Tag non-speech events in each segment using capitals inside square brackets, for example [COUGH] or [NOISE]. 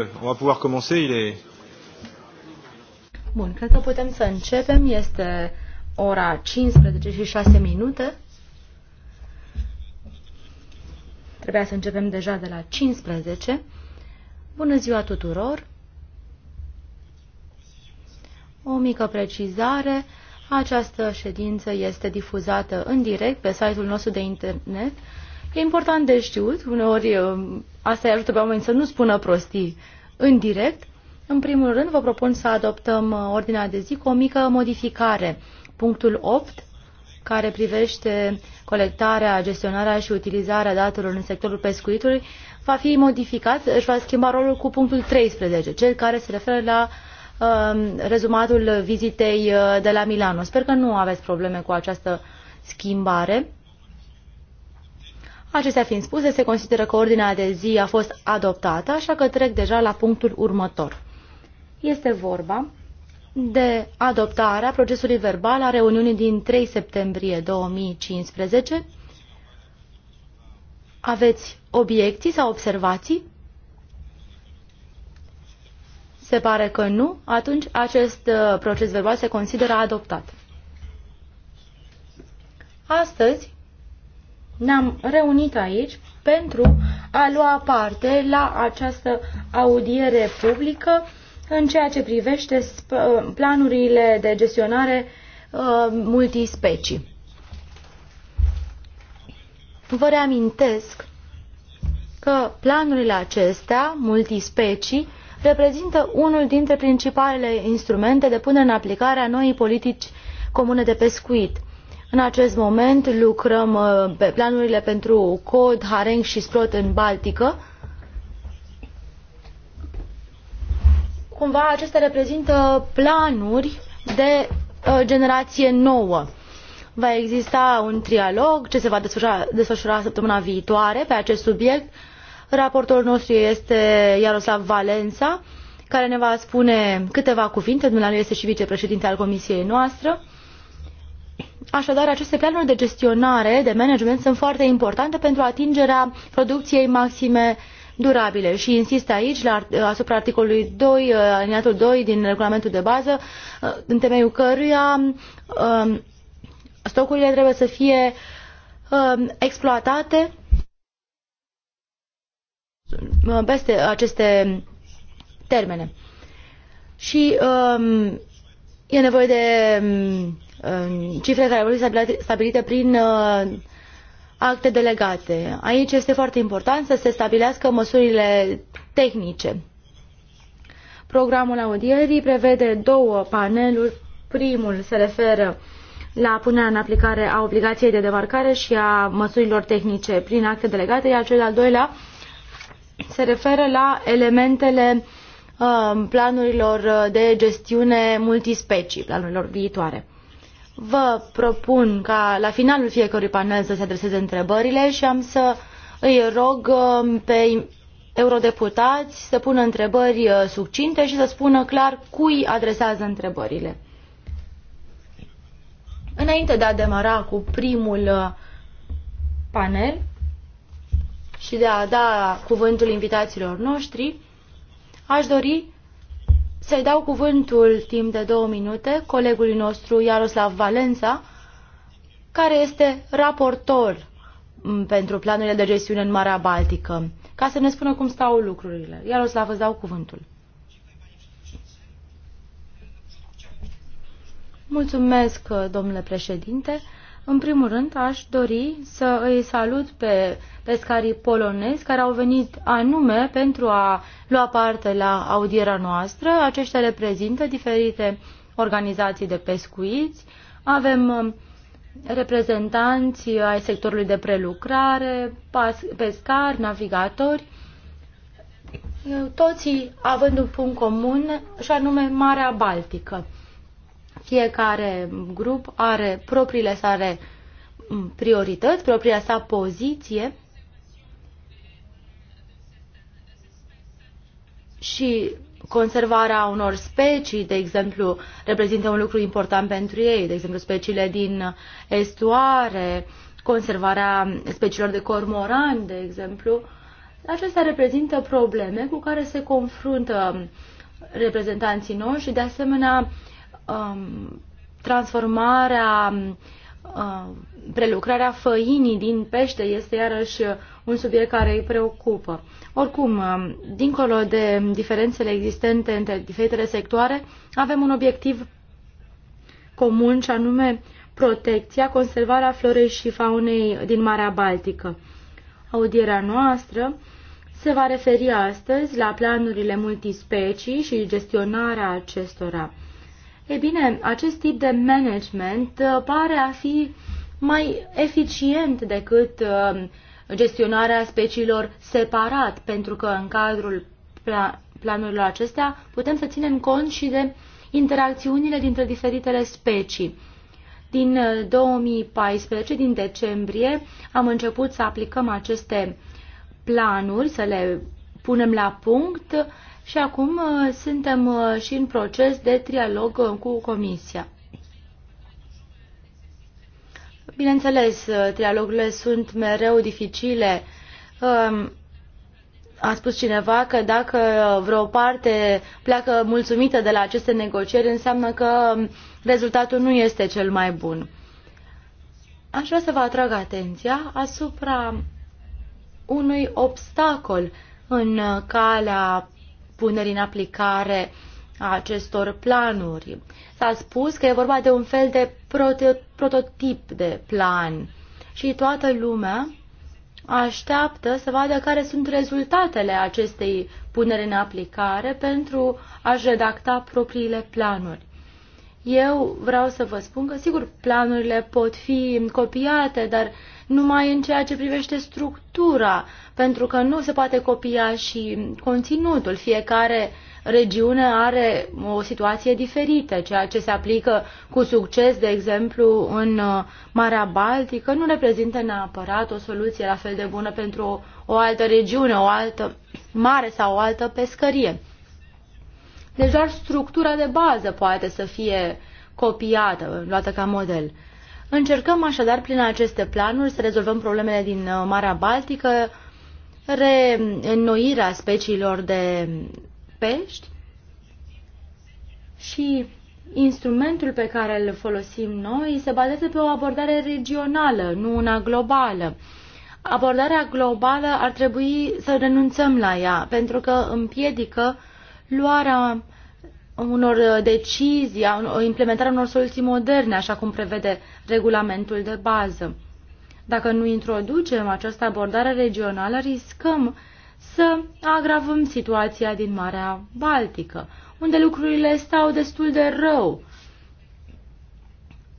Euh, on va pouvoir commencer, il est... Bun, cred că putem să începem. Este ora 15 și 6 minute. Trebuia să începem deja de la 15. Bună ziua tuturor! O mică precizare. Această ședință este difuzată în direct pe site-ul nostru de internet E important de știut, uneori asta îi ajută pe oameni să nu spună prostii în direct. În primul rând, vă propun să adoptăm uh, ordinea de zi cu o mică modificare. Punctul 8, care privește colectarea, gestionarea și utilizarea datelor în sectorul pescuitului, va fi modificat, își va schimba rolul cu punctul 13, cel care se referă la uh, rezumatul vizitei uh, de la Milano. Sper că nu aveți probleme cu această schimbare. Acestea fiind spuse, se consideră că ordinea de zi a fost adoptată, așa că trec deja la punctul următor. Este vorba de adoptarea procesului verbal a reuniunii din 3 septembrie 2015. Aveți obiecții sau observații? Se pare că nu, atunci acest uh, proces verbal se consideră adoptat. Astăzi ne-am reunit aici pentru a lua parte la această audiere publică în ceea ce privește planurile de gestionare uh, multispecii. Vă reamintesc că planurile acestea, multispecii, reprezintă unul dintre principalele instrumente de punere în aplicare a noii politici comune de pescuit – în acest moment lucrăm uh, pe planurile pentru cod, hareng și sprot în Baltică. Cumva acestea reprezintă planuri de uh, generație nouă. Va exista un trialog ce se va desfășura, desfășura săptămâna viitoare pe acest subiect. Raportorul nostru este Iaroslav Valența, care ne va spune câteva cuvinte. Dumnealui este și vicepreședinte al comisiei noastre Așadar, aceste planuri de gestionare, de management, sunt foarte importante pentru atingerea producției maxime durabile și insist aici la, asupra articolului 2, uh, aliniatul 2 din regulamentul de bază, uh, în temeiul căruia um, stocurile trebuie să fie um, exploatate uh, peste aceste termene. Și um, e nevoie de cifre care vor fi stabilite prin uh, acte delegate. Aici este foarte important să se stabilească măsurile tehnice. Programul audierii prevede două paneluri. Primul se referă la punerea în aplicare a obligației de debarcare și a măsurilor tehnice prin acte delegate, iar cel de-al doilea se referă la elementele uh, planurilor de gestiune multispecii, planurilor viitoare. Vă propun ca la finalul fiecărui panel să se adreseze întrebările și am să îi rog um, pe eurodeputați să pună întrebări uh, succinte și să spună clar cui adresează întrebările. Înainte de a demara cu primul uh, panel și de a da cuvântul invitațiilor noștri, aș dori să-i dau cuvântul timp de două minute colegului nostru Iaroslav Valența, care este raportor pentru planurile de gestiune în Marea Baltică, ca să ne spună cum stau lucrurile. Iaroslav, îți dau cuvântul. Mulțumesc, domnule președinte. În primul rând, aș dori să îi salut pe pescarii polonezi care au venit anume pentru a lua parte la audiera noastră. Aceștia reprezintă diferite organizații de pescuiți. Avem um, reprezentanți ai sectorului de prelucrare, pescari, navigatori, toți având un punct comun și anume Marea Baltică. Fiecare grup are propriile sale priorități, propria sa poziție și conservarea unor specii, de exemplu, reprezintă un lucru important pentru ei, de exemplu speciile din estuare, conservarea speciilor de cormoran, de exemplu. Acestea reprezintă probleme cu care se confruntă reprezentanții noștri, de asemenea um, transformarea, um, uh, prelucrarea făinii din pește este iarăși un subiect care îi preocupă. Oricum, um, dincolo de diferențele existente între diferitele sectoare, avem un obiectiv comun și anume protecția, conservarea florei și faunei din Marea Baltică. Audierea noastră se va referi astăzi la planurile multispecii și gestionarea acestora. E bine, acest tip de management uh, pare a fi mai eficient decât uh, gestionarea speciilor separat, pentru că în cadrul planurilor acestea putem să ținem cont și de interacțiunile dintre diferitele specii. Din 2014, uh, din decembrie, am început să aplicăm aceste planuri, să le punem la punct și acum uh, suntem uh, și în proces de trialog uh, cu Comisia. Bineînțeles, trialogurile sunt mereu dificile. Um, a spus cineva că dacă vreo parte pleacă mulțumită de la aceste negocieri, înseamnă că um, rezultatul nu este cel mai bun. Aș vrea să vă atrag atenția asupra unui obstacol în calea punerii în aplicare a acestor planuri. S-a spus că e vorba de un fel de prote- prototip de plan și toată lumea așteaptă să vadă care sunt rezultatele acestei puneri în aplicare pentru a-și redacta propriile planuri. Eu vreau să vă spun că, sigur, planurile pot fi copiate, dar numai în ceea ce privește structura, pentru că nu se poate copia și conținutul. Fiecare regiune are o situație diferită, ceea ce se aplică cu succes, de exemplu, în uh, Marea Baltică, nu reprezintă neapărat o soluție la fel de bună pentru o, o altă regiune, o altă mare sau o altă pescărie. Deci doar structura de bază poate să fie copiată, luată ca model. Încercăm așadar prin aceste planuri să rezolvăm problemele din uh, Marea Baltică, reînnoirea speciilor de pești și instrumentul pe care îl folosim noi se bazează pe o abordare regională, nu una globală. Abordarea globală ar trebui să renunțăm la ea, pentru că împiedică luarea unor uh, decizii, implementarea unor soluții moderne, așa cum prevede regulamentul de bază. Dacă nu introducem această abordare regională, riscăm să agravăm situația din Marea Baltică, unde lucrurile stau destul de rău.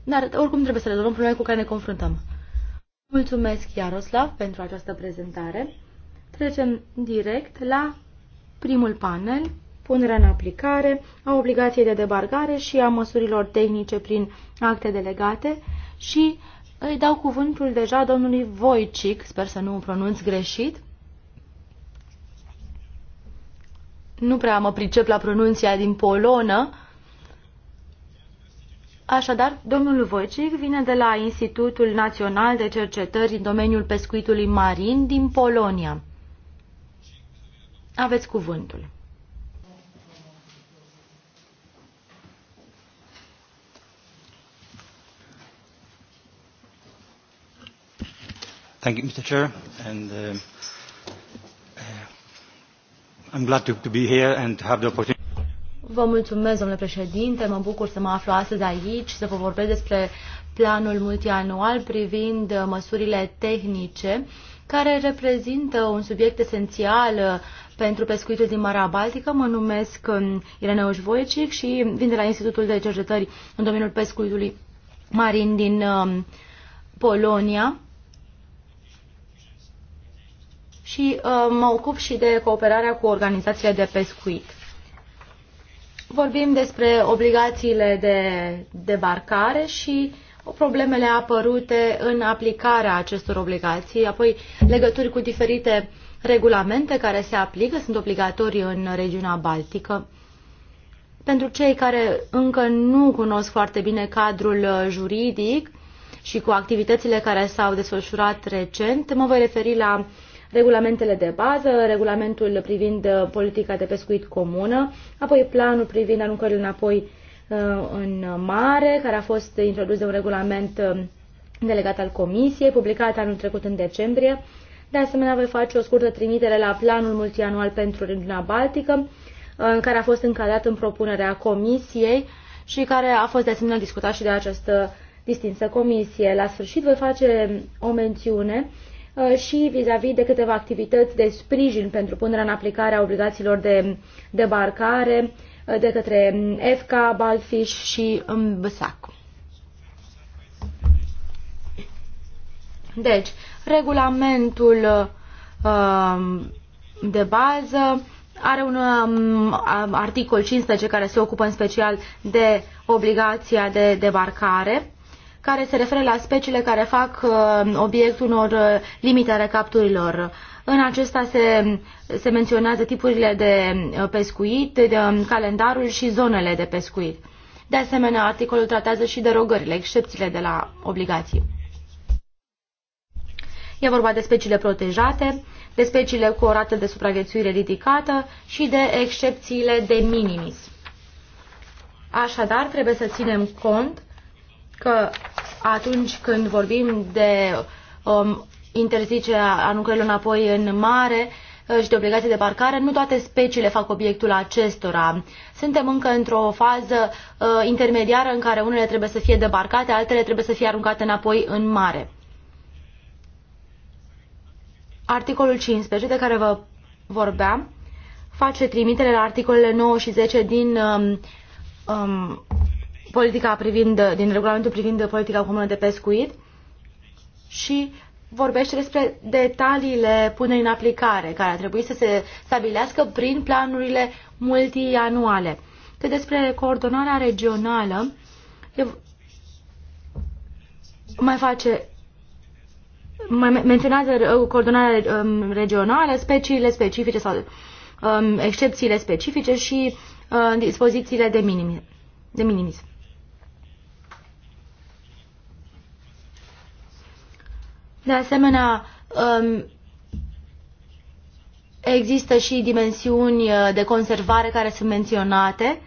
Dar oricum trebuie să rezolvăm problemele cu care ne confruntăm. Mulțumesc, Iaroslav, pentru această prezentare. Trecem direct la primul panel, punerea în aplicare a obligației de debargare și a măsurilor tehnice prin acte delegate și îi dau cuvântul deja domnului Voicic, sper să nu o pronunț greșit. Nu prea mă pricep la pronunția din polonă. Așadar, domnul Voicic vine de la Institutul Național de Cercetări în domeniul pescuitului marin din Polonia. Aveți cuvântul. Thank you, Mr. Chair. And uh, uh, I'm glad to, to be here and have the opportunity. Vă mulțumesc, domnule președinte. Mă bucur să mă aflu astăzi aici, să vă vorbesc despre planul multianual privind uh, măsurile tehnice, care reprezintă un subiect esențial uh, pentru pescuitul din Marea Baltică. Mă numesc um, Irene Oșvoicic și vin de la Institutul de Cercetări în domeniul pescuitului marin din um, Polonia și uh, mă ocup și de cooperarea cu organizațiile de pescuit. Vorbim despre obligațiile de debarcare și problemele apărute în aplicarea acestor obligații, apoi legături cu diferite regulamente care se aplică, sunt obligatorii în regiunea Baltică. Pentru cei care încă nu cunosc foarte bine cadrul juridic și cu activitățile care s-au desfășurat recent, mă voi referi la regulamentele de bază, regulamentul privind uh, politica de pescuit comună, apoi planul privind aruncările înapoi uh, în mare, care a fost introdus de un regulament um, delegat al Comisiei, publicat anul trecut în decembrie. De asemenea, voi face o scurtă trimitere la planul multianual pentru regiunea Baltică, uh, care a fost încadrat în propunerea Comisiei și care a fost de asemenea discutat și de această distinsă comisie. La sfârșit voi face um, o mențiune Uh, și vis-a-vis -vis de câteva activități de sprijin pentru punerea în aplicare a obligațiilor de debarcare uh, de către FK, Balfish și um, Băsac. Deci, regulamentul um, de bază are un um, articol 15 care se ocupă în special de obligația de debarcare care se referă la speciile care fac uh, obiectul unor uh, limite ale capturilor. În acesta se, se menționează tipurile de uh, pescuit, de, um, calendarul și zonele de pescuit. De asemenea, articolul tratează și derogările, excepțiile de la obligații. E vorba de speciile protejate, de speciile cu o rată de supraviețuire ridicată și de excepțiile de minimis. Așadar, trebuie să ținem cont că atunci când vorbim de um, interzicerea aruncărilor înapoi în mare uh, și de obligații de parcare, nu toate speciile fac obiectul acestora. Suntem încă într-o fază uh, intermediară în care unele trebuie să fie debarcate, altele trebuie să fie aruncate înapoi în mare. Articolul 15 de care vă vorbeam face trimitere la articolele 9 și 10 din um, um, politica privind, din regulamentul privind politica comună de pescuit și vorbește despre detaliile pune în aplicare, care ar trebui să se stabilească prin planurile multianuale. Cât despre coordonarea regională, mai face mai menționează uh, coordonarea um, regională, speciile specifice sau um, excepțiile specifice și uh, dispozițiile de, minimis. de minimis. De asemenea, um, există și dimensiuni uh, de conservare care sunt menționate.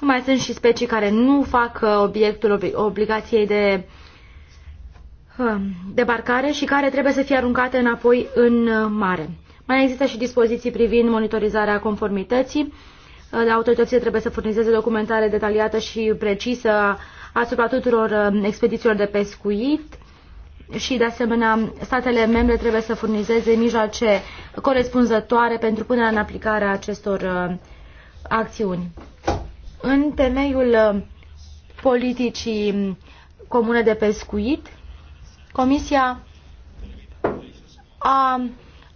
Mai sunt și specii care nu fac uh, obiectul obligației de um, debarcare și care trebuie să fie aruncate înapoi în uh, mare. Mai există și dispoziții privind monitorizarea conformității. Autoritățile trebuie să furnizeze documentare detaliată și precisă asupra tuturor expedițiilor de pescuit și, de asemenea, statele membre trebuie să furnizeze mijloace corespunzătoare pentru punerea în aplicare a acestor uh, acțiuni. În temeiul uh, politicii um, comune de pescuit, Comisia a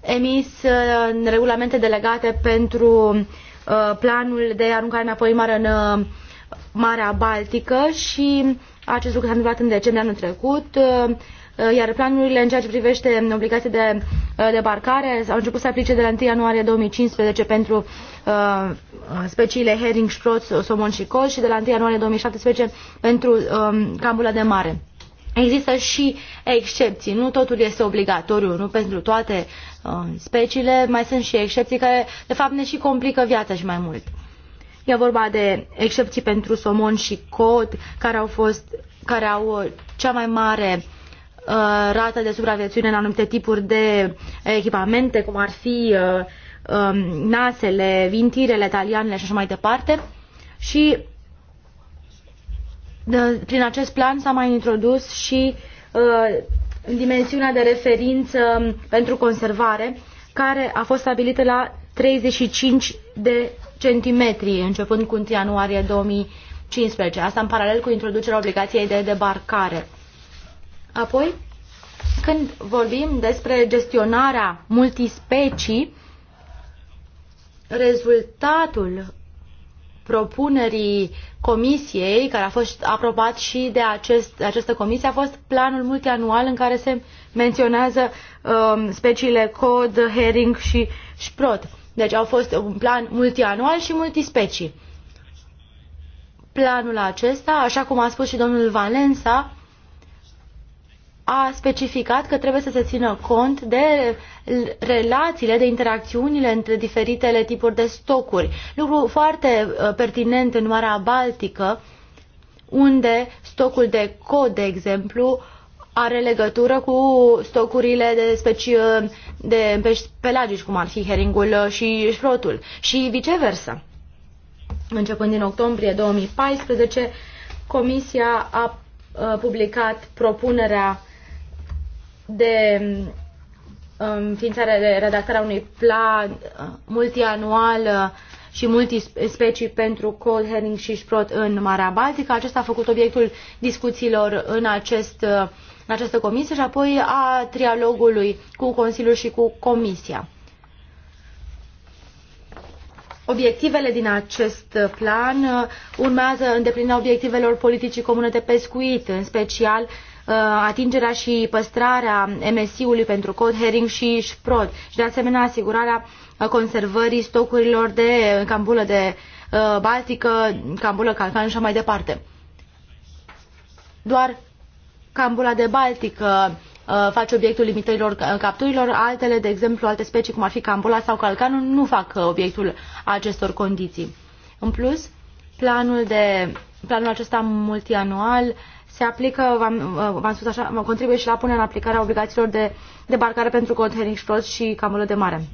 emis uh, regulamente delegate pentru planul de aruncare înapoi mare în Marea Baltică și acest lucru s-a întâmplat în decembrie anul trecut. Uh, iar planurile în ceea ce privește obligația de uh, debarcare au început să aplice de la 1 ianuarie 2015 pentru uh, speciile herring, șproț, somon și cod și de la 1 ianuarie 2017 pentru um, cambula de mare. Există și excepții, nu totul este obligatoriu, nu pentru toate uh, speciile, mai sunt și excepții care de fapt ne și complică viața și mai mult. E vorba de excepții pentru somon și cod, care au fost care au cea mai mare uh, Uh, rată de supraviețuire în anumite tipuri de echipamente, cum ar fi uh, um, nasele, vintirele, talianele și așa mai departe. Și uh, prin acest plan s-a mai introdus și dimensiunea de referință pentru conservare, care a fost stabilită la 35 de centimetri, începând cu 1 ianuarie 2015. Asta în paralel cu introducerea obligației de debarcare. Apoi, când vorbim despre gestionarea multispecii, rezultatul propunerii comisiei, care a fost aprobat și de acest, această comisie, a fost planul multianual în care se menționează um, speciile cod, herring și șprot. Deci au fost un plan multianual și multispecii. Planul acesta, așa cum a spus și domnul Valensa, a specificat că trebuie să se țină cont de relațiile, de interacțiunile între diferitele tipuri de stocuri. Lucru foarte uh, pertinent în Marea Baltică, unde stocul de cod, de exemplu, are legătură cu stocurile de specii uh, de pești pelagici, cum ar fi heringul uh, și șrotul, și viceversa. Începând din octombrie 2014, Comisia a publicat propunerea de um, înființarea de redactarea unui plan uh, multianual uh, și multispecii pentru cod herring și șprot în Marea Baltică. Acesta a făcut obiectul discuțiilor în, acest, uh, în această comisie și apoi a trialogului cu Consiliul și cu Comisia. Obiectivele din acest plan urmează îndeplinirea obiectivelor politicii comune de pescuit, în special uh, Uh, atingerea și păstrarea MSI-ului pentru cod, herring și șprot și de asemenea asigurarea conservării stocurilor de cambulă de uh, baltică, cambulă calcan și așa mai departe. Doar cambula de baltică uh, face obiectul limitărilor capturilor, altele, de exemplu, alte specii, cum ar fi cambula sau calcanul, nu fac obiectul acestor condiții. În plus, planul, de, planul acesta multianual se aplică, v-am spus așa, contribuie și la punerea în aplicare a obligațiilor de debarcare pentru container explos și camulă de mare.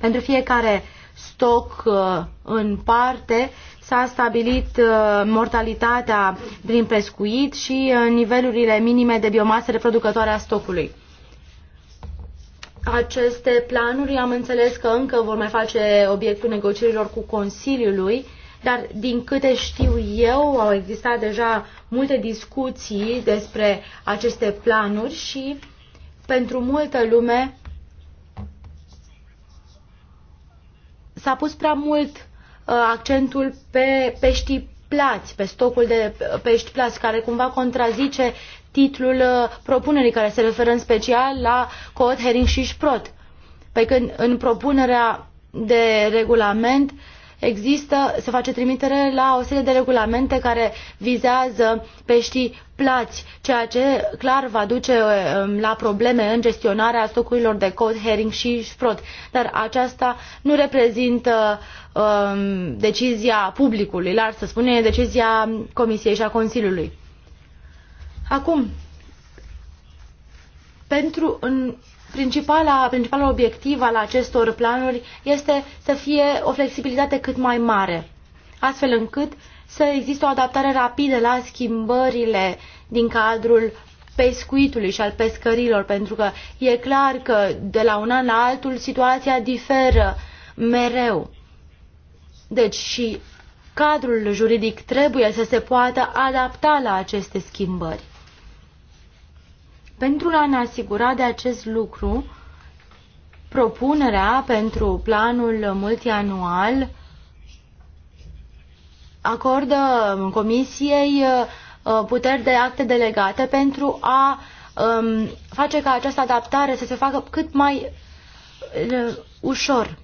Pentru fiecare stoc uh, în parte s-a stabilit uh, mortalitatea prin pescuit și uh, nivelurile minime de biomasă reproducătoare a stocului aceste planuri am înțeles că încă vor mai face obiectul negocierilor cu Consiliului dar din câte știu eu au existat deja multe discuții despre aceste planuri și pentru multă lume s-a pus prea mult uh, accentul pe peștii plați, pe stocul de pești plați, care cumva contrazice titlul uh, propunerii, care se referă în special la cod, herring și șprot. Pe păi când în propunerea de regulament uh, există, se face trimitere la o serie de regulamente care vizează peștii plați, ceea ce clar va duce um, la probleme în gestionarea stocurilor de cod, herring și sprot. Dar aceasta nu reprezintă um, decizia publicului larg, să spunem, e decizia Comisiei și a Consiliului. Acum, pentru în Principala, principalul obiectiv al acestor planuri este să fie o flexibilitate cât mai mare, astfel încât să existe o adaptare rapidă la schimbările din cadrul pescuitului și al pescărilor, pentru că e clar că de la un an la altul situația diferă mereu. Deci și cadrul juridic trebuie să se poată adapta la aceste schimbări. Pentru a ne asigura de acest lucru, propunerea pentru planul multianual acordă Comisiei uh, puteri de acte delegate pentru a um, face ca această adaptare să se facă cât mai uh, ușor.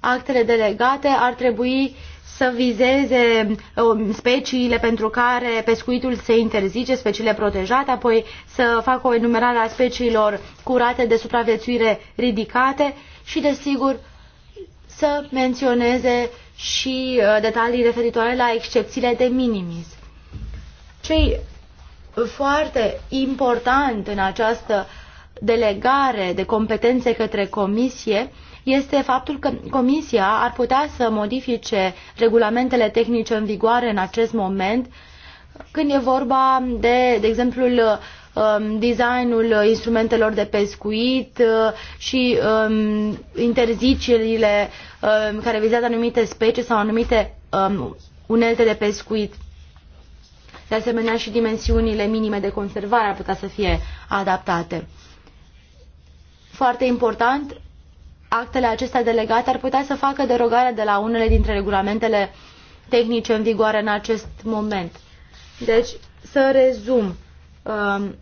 Actele delegate ar trebui să vizeze um, speciile pentru care pescuitul se interzice, speciile protejate, apoi să facă o enumerare a speciilor curate de supraviețuire ridicate și, desigur, să menționeze și uh, detalii referitoare la excepțiile de minimis. Cei foarte important în această delegare de competențe către comisie este faptul că Comisia ar putea să modifice regulamentele tehnice în vigoare în acest moment când e vorba de, de exemplu, um, designul instrumentelor de pescuit uh, și um, interzicerile um, care vizează anumite specii sau anumite unelte de pescuit. De asemenea și dimensiunile minime de conservare ar putea să fie adaptate. Foarte important actele acestea delegate ar putea să facă derogare de la unele dintre regulamentele tehnice în vigoare în acest moment. Deci, să rezum, um,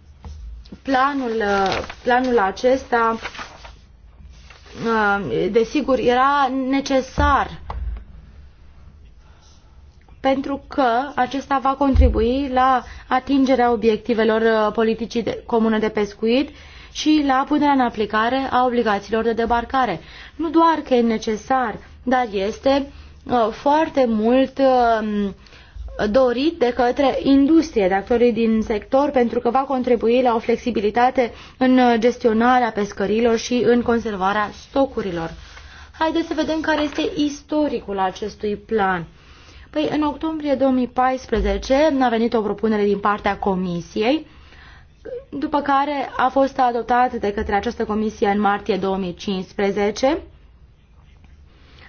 planul, uh, planul acesta, um, desigur, era necesar pentru că acesta va contribui la atingerea obiectivelor uh, politicii de, comune de pescuit și la punerea în aplicare a obligațiilor de debarcare. Nu doar că e necesar, dar este uh, foarte mult uh, dorit de către industrie, de actorii din sector, pentru că va contribui la o flexibilitate în gestionarea pescărilor și în conservarea stocurilor. Haideți să vedem care este istoricul acestui plan. Păi, în octombrie 2014 a venit o propunere din partea Comisiei după care a fost adoptat de către această comisie în martie 2015,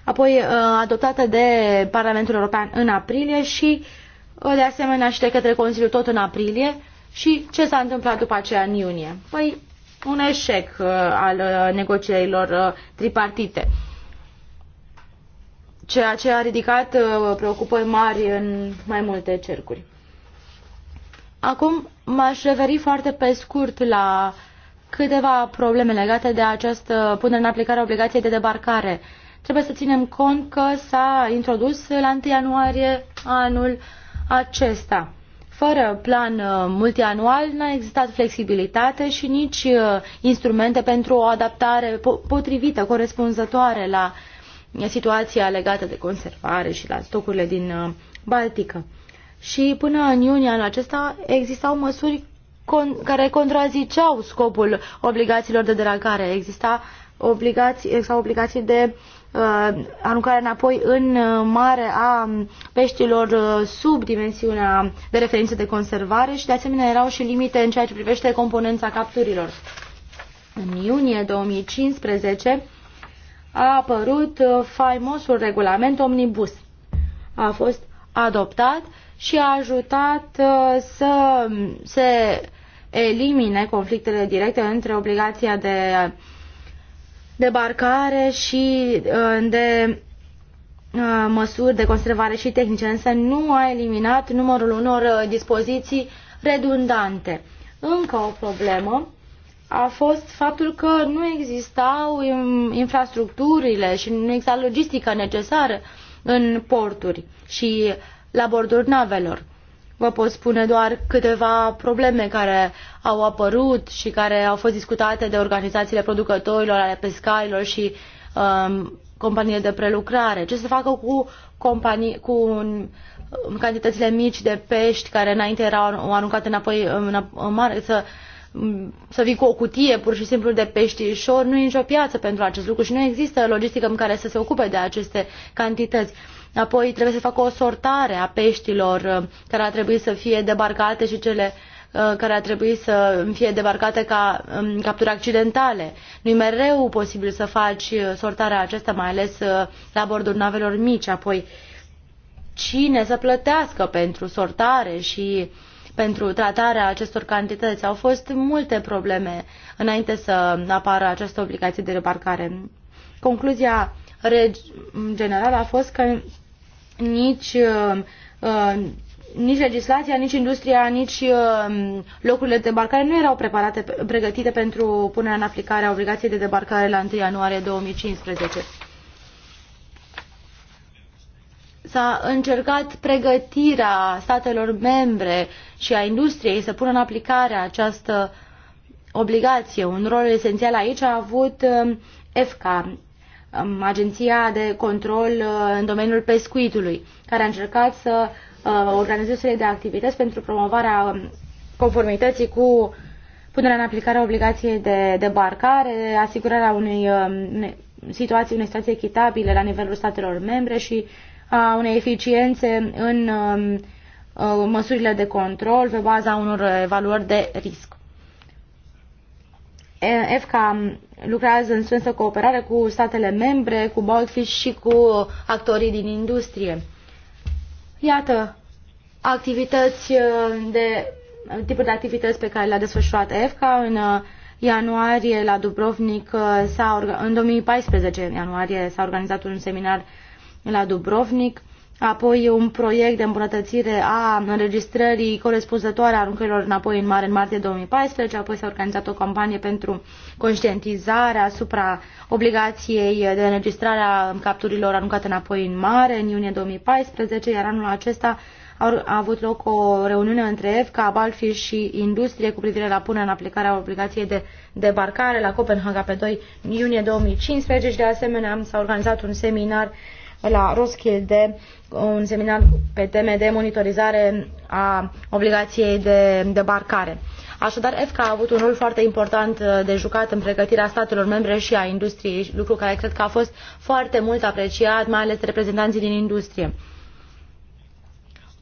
apoi uh, adoptată de Parlamentul European în aprilie și uh, de asemenea și de către Consiliu tot în aprilie. Și ce s-a întâmplat după aceea în iunie? Păi un eșec uh, al negocierilor tripartite, ceea ce a ridicat preocupări mari în mai multe cercuri. Acum m-aș referi foarte pe scurt la câteva probleme legate de această punere în aplicare a obligației de debarcare. Trebuie să ținem cont că s-a introdus la 1 ianuarie anul acesta. Fără plan uh, multianual n-a existat flexibilitate și nici uh, instrumente pentru o adaptare potrivită, corespunzătoare la situația legată de conservare și la stocurile din uh, Baltică și până în iunie anul acesta existau măsuri con- care contraziceau scopul obligațiilor de deragare. Exista obligații, exista obligații de uh, aruncare înapoi în mare a peștilor uh, sub dimensiunea de referință de conservare și de asemenea erau și limite în ceea ce privește componența capturilor. În iunie 2015 a apărut uh, faimosul regulament Omnibus. A fost adoptat și a ajutat uh, să se elimine conflictele directe între obligația de debarcare și uh, de uh, măsuri de conservare și tehnice, însă nu a eliminat numărul unor dispoziții redundante. Încă o problemă a fost faptul că nu existau infrastructurile și nu exista logistica necesară în porturi și la bordul navelor. Vă pot spune doar câteva probleme care au apărut și care au fost discutate de organizațiile producătorilor, ale pescarilor și um, companiile de prelucrare. Ce se facă cu, companii, cu un, um, cantitățile mici de pești care înainte erau aruncate înapoi în, în mare, să, um, să vii cu o cutie pur și simplu de pești, peștișor, nu e nicio piață pentru acest lucru și nu există logistică în care să se ocupe de aceste cantități. Apoi trebuie să facă o sortare a peștilor uh, care ar trebui să fie debarcate și cele uh, care ar trebui să fie debarcate ca um, capturi accidentale. nu e mereu posibil să faci uh, sortarea aceasta, mai ales la bordul navelor mici. Apoi, cine să plătească pentru sortare și pentru tratarea acestor cantități? Au fost multe probleme înainte să apară această obligație de debarcare. Concluzia generală a fost că nici, uh, uh, nici legislația, nici industria, nici uh, locurile de debarcare nu erau preparate, pregătite pentru punerea în aplicare a obligației de debarcare la 1 ianuarie 2015. S-a încercat pregătirea statelor membre și a industriei să pună în aplicare această obligație. Un rol esențial aici a avut EFCA, um, Um, agenția de control uh, în domeniul pescuitului, care a încercat să uh, organizeze o serie de activități pentru promovarea um, conformității cu punerea în aplicare a obligației de debarcare, asigurarea unei um, situații, unei situații echitabile la nivelul statelor membre și a unei eficiențe în uh, măsurile de control pe baza unor evaluări de risc. EFCA lucrează în strânsă cooperare cu statele membre, cu Baltfish și cu actorii din industrie. Iată, activități uh, de tipuri de activități pe care le-a desfășurat EFCA în uh, ianuarie la Dubrovnik, uh, s-a, în 2014 în ianuarie s-a organizat un seminar la Dubrovnik apoi un proiect de îmbunătățire a înregistrării corespunzătoare a aruncărilor înapoi în mare în martie 2014, apoi s-a organizat o campanie pentru conștientizare asupra obligației de înregistrare a capturilor aruncate înapoi în mare în iunie 2014, iar anul acesta a avut loc o reuniune între EFCA, Balfi și Industrie cu privire la punerea în aplicare a obligației de debarcare la Copenhaga pe 2 iunie 2015 și de asemenea s-a organizat un seminar la Roskilde un seminar pe teme de monitorizare a obligației de debarcare. Așadar, EFCA a avut un rol foarte important uh, de jucat în pregătirea statelor membre și a industriei, lucru care cred că a fost foarte mult apreciat, mai ales reprezentanții din industrie.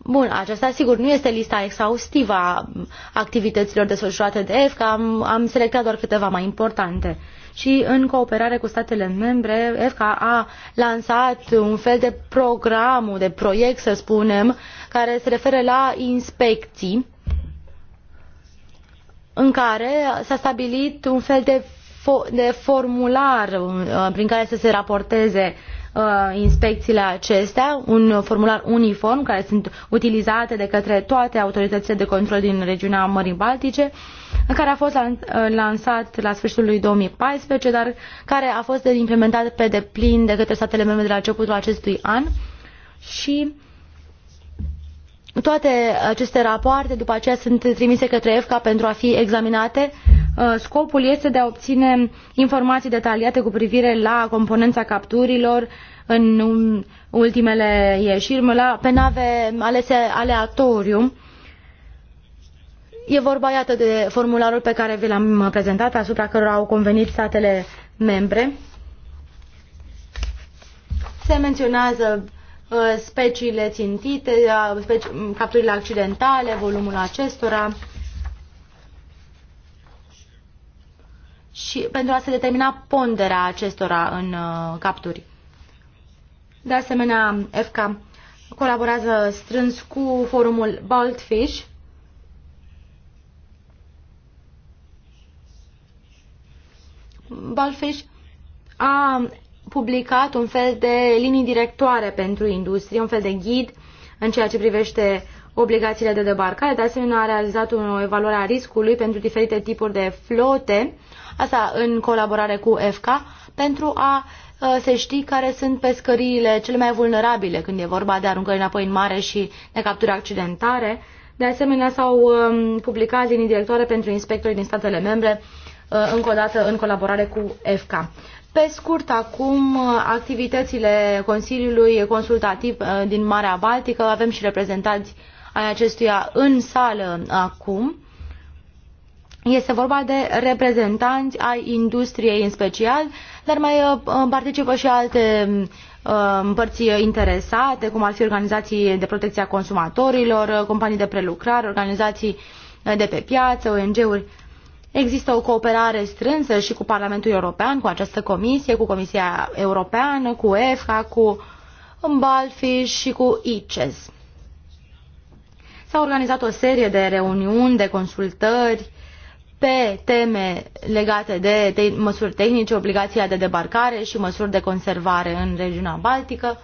Bun, aceasta sigur nu este lista exhaustivă a activităților desfășurate de EFCA, am, am selectat doar câteva mai importante. Uh, și în cooperare cu statele membre, EFCA a lansat un fel de program, de proiect, să spunem, care se referă la inspecții, în care s-a stabilit un fel de, fo- de formular uh, prin care să se raporteze uh, uh, inspecțiile acestea, un formular uniform care sunt utilizate de către toate autoritățile de control din regiunea Mării Baltice, care a fost uh, lansat la sfârșitul lui 2014, dar care a fost implementat pe deplin de către statele membre de la începutul acestui an și uh, toate aceste rapoarte după aceea sunt trimise către EFCA pentru a fi examinate. Uh, scopul este de a obține informații detaliate cu privire la componența capturilor în ultimele ieșiri, la, pe nave alese aleatoriu. E vorba, iată, de formularul pe care vi l-am prezentat, asupra cărora au convenit statele membre. Se menționează Uh, speciile țintite, uh, speci- mm, capturile accidentale, volumul acestora. Și pentru a se determina ponderea acestora în uh, capturi. De asemenea, FK colaborează strâns cu forumul Baltfish Baltfish a publicat un fel de linii directoare pentru industrie, un fel de ghid în ceea ce privește obligațiile de debarcare. De asemenea, a realizat o evaluare a riscului pentru diferite tipuri de flote, asta în colaborare cu FK, pentru a se ști care sunt pescăriile cele mai vulnerabile când e vorba de aruncări înapoi în mare și de capturi accidentare. De asemenea, s-au um, publicat linii directoare pentru inspectorii din statele membre, uh, încă o dată în colaborare cu FK. Pe scurt, acum, activitățile Consiliului Consultativ uh, din Marea Baltică, avem și reprezentanți ai acestuia în sală acum. Este vorba de reprezentanți ai industriei în special, dar mai uh, participă și alte uh, părți interesate, cum ar fi organizații de protecție a consumatorilor, companii de prelucrare, organizații de pe piață, ONG-uri Există o cooperare strânsă și cu Parlamentul European, cu această comisie, cu Comisia Europeană, cu EFCA, cu Balfi și cu ICES. S-a organizat o serie de reuniuni, de consultări pe teme legate de te- măsuri tehnice, obligația de debarcare și măsuri de conservare în regiunea Baltică.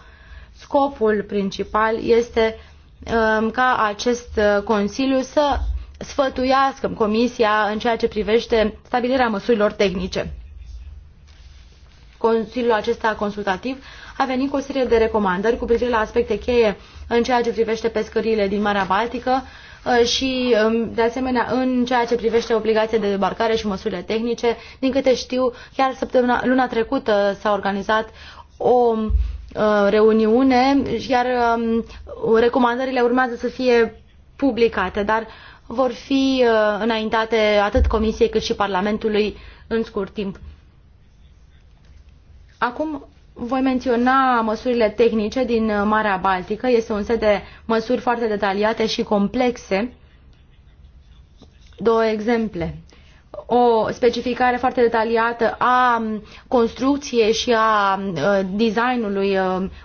Scopul principal este um, ca acest uh, Consiliu să sfătuiască Comisia în ceea ce privește stabilirea măsurilor tehnice. Consiliul acesta consultativ a venit cu o serie de recomandări cu privire la aspecte cheie în ceea ce privește pescările din Marea Baltică uh, și, um, de asemenea, în ceea ce privește obligația de debarcare și măsurile tehnice. Din câte știu, chiar săptămâna, luna trecută s-a organizat o uh, reuniune, iar um, recomandările urmează să fie publicate, dar vor fi uh, înaintate atât Comisiei cât și Parlamentului în scurt timp. Acum voi menționa măsurile tehnice din uh, Marea Baltică. Este un set de măsuri foarte detaliate și complexe. Două exemple. O specificare foarte detaliată a construcției și a uh, designului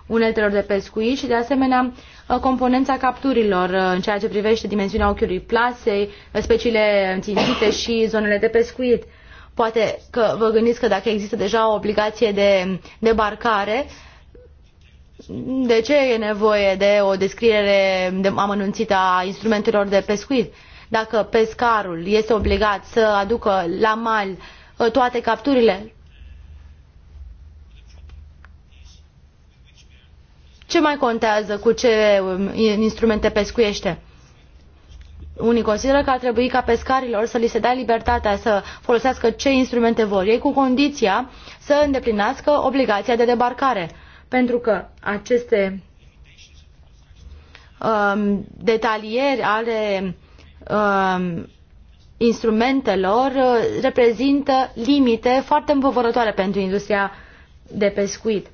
uneltelor de pescuit și de asemenea Uh, componența capturilor uh, în ceea ce privește dimensiunea ochiului plasei, uh, speciile țintite și zonele de pescuit. Poate că vă gândiți că dacă există deja o obligație de debarcare, de ce e nevoie de o descriere amănunțită a instrumentelor de pescuit? Dacă pescarul este obligat să aducă la mal toate capturile, ce mai contează cu ce um, instrumente pescuiește? Unii consideră că ar trebui ca pescarilor să li se dea libertatea să folosească ce instrumente vor ei, cu condiția să îndeplinească obligația de debarcare. Pentru că aceste um, detalieri ale um, instrumentelor uh, reprezintă limite foarte împovărătoare pentru industria de pescuit.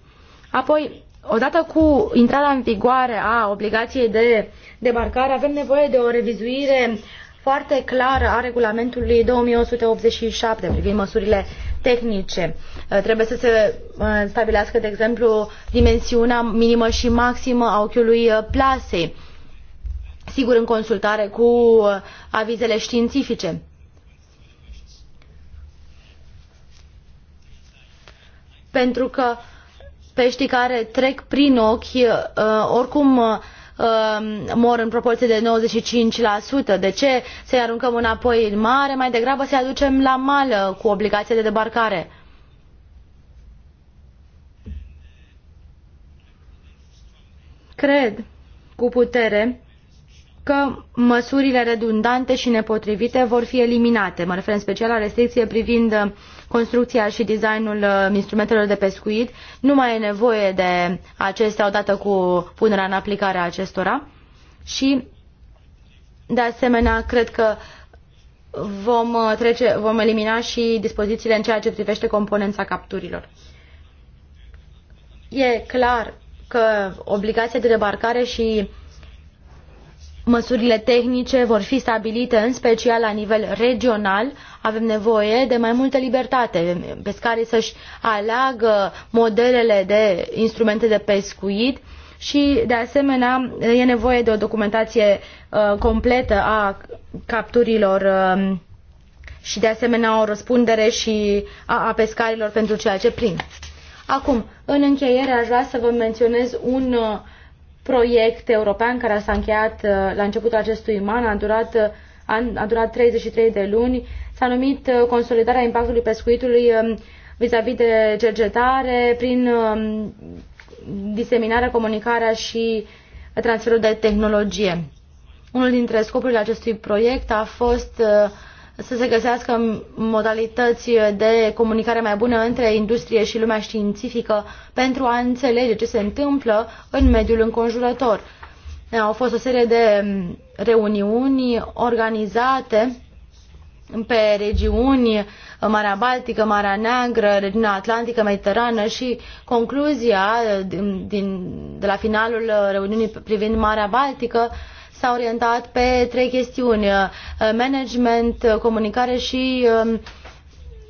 Apoi, odată cu intrarea în vigoare a obligației de debarcare, avem nevoie de o revizuire foarte clară a regulamentului 2187 privind măsurile tehnice. Uh, trebuie să se uh, stabilească, de exemplu, dimensiunea minimă și maximă a ochiului uh, plasei, sigur în consultare cu avizele științifice. Pentru că uh, peștii care trec prin ochi uh, oricum uh, uh, mor în proporție de 95%. De ce să-i aruncăm înapoi în mare? Mai degrabă să-i aducem la mală cu obligația de debarcare. Cred cu putere că măsurile redundante și nepotrivite vor fi eliminate. Mă refer în special la restricție privind construcția și designul uh, instrumentelor de pescuit. Nu mai e nevoie de acestea odată cu punerea în aplicare a acestora. Și, de asemenea, cred că vom, uh, trece, vom elimina și dispozițiile în ceea ce privește componența capturilor. E clar că obligația de debarcare și Măsurile tehnice vor fi stabilite în special la nivel regional. Avem nevoie de mai multă libertate. Pescarii să-și aleagă modelele de instrumente de pescuit și, de asemenea, e nevoie de o documentație uh, completă a capturilor uh, și, de asemenea, o răspundere și a, a pescarilor pentru ceea ce prind. Acum, în încheiere, aș vrea să vă menționez un uh, proiect european care s-a încheiat uh, la începutul acestui an, a durat, uh, a durat 33 de luni, s-a numit uh, Consolidarea impactului pescuitului um, vis-a-vis de cercetare prin um, diseminarea, comunicarea și transferul de tehnologie. Unul dintre scopurile acestui proiect a fost să se găsească modalități de comunicare mai bună între industrie și lumea științifică pentru a înțelege ce se întâmplă în mediul înconjurător. Au fost o serie de reuniuni organizate pe regiuni, Marea Baltică, Marea Neagră, regiunea Atlantică, Mediterană și concluzia din, din, de la finalul reuniunii privind Marea Baltică s-a orientat pe trei chestiuni, uh, management, uh, comunicare și um,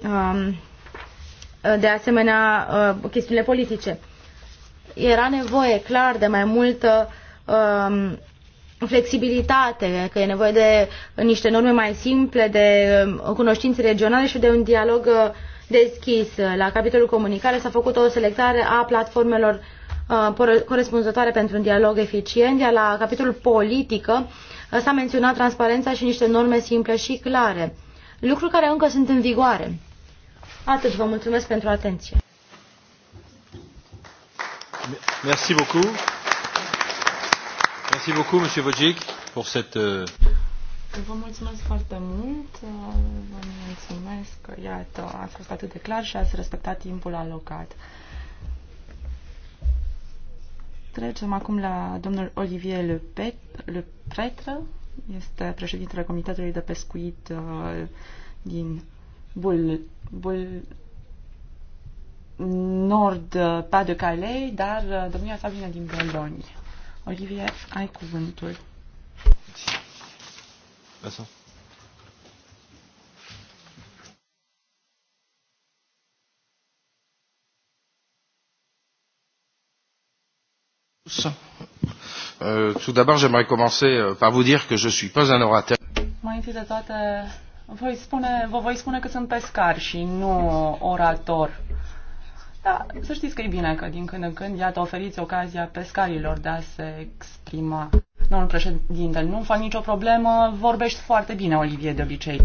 um, uh, de asemenea chestiunile politice. Era nevoie clar de mai multă um, flexibilitate, că e nevoie de niște norme mai simple, de cunoștințe regionale și de un dialog deschis. La capitolul comunicare s-a făcut o selectare a platformelor Uh, corespunzătoare pentru un dialog eficient, iar la capitolul politică uh, s-a menționat transparența și niște norme simple și clare, lucruri care încă sunt în vigoare. Atât, vă mulțumesc pentru atenție. Merci beaucoup. Merci beaucoup, Monsieur Vogic, pour cette. Euh, vă mulțumesc foarte mult. Vă mulțumesc că, iată, ați fost atât de clar și ați respectat timpul alocat. Trecem acum la domnul Olivier Le, Pet, Le Pretre, este președintele Comitetului de Pescuit uh, din Bul, Bul Nord uh, Pas de Calais, dar uh, domnia sa vine din Bologna. Olivier, ai cuvântul. Merci. Merci. tous. Euh, Tout d'abord, j'aimerais commencer euh, par vous dire que je suis pas un orateur. voi spune, vă voi spune că sunt pescar și nu orator. Da, să știți că e bine că din când în când, iată, oferiți ocazia pescarilor de a se exprima. Domnul președinte, nu fac nicio problemă, vorbești foarte bine, Olivier, de obicei.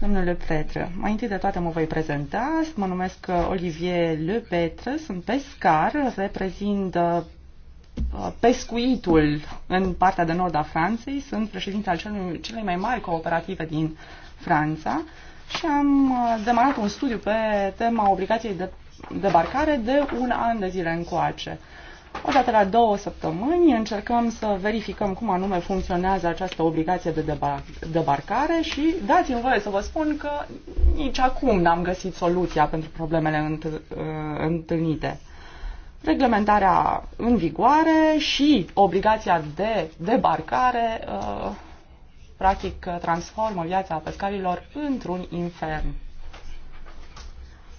Domnule Petre, mai întâi de toate mă voi prezenta. Mă numesc uh, Olivier Le Petre, sunt pescar, reprezint uh, Uh, pescuitul în partea de nord a Franței. Sunt președinte al celei mai mari cooperative din Franța și am uh, demarat un studiu pe tema obligației de debarcare de un an de zile încoace. Odată la două săptămâni încercăm să verificăm cum anume funcționează această obligație de debarcare și dați-mi voie să vă spun că nici acum n-am găsit soluția pentru problemele uh, întâlnite reglementarea în vigoare și obligația de debarcare uh, practic uh, transformă viața pescarilor într-un infern.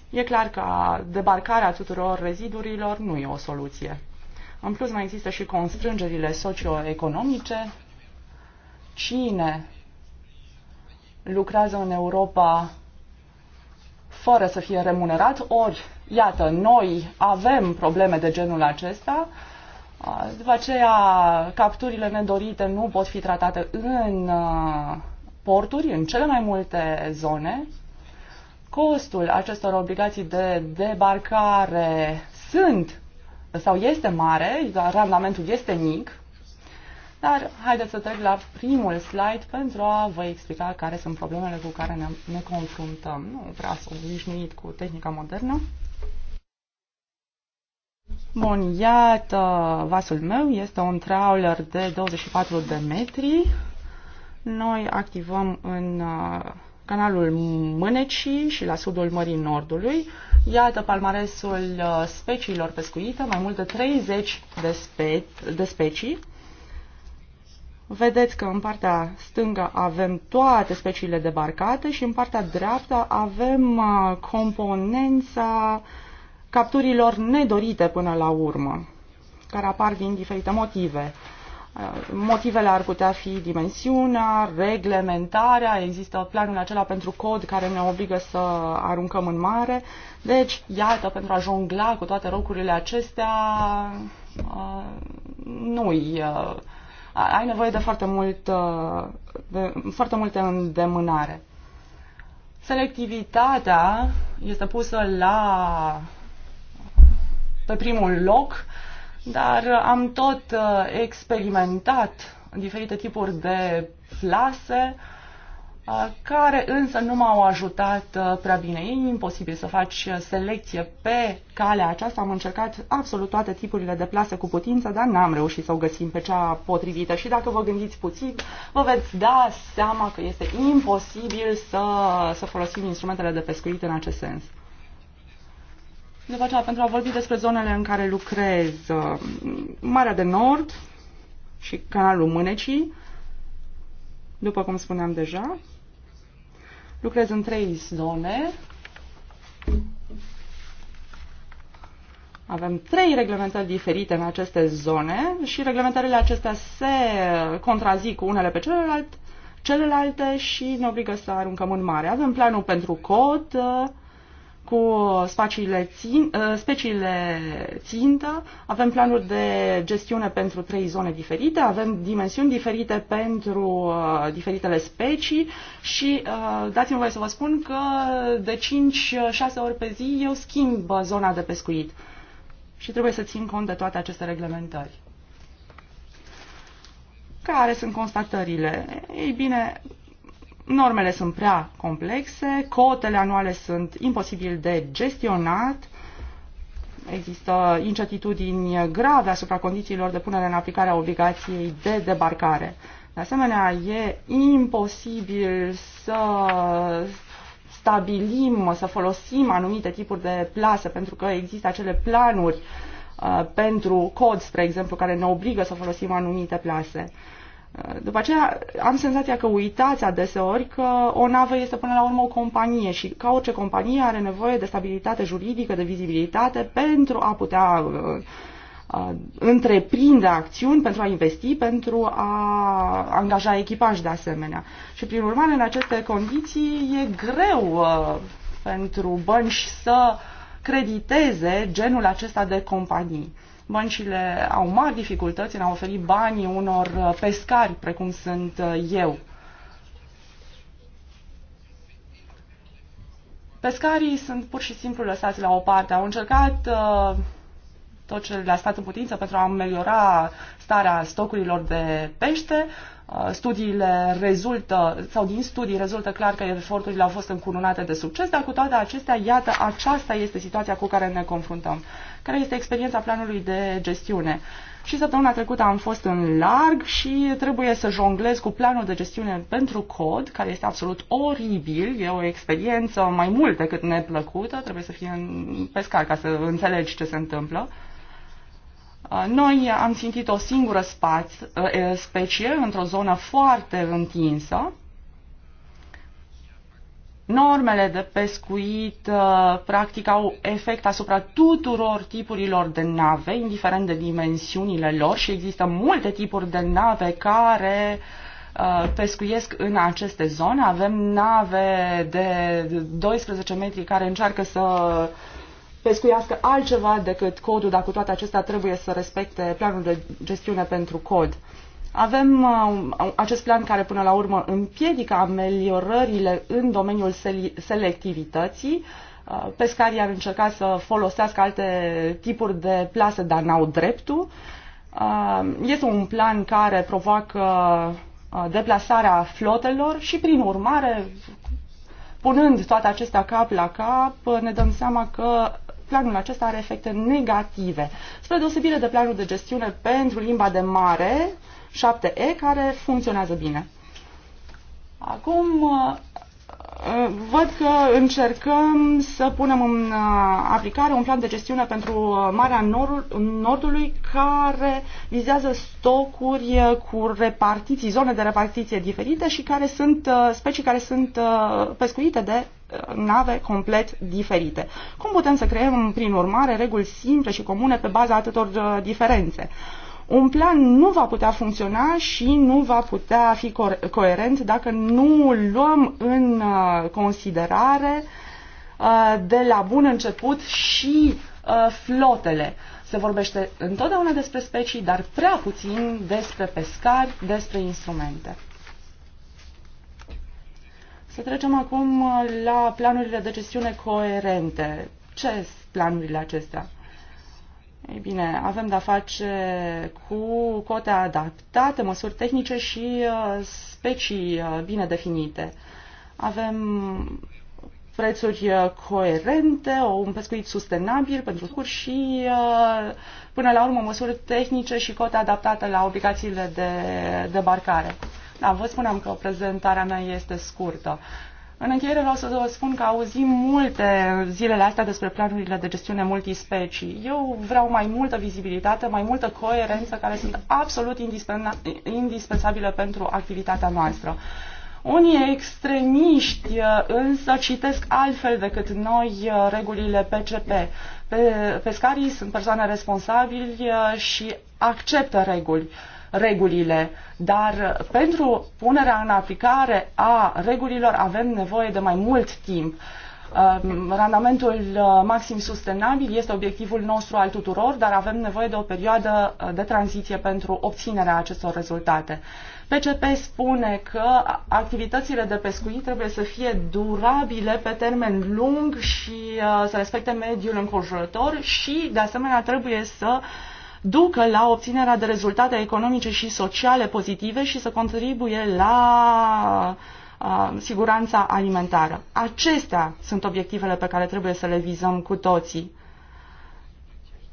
E clar că debarcarea tuturor rezidurilor nu e o soluție. În plus mai există și constrângerile socioeconomice. Cine lucrează în Europa fără să fie remunerat, ori Iată, noi avem probleme de genul acesta, după aceea capturile nedorite nu pot fi tratate în porturi, în cele mai multe zone. Costul acestor obligații de debarcare sunt sau este mare, randamentul este mic, dar haideți să trec la primul slide pentru a vă explica care sunt problemele cu care ne, ne confruntăm. Nu prea sunt obișnuit cu tehnica modernă. Bun, iată vasul meu, este un trawler de 24 de metri. Noi activăm în uh, canalul Mânecii și la sudul Mării Nordului. Iată palmaresul uh, speciilor pescuite, mai mult de 30 de, spe- de specii. Vedeți că în partea stângă avem toate speciile debarcate și în partea dreaptă avem uh, componența uh, capturilor nedorite până la urmă, care apar din diferite motive. Uh, motivele ar putea fi dimensiunea, reglementarea, există planul acela pentru cod care ne obligă să aruncăm în mare. Deci, iată, pentru a jongla cu toate rocurile acestea, uh, nu-i... Uh, ai nevoie de foarte, mult, de foarte multe îndemânare. Selectivitatea este pusă la pe primul loc, dar am tot uh, experimentat diferite tipuri de plase uh, care însă nu m-au ajutat uh, prea bine. E imposibil să faci selecție pe calea aceasta. Am încercat absolut toate tipurile de plase cu putință, dar n-am reușit să o găsim pe cea potrivită. Și dacă vă gândiți puțin, vă veți da seama că este imposibil să, să folosim instrumentele de pescuit în acest sens. După aceea, pentru a vorbi despre zonele în care lucrez, uh, Marea de Nord și Canalul Mânecii, după cum spuneam deja, lucrez în trei zone. Avem trei reglementări diferite în aceste zone și reglementările acestea se contrazic unele pe celelalte, celelalte și ne obligă să aruncăm în mare. Avem planul pentru cod, uh, cu spațiile țin, uh, speciile țintă, avem planuri de gestiune pentru trei zone diferite, avem dimensiuni diferite pentru uh, diferitele specii și uh, dați-mi voie să vă spun că de 5-6 ori pe zi eu schimb zona de pescuit și trebuie să țin cont de toate aceste reglementări. Care sunt constatările? Ei bine, normele sunt prea complexe, cotele anuale sunt imposibil de gestionat, există incertitudini grave asupra condițiilor de punere în aplicare a obligației de debarcare. De asemenea, e imposibil să stabilim, să folosim anumite tipuri de plase, pentru că există acele planuri uh, pentru cod, spre exemplu, care ne obligă să folosim anumite plase. Uh, după aceea am senzația că uitați adeseori că o navă este până la urmă o companie și ca orice companie are nevoie de stabilitate juridică, de vizibilitate pentru a putea uh, uh, întreprinde acțiuni pentru a investi, pentru a angaja echipaj de asemenea. Și prin urmare, în aceste condiții, e greu uh, pentru bănci să crediteze genul acesta de companii. Băncile au mari dificultăți în a oferi banii unor uh, pescari, precum sunt uh, eu. Pescarii sunt pur și simplu lăsați la o parte. Au încercat uh, tot ce le-a stat în putință pentru a ameliora starea stocurilor de pește, studiile rezultă, sau din studii rezultă clar că eforturile au fost încununate de succes, dar cu toate acestea, iată, aceasta este situația cu care ne confruntăm. Care este experiența planului de gestiune? Și săptămâna trecută am fost în larg și trebuie să jonglez cu planul de gestiune pentru cod, care este absolut oribil, e o experiență mai mult decât neplăcută, trebuie să fii în pescar ca să înțelegi ce se întâmplă. Uh, Uh, noi am simțit o singură uh, specie într-o zonă foarte întinsă. Normele de pescuit uh, practic au efect asupra tuturor tipurilor de nave, indiferent de dimensiunile lor și există multe tipuri de nave care pescuiesc în aceste zone. Avem nave de 12 metri care încearcă să uh, pescuiască altceva decât codul, dacă toate acestea trebuie să respecte planul de gestiune pentru cod. Avem uh, acest plan care până la urmă împiedică ameliorările în domeniul selectivității. Uh, pescarii ar încerca să folosească alte tipuri de plase, dar n-au dreptul. Uh, este un plan care provoacă uh, deplasarea flotelor și, prin urmare, punând toate acestea cap la cap, ne dăm seama că planul acesta are efecte negative, spre deosebire de planul de gestiune pentru limba de mare 7E, care funcționează bine. Acum uh, văd că încercăm să punem în uh, aplicare un plan de gestiune pentru uh, Marea Nordului care vizează stocuri cu repartiții, zone de repartiție diferite și care sunt specii care sunt pescuite de nave complet diferite. Cum putem să creăm, prin urmare, reguli simple și comune pe baza atâtor uh, diferențe? un plan nu va putea funcționa și nu va putea fi co- coerent dacă nu luăm în uh, considerare uh, de la bun început și flotele. Se vorbește întotdeauna despre specii, dar prea puțin despre pescari, despre instrumente. Să trecem acum uh, la planurile de gestiune coerente. Ce sunt planurile acestea? Ei bine, avem de-a face cu cote adaptate, măsuri tehnice și uh, specii uh, bine definite. Avem prețuri coerente, un pescuit sustenabil pentru scurs și, până la urmă, măsuri tehnice și cote adaptate la obligațiile de debarcare. Da, vă spuneam că prezentarea mea este scurtă. În încheiere vreau să vă spun că auzim multe zilele astea despre planurile de gestiune multispecii. Eu vreau mai multă vizibilitate, mai multă coerență, care sunt absolut indispensabile pentru activitatea noastră. Unii extremiști uh, însă citesc altfel decât noi uh, regulile PCP. Pescarii sunt persoane responsabili uh, și acceptă reguli regulile, dar pentru punerea în aplicare a regulilor avem nevoie de mai mult timp. Um, randamentul uh, maxim sustenabil este obiectivul nostru al tuturor, dar avem nevoie de o perioadă uh, de tranziție pentru obținerea acestor rezultate. PCP spune că activitățile de pescuit trebuie să fie durabile pe termen lung și uh, să respecte mediul înconjurător și, de asemenea, trebuie să uh, ducă la obținerea de rezultate economice și sociale pozitive și să contribuie la siguranța alimentară. Acestea sunt obiectivele pe care trebuie să le vizăm cu toții.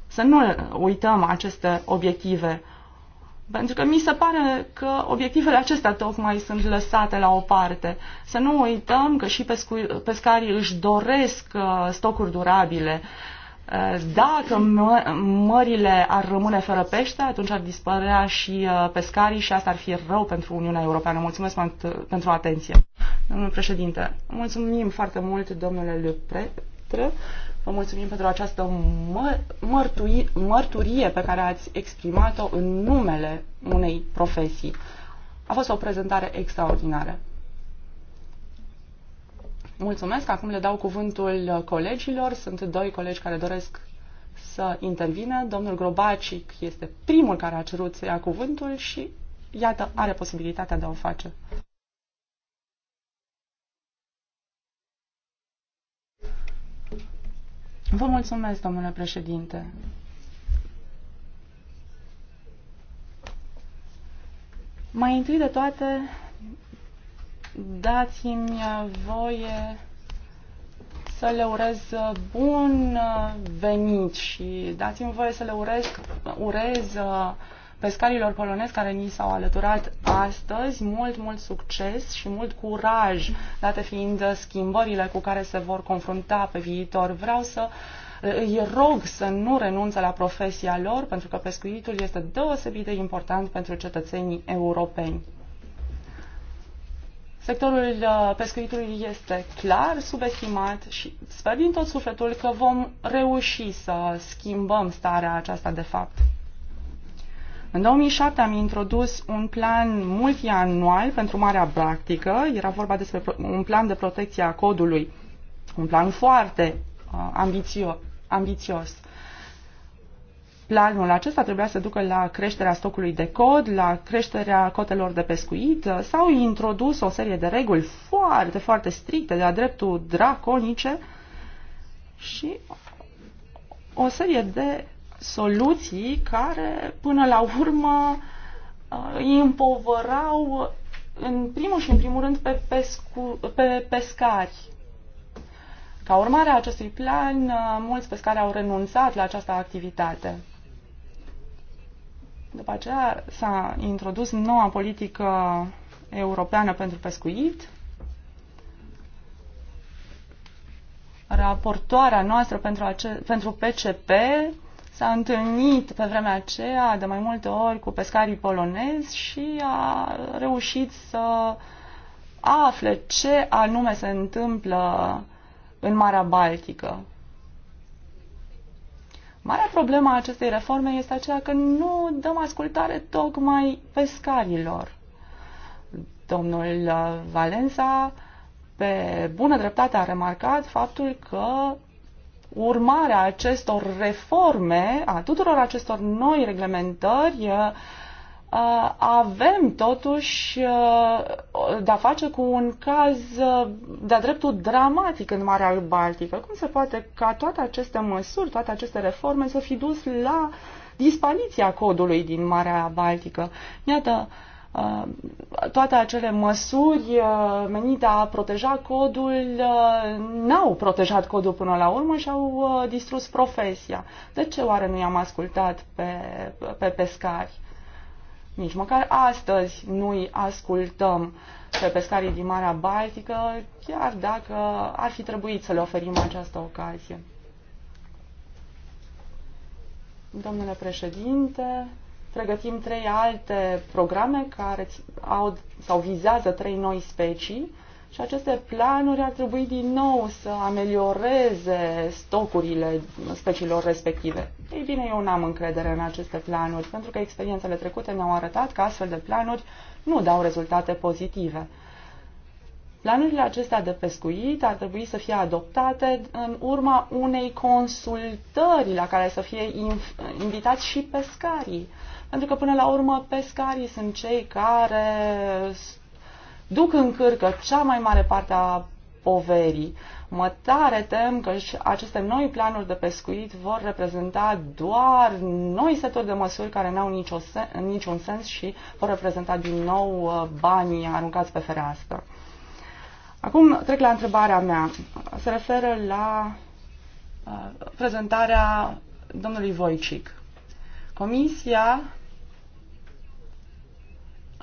Să nu uităm aceste obiective, pentru că mi se pare că obiectivele acestea tocmai sunt lăsate la o parte. Să nu uităm că și pescarii își doresc uh, stocuri durabile, Uh, dacă mă, mările ar rămâne fără pește, atunci ar dispărea și uh, pescarii și asta ar fi rău pentru Uniunea Europeană. Mulțumesc uh, pentru atenție. Domnul președinte, mulțumim foarte mult, domnule Lepretre. Vă mulțumim pentru această mărturie, mărturie pe care ați exprimat-o în numele unei profesii. A fost o prezentare extraordinară. Mulțumesc. Acum le dau cuvântul colegilor. Sunt doi colegi care doresc să intervină. Domnul Grobacic este primul care a cerut să ia cuvântul și, iată, are posibilitatea de a o face. Vă mulțumesc, domnule președinte. Mai întâi de toate, dați-mi uh, voie să le urez uh, bun uh, venit și dați-mi voie să le urez, urez pescarilor polonezi care ni s-au alăturat astăzi mult, mult succes și mult curaj, date fiind schimbările cu care se vor confrunta pe viitor. Vreau să îi rog să nu renunțe la profesia lor, pentru că pescuitul este deosebit de important pentru cetățenii europeni. Sectorul uh, pescuitului este clar subestimat și sper din tot sufletul că vom reuși să schimbăm starea aceasta de fapt. În 2007 am introdus un plan multianual pentru Marea practică. Era vorba despre un plan de protecție a codului. Un plan foarte uh, ambițio- ambițios. Planul acesta trebuia să ducă la creșterea stocului de cod, la creșterea cotelor de pescuit. S-au introdus o serie de reguli foarte, foarte stricte, de-a dreptul draconice și o serie de soluții care, până la urmă, uh, îi împovărau în primul și în primul rând pe, pescu, pe pescari. Ca urmare a acestui plan, uh, mulți pescari au renunțat la această activitate. După aceea s-a introdus noua politică europeană pentru pescuit. Raportoarea noastră pentru, ace- pentru PCP s-a întâlnit pe vremea aceea de mai multe ori cu pescarii polonezi și a reușit să afle ce anume se întâmplă în Marea Baltică. Marea problemă a acestei reforme este aceea că nu dăm ascultare tocmai pescarilor. Domnul uh, Valenza, pe bună dreptate, a remarcat faptul că urmarea acestor reforme, a tuturor acestor noi reglementări, uh, Uh, avem totuși uh, de-a face cu un caz uh, de-a dreptul dramatic în Marea Baltică. Cum se poate ca toate aceste măsuri, toate aceste reforme să fi dus la dispariția codului din Marea Baltică? Iată, toate acele măsuri menite a proteja codul n-au protejat codul până la urmă și au distrus profesia. De ce oare nu i-am ascultat pe, pe pescari? Nici măcar astăzi nu-i ascultăm pe pescarii din Marea Baltică, chiar dacă ar fi trebuit să le oferim această ocazie. Domnule președinte, pregătim trei alte programe care au sau vizează trei noi specii și aceste planuri ar trebui din nou să amelioreze stocurile speciilor respective. Ei bine, eu n-am încredere în aceste planuri, pentru că experiențele trecute ne-au arătat că astfel de planuri nu dau rezultate pozitive. Planurile acestea de pescuit ar trebui să fie adoptate în urma unei consultări la care să fie invitați și pescarii. Pentru că, până la urmă, pescarii sunt cei care duc în cârcă cea mai mare parte a poverii. Mă tare tem că și aceste noi planuri de pescuit vor reprezenta doar noi seturi de măsuri care n-au nicio sen- niciun sens și vor reprezenta din nou uh, banii aruncați pe fereastră. Acum trec la întrebarea mea. Se referă la uh, prezentarea domnului Voicic. Comisia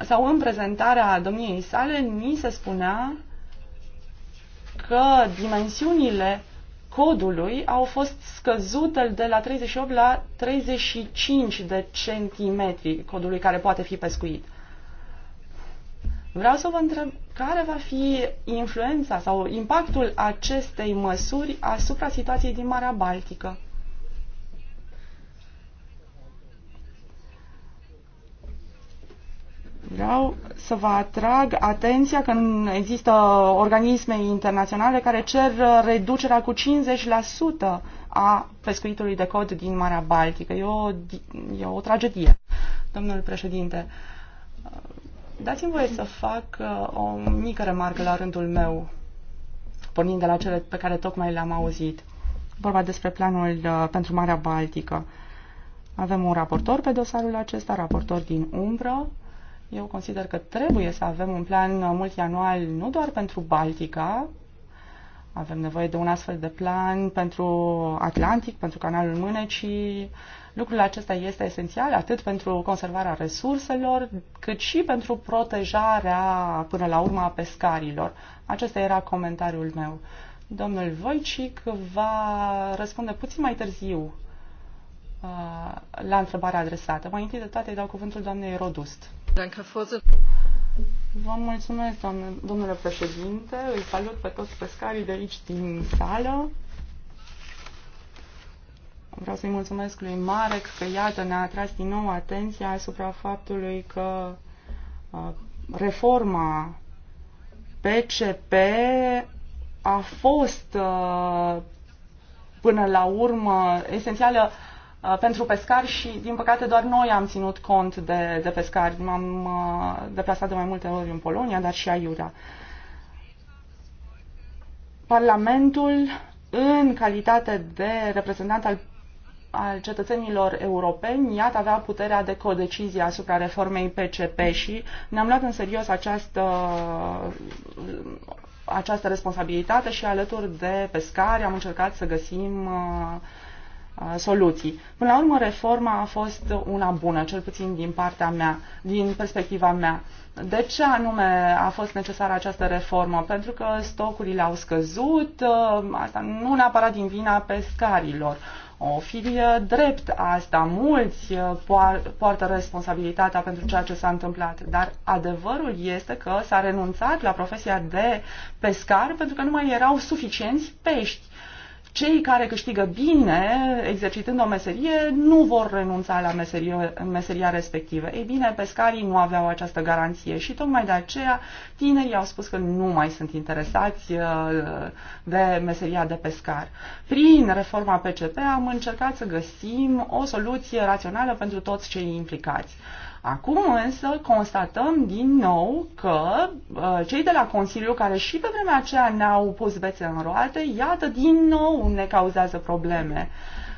sau în prezentarea domniei sale, ni se spunea că dimensiunile codului au fost scăzute de la 38 la 35 de centimetri codului care poate fi pescuit. Vreau să vă întreb care va fi influența sau impactul acestei măsuri asupra situației din Marea Baltică. Vreau să vă atrag atenția că există organisme internaționale care cer reducerea cu 50% a pescuitului de cod din Marea Baltică. E o, e o tragedie, domnul președinte. Dați-mi voie să fac uh, o mică remarcă la rândul meu, pornind de la cele pe care tocmai le-am auzit. Vorba despre planul uh, pentru Marea Baltică. Avem un raportor pe dosarul acesta, raportor din umbră, eu consider că trebuie să avem un plan multianual nu doar pentru Baltica, avem nevoie de un astfel de plan pentru Atlantic, pentru Canalul Mânecii. Lucrul acesta este esențial atât pentru conservarea resurselor, cât și pentru protejarea, până la urmă, a pescarilor. Acesta era comentariul meu. Domnul Voicic va răspunde puțin mai târziu la întrebarea adresată. Mai întâi de toate îi dau cuvântul doamnei Rodust. Vă mulțumesc, doamne, domnule președinte. Îi salut pe toți pescarii de aici din sală. Vreau să-i mulțumesc lui Marek că, iată, ne-a atras din nou atenția asupra faptului că uh, reforma PCP a fost uh, până la urmă esențială uh, Uh, pentru pescari și, din păcate, doar noi am ținut cont de, de pescari. M-am uh, deplasat de mai multe ori în Polonia, dar și aiurea. Parlamentul, în calitate de reprezentant al, al cetățenilor europeni, iată, avea puterea de codecizie asupra reformei PCP și ne-am luat în serios această această responsabilitate și alături de pescari am încercat să găsim uh, Uh, soluții. Până la urmă, reforma a fost una bună, cel puțin din partea mea, din perspectiva mea. De ce anume a fost necesară această reformă? Pentru că stocurile au scăzut, uh, asta nu neapărat din vina pescarilor. O fi drept asta, mulți uh, poartă responsabilitatea pentru ceea ce s-a întâmplat, dar adevărul este că s-a renunțat la profesia de pescar pentru că nu mai erau suficienți pești cei care câștigă bine exercitând o meserie nu vor renunța la meserie, meseria respectivă. Ei bine, pescarii nu aveau această garanție și tocmai de aceea tinerii au spus că nu mai sunt interesați uh, de meseria de pescar. Prin reforma PCP am încercat să găsim o soluție rațională pentru toți cei implicați. Acum însă constatăm din nou că uh, cei de la Consiliu, care și pe vremea aceea ne-au pus bețe în roate, iată, din nou ne cauzează probleme.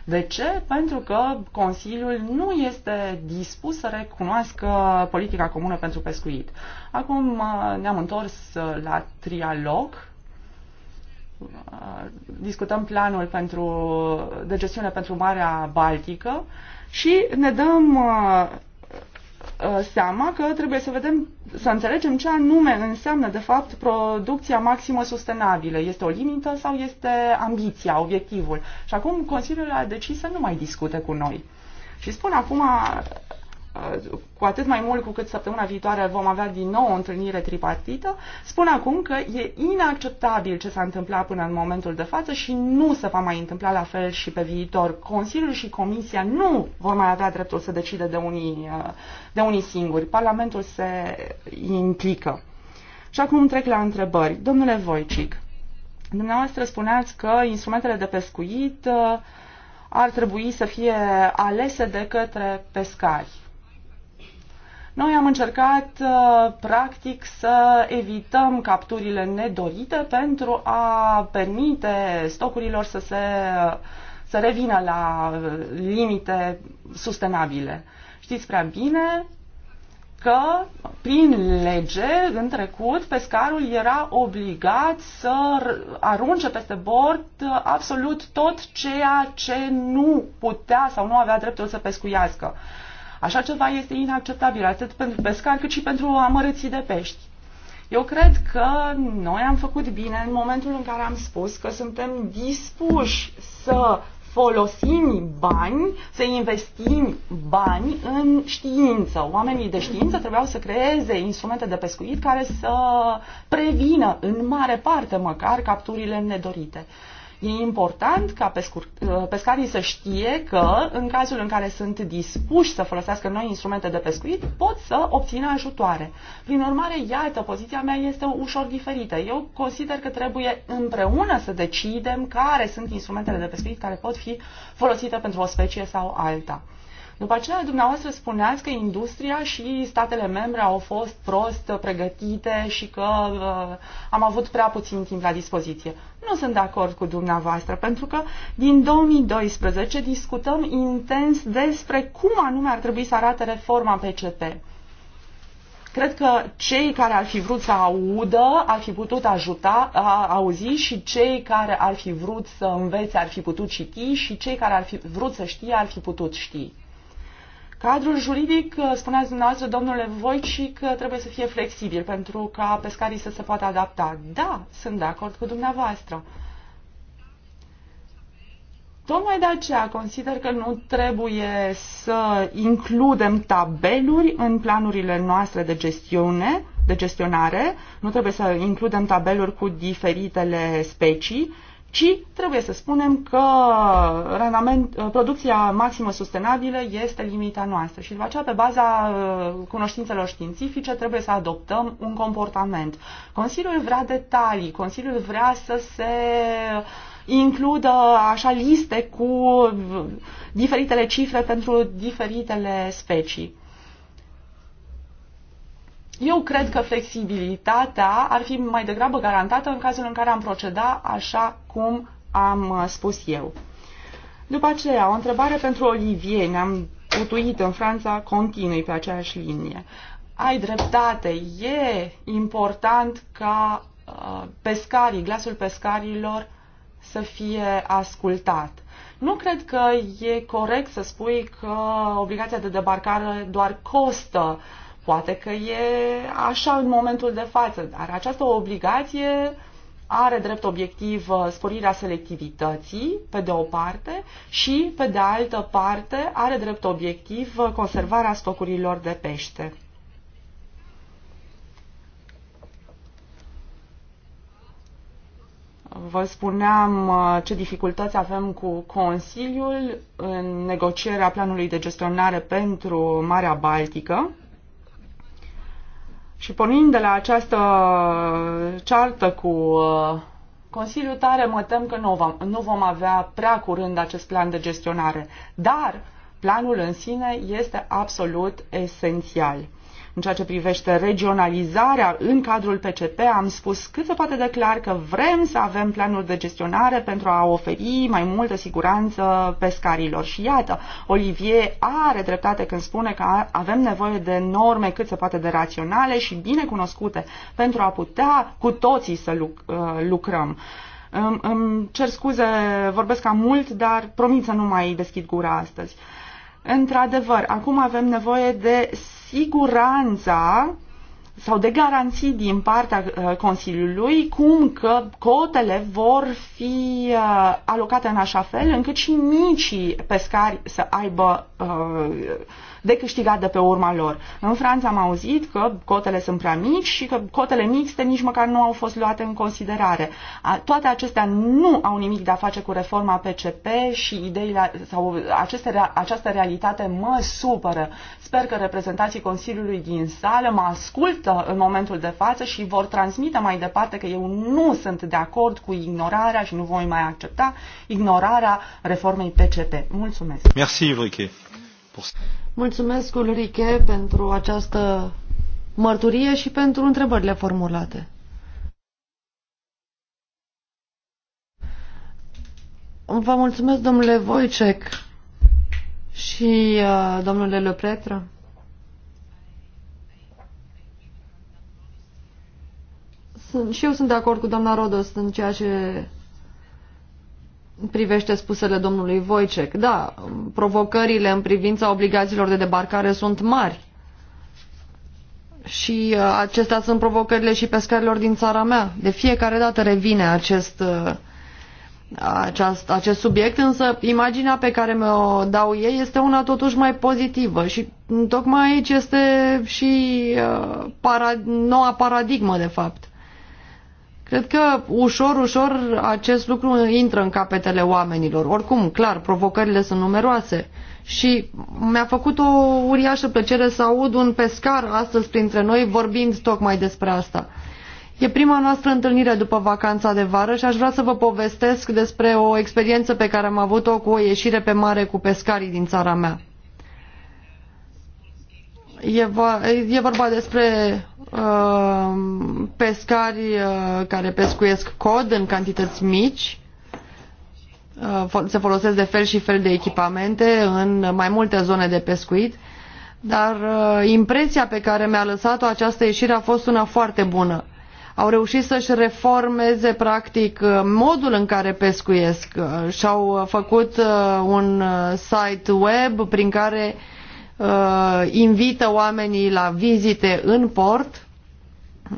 De ce? Pentru că Consiliul nu este dispus să recunoască politica comună pentru pescuit. Acum uh, ne-am întors uh, la trialog. Uh, discutăm planul pentru, de gestiune pentru Marea Baltică și ne dăm Uh, seama că trebuie să vedem, să înțelegem ce anume înseamnă, de fapt, producția maximă sustenabilă. Este o limită sau este ambiția, obiectivul? Și acum Consiliul a decis să nu mai discute cu noi. Și spun acum cu atât mai mult cu cât săptămâna viitoare vom avea din nou o întâlnire tripartită, spun acum că e inacceptabil ce s-a întâmplat până în momentul de față și nu se va mai întâmpla la fel și pe viitor. Consiliul și Comisia nu vor mai avea dreptul să decide de unii, uh, de unii singuri. Parlamentul se implică. Și acum trec la întrebări. Domnule Voicic, dumneavoastră spuneați că instrumentele de pescuit uh, ar trebui să fie alese de către pescari noi am încercat, uh, practic, să evităm capturile nedorite pentru a permite stocurilor să, se, să revină la uh, limite sustenabile. Știți prea bine că, prin lege, în trecut, pescarul era obligat să arunce peste bord uh, absolut tot ceea ce nu putea sau nu avea dreptul să pescuiască. Așa ceva este inacceptabil atât pentru pescari cât și pentru amărâții de pești. Eu cred că noi am făcut bine în momentul în care am spus că suntem dispuși să folosim bani, să investim bani în știință. Oamenii de știință trebuiau să creeze instrumente de pescuit care să prevină în mare parte măcar capturile nedorite. Uh, E important ca uh, pescarii să știe că, în cazul în care sunt dispuși să folosească noi instrumente de pescuit, pot să obțină ajutoare. Prin urmare, iată, poziția mea este ușor diferită. Eu consider că trebuie împreună să decidem care sunt instrumentele de pescuit care pot fi folosite pentru o specie sau alta. După aceea, dumneavoastră spuneați că industria și statele membre au fost prost pregătite și că uh, am avut prea puțin timp la dispoziție. Nu sunt de acord cu dumneavoastră, pentru că din 2012 discutăm intens despre cum anume ar trebui să arate reforma PCP. Cred că cei care ar fi vrut să audă ar fi putut ajuta, a, auzi și cei care ar fi vrut să învețe ar fi putut citi și cei care ar fi vrut să știe ar fi putut ști. Cadrul juridic, ă, spuneați dumneavoastră, domnule Voicic, că trebuie să fie flexibil pentru ca pescarii să se poată adapta. Da, sunt de acord cu dumneavoastră. Tocmai de aceea consider că nu trebuie să includem tabeluri în planurile noastre de gestiune, de gestionare, nu trebuie să includem tabeluri cu diferitele specii, și trebuie să spunem că uh, producția maximă sustenabilă este limita noastră și după aceea, pe baza uh, cunoștințelor științifice, trebuie să adoptăm un comportament. Consiliul vrea detalii, Consiliul vrea să se includă așa liste cu diferitele cifre pentru diferitele specii eu cred că flexibilitatea ar fi mai degrabă garantată în cazul în care am proceda așa cum am uh, spus eu. După aceea, o întrebare pentru Olivier. Ne-am putuit în Franța continui pe aceeași linie. Ai dreptate, e important ca uh, pescarii, glasul pescarilor să fie ascultat. Nu cred că e corect să spui că obligația de debarcare doar costă Poate că e așa în momentul de față, dar această obligație are drept obiectiv uh, sporirea selectivității, pe de o parte, și, pe de altă parte, are drept obiectiv uh, conservarea stocurilor de pește. Vă spuneam uh, ce dificultăți avem cu Consiliul în negocierea planului de gestionare pentru Marea Baltică. Și pornind de la această ceartă cu uh, Consiliul tare, mă tem că nu vom, nu vom avea prea curând acest plan de gestionare. Dar planul în sine este absolut esențial. În ceea ce privește regionalizarea în cadrul PCP, am spus cât se poate de clar că vrem să avem planuri de gestionare pentru a oferi mai multă siguranță pescarilor. Și iată, Olivier are dreptate când spune că avem nevoie de norme cât se poate de raționale și bine cunoscute pentru a putea cu toții să uh, lucrăm. Îmi cer scuze, vorbesc cam mult, dar promit să nu mai deschid gura astăzi. Într-adevăr, acum avem nevoie de siguranța sau de garanții din partea uh, Consiliului cum că cotele vor fi uh, alocate în așa fel încât și micii pescari să aibă uh, de câștigat de pe urma lor. În Franța am auzit că cotele sunt prea mici și că cotele mixte nici măcar nu au fost luate în considerare. Toate acestea nu au nimic de a face cu reforma PCP și ideile sau aceste, această realitate mă supără. Sper că reprezentanții Consiliului din sală mă ascultă în momentul de față și vor transmite mai departe că eu nu sunt de acord cu ignorarea și nu voi mai accepta ignorarea reformei PCP. Mulțumesc! Merci, Ulrike. Mulțumesc, Ulrike, pentru această mărturie și pentru întrebările formulate. Vă mulțumesc, domnule Voicec și uh, domnule Lepretră. Sunt, și eu sunt de acord cu doamna Rodos în ceea ce privește spusele domnului Voicec. Da, provocările în privința obligațiilor de debarcare sunt mari. Și uh, acestea sunt provocările și pescarilor din țara mea. De fiecare dată revine acest, uh, aceast, acest subiect, însă imaginea pe care mi-o dau ei este una totuși mai pozitivă și tocmai aici este și uh, para, noua paradigmă, de fapt. Cred că ușor, ușor acest lucru intră în capetele oamenilor. Oricum, clar, provocările sunt numeroase. Și mi-a făcut o uriașă plăcere să aud un pescar astăzi printre noi vorbind tocmai despre asta. E prima noastră întâlnire după vacanța de vară și aș vrea să vă povestesc despre o experiență pe care am avut-o cu o ieșire pe mare cu pescarii din țara mea. E, va, e vorba despre Uh, pescari uh, care pescuiesc cod în cantități mici. Uh, se folosesc de fel și fel de echipamente în mai multe zone de pescuit, dar impresia pe care mi-a lăsat-o această ieșire a fost una foarte bună. Au reușit să-și reformeze practic modul în care pescuiesc și-au făcut un site web prin care uh, uh, invită oamenii la vizite în port,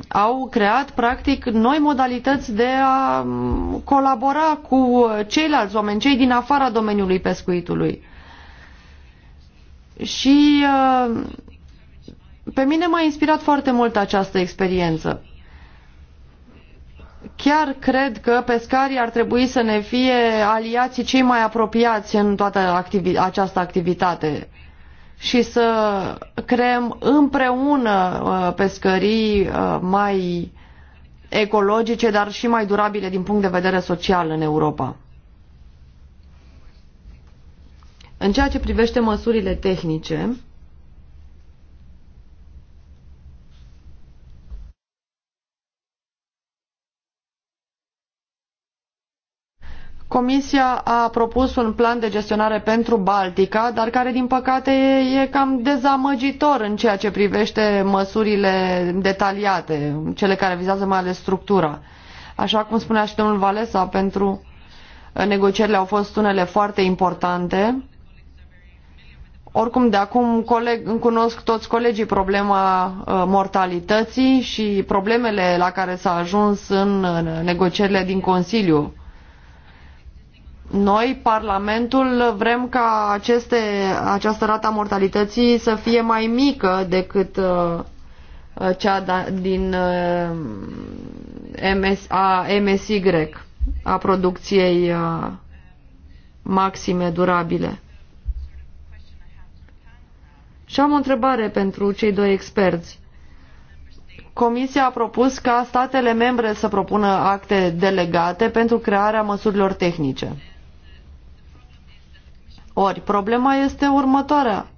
au creat practic noi modalități de a um, colabora cu ceilalți oameni, cei din afara domeniului pescuitului. Și uh, pe mine m-a inspirat foarte mult această experiență. Chiar cred că pescarii ar trebui să ne fie aliații cei mai apropiați în toată activi această activitate și să creăm împreună uh, pescării uh, mai ecologice, dar și mai durabile din punct de vedere social în Europa. În ceea ce privește măsurile tehnice, Comisia a propus un plan de gestionare pentru Baltica, dar care, din păcate, e cam dezamăgitor în ceea ce privește măsurile detaliate, cele care vizează mai ales structura. Așa cum spunea și domnul Valesa, pentru negocierile au fost unele foarte importante. Oricum, de acum coleg, cunosc toți colegii problema uh, mortalității și problemele la care s-a ajuns în negocierile din Consiliu noi, Parlamentul, vrem ca aceste, această rată a mortalității să fie mai mică decât uh, uh cea da, din uh, MS, a MSY, a producției uh, maxime durabile. Și am o întrebare pentru cei doi experți. Comisia a propus ca statele membre să propună acte delegate pentru crearea măsurilor tehnice. Ori, problema este următoarea.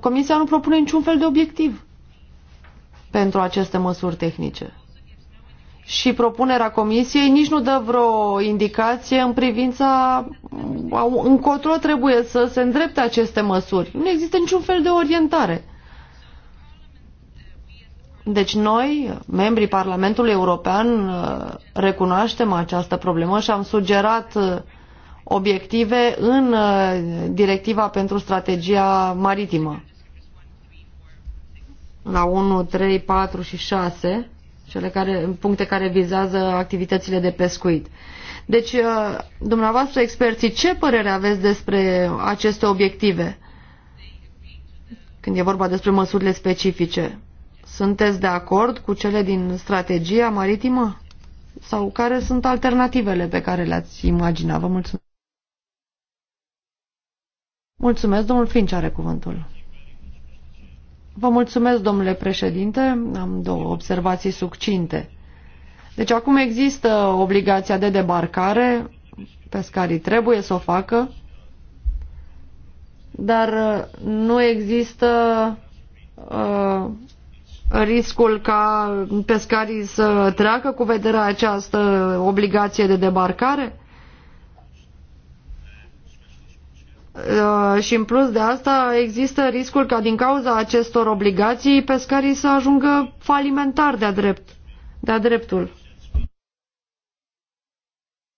Comisia nu propune niciun fel de obiectiv pentru aceste măsuri tehnice. Și propunerea comisiei nici nu dă vreo indicație în privința încotro trebuie să se îndrepte aceste măsuri. Nu există niciun fel de orientare. Deci noi, membrii Parlamentului European, recunoaștem această problemă și am sugerat obiective în uh, directiva pentru strategia maritimă. La 1, 3, 4 și 6, cele care, puncte care vizează activitățile de pescuit. Deci, uh, dumneavoastră, experții, ce părere aveți despre aceste obiective? Când e vorba despre măsurile specifice, sunteți de acord cu cele din strategia maritimă? Sau care sunt alternativele pe care le-ați imagina? Vă mulțumesc. Mulțumesc, domnul Finci are cuvântul. Vă mulțumesc, domnule președinte, am două observații succinte. Deci acum există obligația de debarcare, pescarii trebuie să o facă, dar uh, nu există uh, riscul ca pescarii să treacă cu vederea această obligație de debarcare? Uh, și în plus de asta există riscul ca din cauza acestor obligații pescarii să ajungă falimentar de-a drept, de dreptul.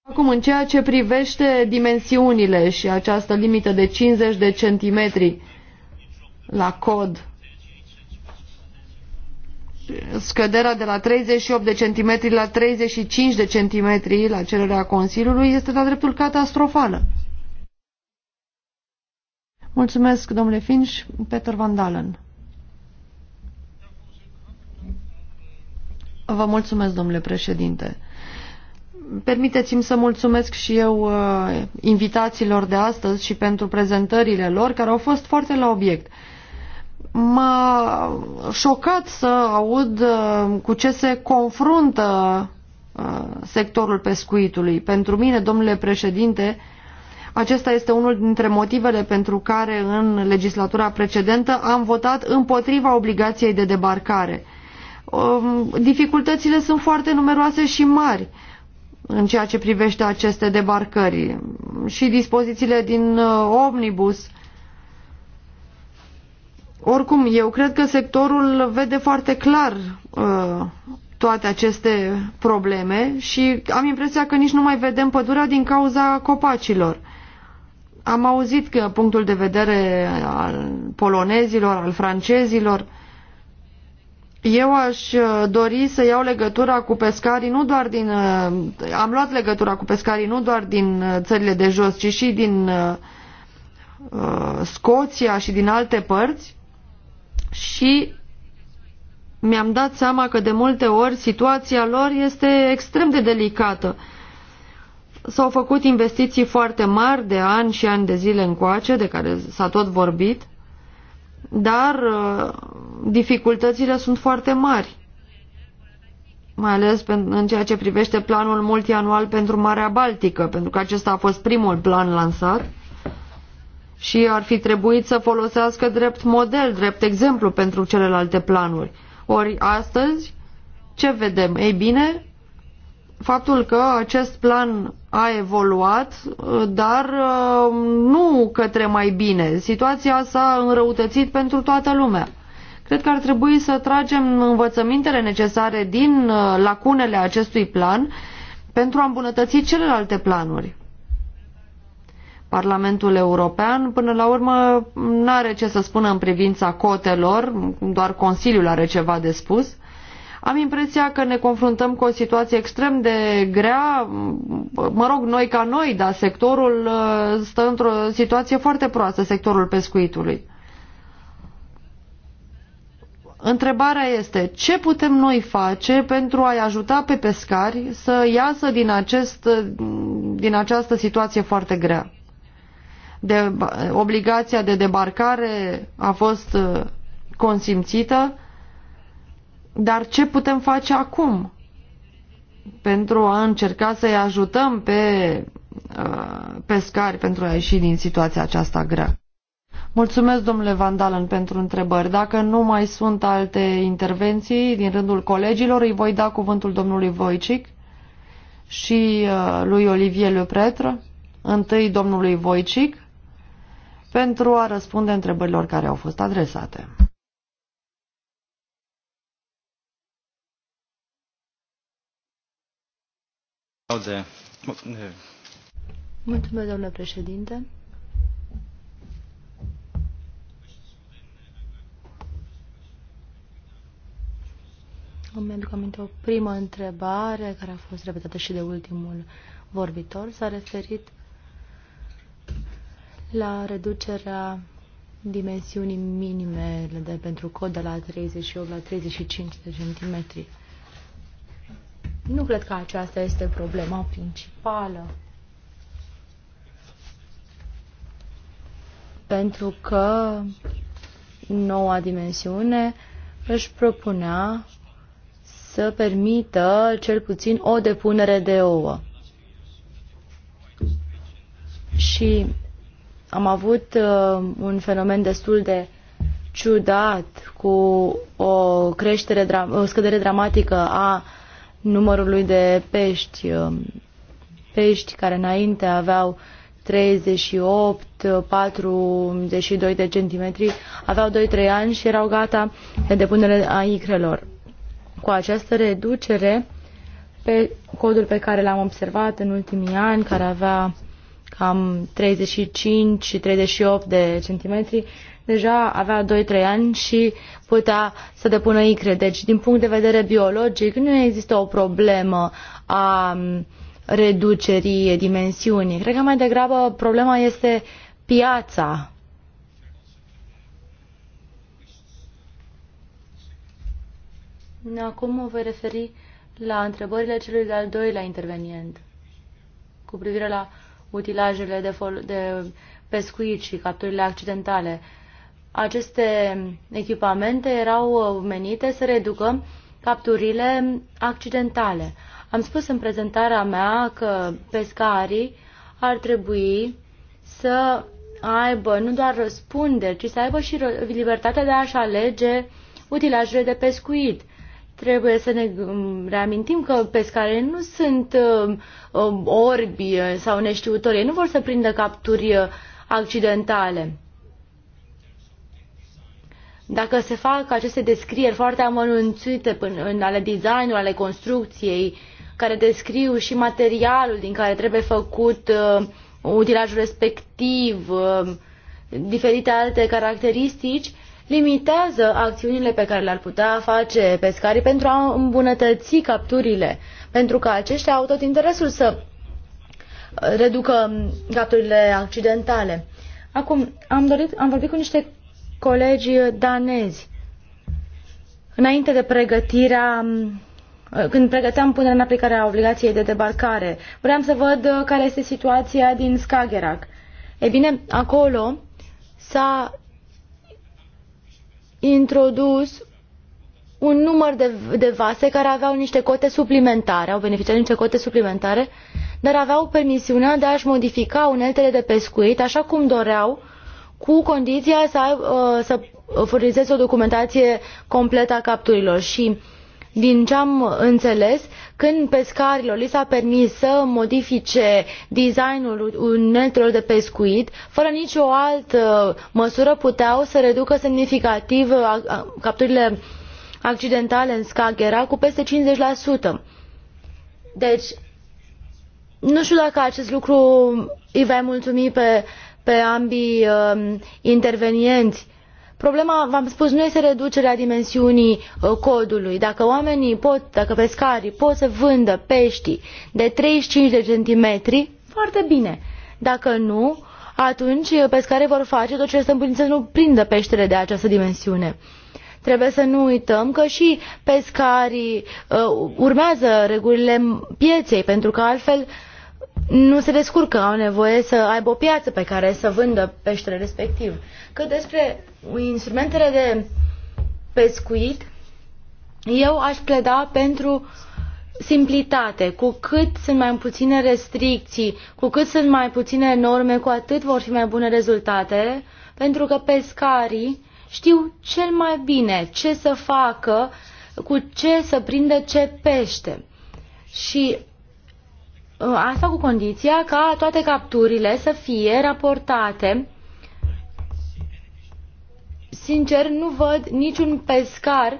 Acum, în ceea ce privește dimensiunile și această limită de 50 de centimetri la cod, scăderea de la 38 de centimetri la 35 de centimetri la cererea Consiliului este de-a dreptul catastrofală. Mulțumesc, domnule Finș. Peter Van Dalen. Vă mulțumesc, domnule președinte. Permiteți-mi să mulțumesc și eu uh, invitațiilor de astăzi și pentru prezentările lor, care au fost foarte la obiect. M-a șocat să aud uh, cu ce se confruntă uh, sectorul pescuitului. Pentru mine, domnule președinte, acesta este unul dintre motivele pentru care în legislatura precedentă am votat împotriva obligației de debarcare. Um, dificultățile sunt foarte numeroase și mari în ceea ce privește aceste debarcări și dispozițiile din uh, omnibus. Oricum, eu cred că sectorul vede foarte clar uh, toate aceste probleme și am impresia că nici nu mai vedem pădurea din cauza copacilor. Am auzit că punctul de vedere al polonezilor, al francezilor. Eu aș uh, dori să iau legătura cu pescarii nu doar din... Uh, am luat legătura cu pescarii nu doar din uh, țările de jos, ci și din uh, Scoția și din alte părți și mi-am dat seama că de multe ori situația lor este extrem de delicată. Uh, S-au făcut investiții foarte mari de ani și ani de zile încoace, de care s-a tot vorbit, dar uh, dificultățile sunt foarte mari, mai ales în ceea ce privește planul multianual pentru Marea Baltică, pentru că acesta a fost primul plan lansat și ar fi trebuit să folosească drept model, drept exemplu pentru celelalte planuri. Ori astăzi, ce vedem? Ei bine, faptul că acest plan a evoluat, dar uh, nu către mai bine. Situația s-a înrăutățit pentru toată lumea. Cred că ar trebui să tragem învățămintele necesare din uh, lacunele acestui plan pentru a îmbunătăți celelalte planuri. Parlamentul European, până la urmă, nu are ce să spună în privința cotelor, doar Consiliul are ceva de spus am impresia că ne confruntăm cu o situație extrem de grea, mă rog, noi ca noi, dar sectorul uh, stă într-o situație foarte proastă, sectorul pescuitului. Întrebarea este ce putem noi face pentru a-i ajuta pe pescari să iasă din, acest, din această situație foarte grea. De, obligația de debarcare a fost uh, consimțită, dar ce putem face acum pentru a încerca să-i ajutăm pe uh, pescari pentru a ieși din situația aceasta grea? Mulțumesc, domnule Vandalen, pentru întrebări. Dacă nu mai sunt alte intervenții din rândul colegilor, îi voi da cuvântul domnului Voicic și uh, lui Olivier Lepretre, întâi domnului Voicic, pentru a răspunde întrebărilor care au fost adresate. De... Mulțumesc, domnule președinte. Îmi aduc aminte o primă întrebare care a fost repetată și de ultimul vorbitor. S-a referit la reducerea dimensiunii minime de pentru cod de la 38 la 35 de centimetri. Nu cred că aceasta este problema principală. Pentru că noua dimensiune își propunea să permită cel puțin o depunere de ouă. Și am avut uh, un fenomen destul de ciudat cu o creștere, o scădere dramatică a numărului de pești. Uh, pești care înainte aveau 38, 42 de centimetri, aveau 2-3 ani și erau gata de depunere a icrelor. Cu această reducere, pe codul pe care l-am observat în ultimii ani, care avea cam 35 și 38 de centimetri, deja avea 2-3 ani și putea să depună icre. Deci, din punct de vedere biologic, nu există o problemă a reducerii dimensiunii. Cred că mai degrabă problema este piața. Acum mă voi referi la întrebările celui de-al doilea intervenient cu privire la utilajele de, de pescuit și capturile accidentale. Aceste echipamente erau uh, menite să reducă capturile accidentale. Am spus în prezentarea mea că pescarii ar trebui să aibă nu doar răspunderi, ci să aibă și libertatea de a-și alege utilajele de pescuit. Trebuie să ne um, reamintim că pescarii nu sunt um, um, orbi uh, sau neștiutori, ei nu vor să prindă capturi uh, accidentale. Dacă se fac aceste descrieri foarte amănunțite în ale designului, ale construcției, care descriu și materialul din care trebuie făcut uh, utilajul respectiv, uh, diferite alte caracteristici, limitează acțiunile pe care le-ar putea face pescarii pentru a îmbunătăți capturile, pentru că aceștia au tot interesul să uh, reducă um, capturile accidentale. Acum, am, dorit, am vorbit cu niște colegi danezi. Înainte de pregătirea când pregăteam punerea în aplicare a obligației de debarcare, vreau să văd care este situația din Skagerrak. E bine, acolo s-a introdus un număr de, de vase care aveau niște cote suplimentare, au beneficiat niște cote suplimentare, dar aveau permisiunea de a-și modifica uneltele de pescuit așa cum doreau cu condiția să, uh, să furnizeze o documentație completă a capturilor și din ce am înțeles, când pescarilor li s-a permis să modifice designul uneltelor de pescuit, fără nicio altă măsură puteau să reducă semnificativ uh, capturile accidentale în Skagerrak cu peste 50%. Deci, nu știu dacă acest lucru îi va mulțumi pe pe ambii uh, intervenienți. Problema, v-am spus, nu este reducerea dimensiunii uh, codului. Dacă oamenii pot, dacă pescarii pot să vândă pești de 35 de centimetri, foarte bine. Dacă nu, atunci uh, pescarii vor face tot ce este în putință să nu prindă peștele de această dimensiune trebuie să nu uităm că și pescarii uh, urmează regulile pieței, pentru că altfel nu se descurcă, au nevoie să aibă o piață pe care să vândă peștele respectiv. Cât despre instrumentele de pescuit, eu aș pleda pentru simplitate. Cu cât sunt mai puține restricții, cu cât sunt mai puține norme, cu atât vor fi mai bune rezultatele, pentru că pescarii știu cel mai bine ce să facă, cu ce să prindă ce pește. Și Uh, asta cu condiția ca toate capturile să fie raportate. Sincer, nu văd niciun pescar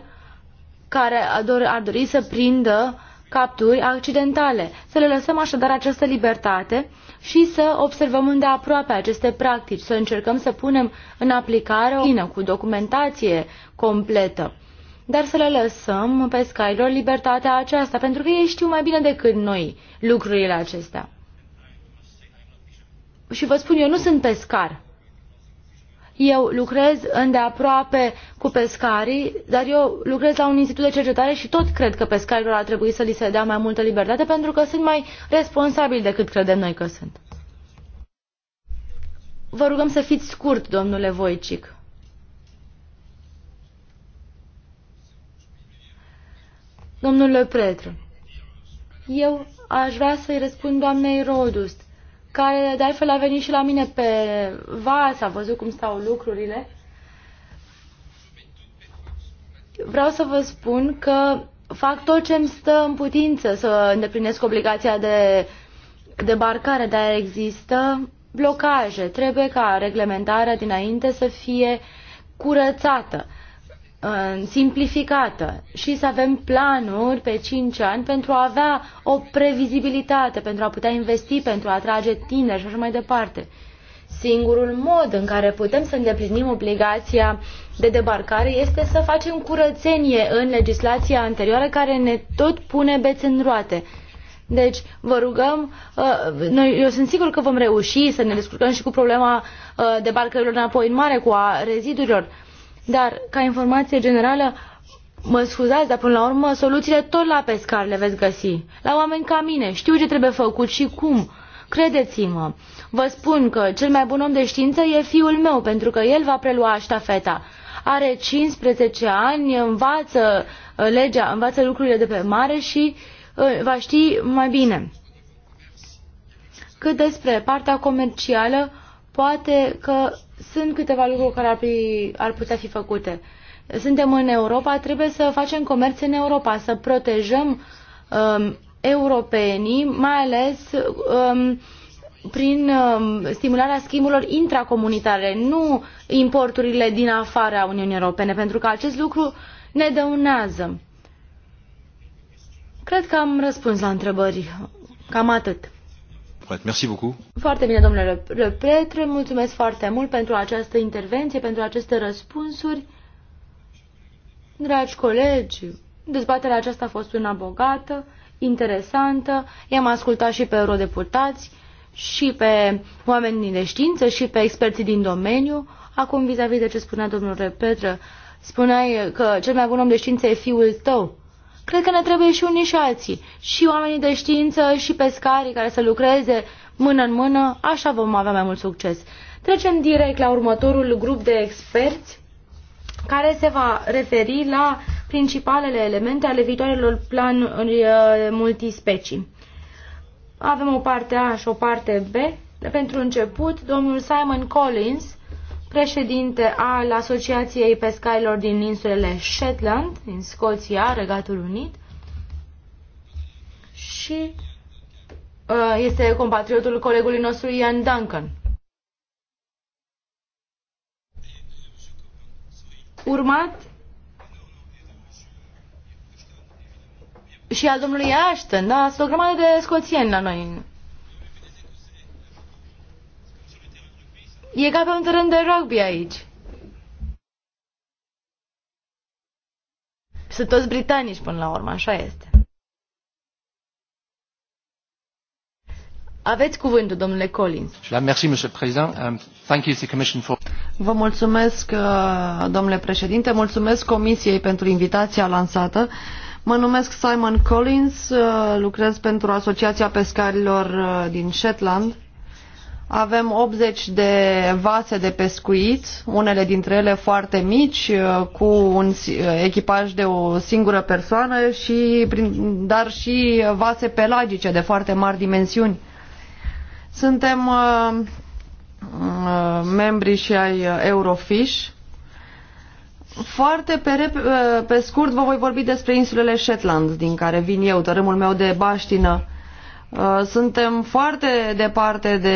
care ar dori să prindă capturi accidentale. Să le lăsăm așadar această libertate și să observăm îndeaproape aceste practici, să încercăm să punem în aplicare o cu documentație completă dar să le lăsăm pe Skyler libertatea aceasta, pentru că ei știu mai bine decât noi lucrurile acestea. Și vă spun, eu nu sunt pescar. Eu lucrez îndeaproape cu pescarii, dar eu lucrez la un institut de cercetare și tot cred că pescarilor ar trebui să li se dea mai multă libertate pentru că sunt mai responsabili decât credem noi că sunt. Vă rugăm să fiți scurt, domnule Voicic. Domnule Pretru, eu aș vrea să-i răspund doamnei Rodust, care de altfel a venit și la mine pe vas, a văzut cum stau lucrurile. Vreau să vă spun că fac tot ce îmi stă în putință să îndeplinesc obligația de debarcare, dar există blocaje. Trebuie ca reglementarea dinainte să fie curățată. Uh, simplificată și să avem planuri pe 5 ani pentru a avea o previzibilitate, pentru a putea investi, pentru a atrage tineri și așa mai departe. Singurul mod în care putem să îndeplinim obligația de debarcare este să facem curățenie în legislația anterioară care ne tot pune bețe în roate. Deci, vă rugăm, uh, noi, eu sunt sigur că vom reuși să ne descurcăm și cu problema uh, debarcărilor înapoi în mare, cu a rezidurilor, dar, ca informație generală, mă scuzați, dar până la urmă soluțiile tot la pescar le veți găsi. La oameni ca mine, știu ce trebuie făcut și cum. Credeți-mă, vă spun că cel mai bun om de știință e fiul meu, pentru că el va prelua ștafeta. Are 15 ani, învață uh, legea, învață lucrurile de pe mare și uh, va ști mai bine. Cât despre partea comercială, poate că sunt câteva lucruri care ar, fi, ar putea fi făcute. Suntem în Europa, trebuie să facem comerț în Europa, să protejăm um, europenii, mai ales um, prin um, stimularea schimburilor intracomunitare, nu importurile din afara Uniunii Europene, pentru că acest lucru ne dăunează. Cred că am răspuns la întrebări. Cam atât. Foarte bine, domnule Le Mulțumesc foarte mult pentru această intervenție, pentru aceste răspunsuri. Dragi colegi, dezbaterea aceasta a fost una bogată, interesantă. I-am ascultat și pe eurodeputați, și pe oamenii de știință, și pe experții din domeniu. Acum, vis-a-vis de ce spunea domnul Repetră, spuneai că cel mai bun om de știință e fiul tău. Cred că ne trebuie și unii și alții, și oamenii de știință, și pescarii care să lucreze mână în mână, așa vom avea mai mult succes. Trecem direct la următorul grup de experți care se va referi la principalele elemente ale viitoarelor planuri uh, multispecii. Avem o parte A și o parte B. Pentru început, domnul Simon Collins președinte al Asociației Pescailor din insulele Shetland, din Scoția, Regatul Unit, și uh, este compatriotul colegului nostru Ian Duncan. Urmat și al domnului Ashton, da, sunt o grămadă de scoțieni la noi E ca pe un teren de rugby aici. Sunt toți britanici până la urmă, așa este. Aveți cuvântul, domnule Collins. Vă mulțumesc, uh, domnule președinte, mulțumesc Comisiei pentru invitația lansată. Mă numesc Simon Collins, uh, lucrez pentru Asociația Pescarilor uh, din Shetland avem 80 de vase de pescuit, unele dintre ele foarte mici, uh, cu un uh, echipaj de o singură persoană, și, dar și vase pelagice de foarte mari dimensiuni. Suntem uh, uh membri și ai Eurofish. Foarte pe, rep- pe scurt vă voi vorbi despre insulele Shetland, din care vin eu, tărâmul meu de baștină Uh, suntem foarte departe de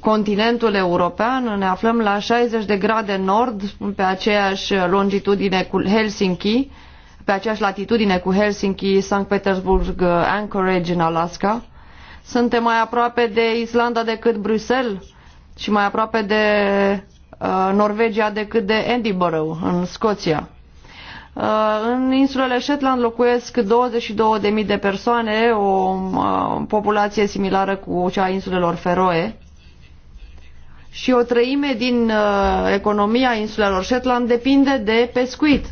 continentul european, ne aflăm la 60 de grade nord, pe aceeași longitudine cu Helsinki, pe aceeași latitudine cu Helsinki, St. Petersburg, uh, Anchorage în Alaska. Suntem mai aproape de Islanda decât Bruxelles și mai aproape de uh, Norvegia decât de Edinburgh în Scoția. Uh, în insulele Shetland locuiesc 22.000 de persoane, o uh, populație similară cu cea a insulelor Feroe. Și o treime din uh, economia insulelor Shetland depinde de pescuit.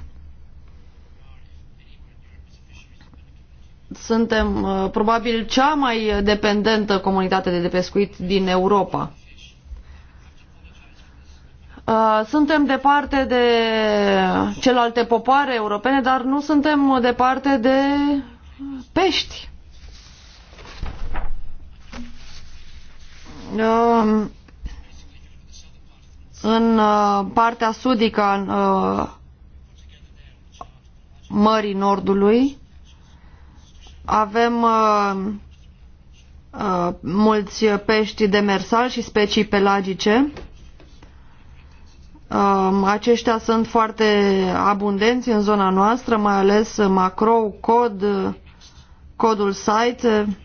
Suntem probabil cea mai dependentă comunitate de pescuit din Europa. Uh, suntem departe de celelalte popoare europene, dar nu suntem departe de pești. Uh, în uh, partea sudică a Mării Nordului avem mulți pești demersali și specii pelagice. Aceștia sunt foarte abundenți în zona noastră, mai ales macro, cod, codul site.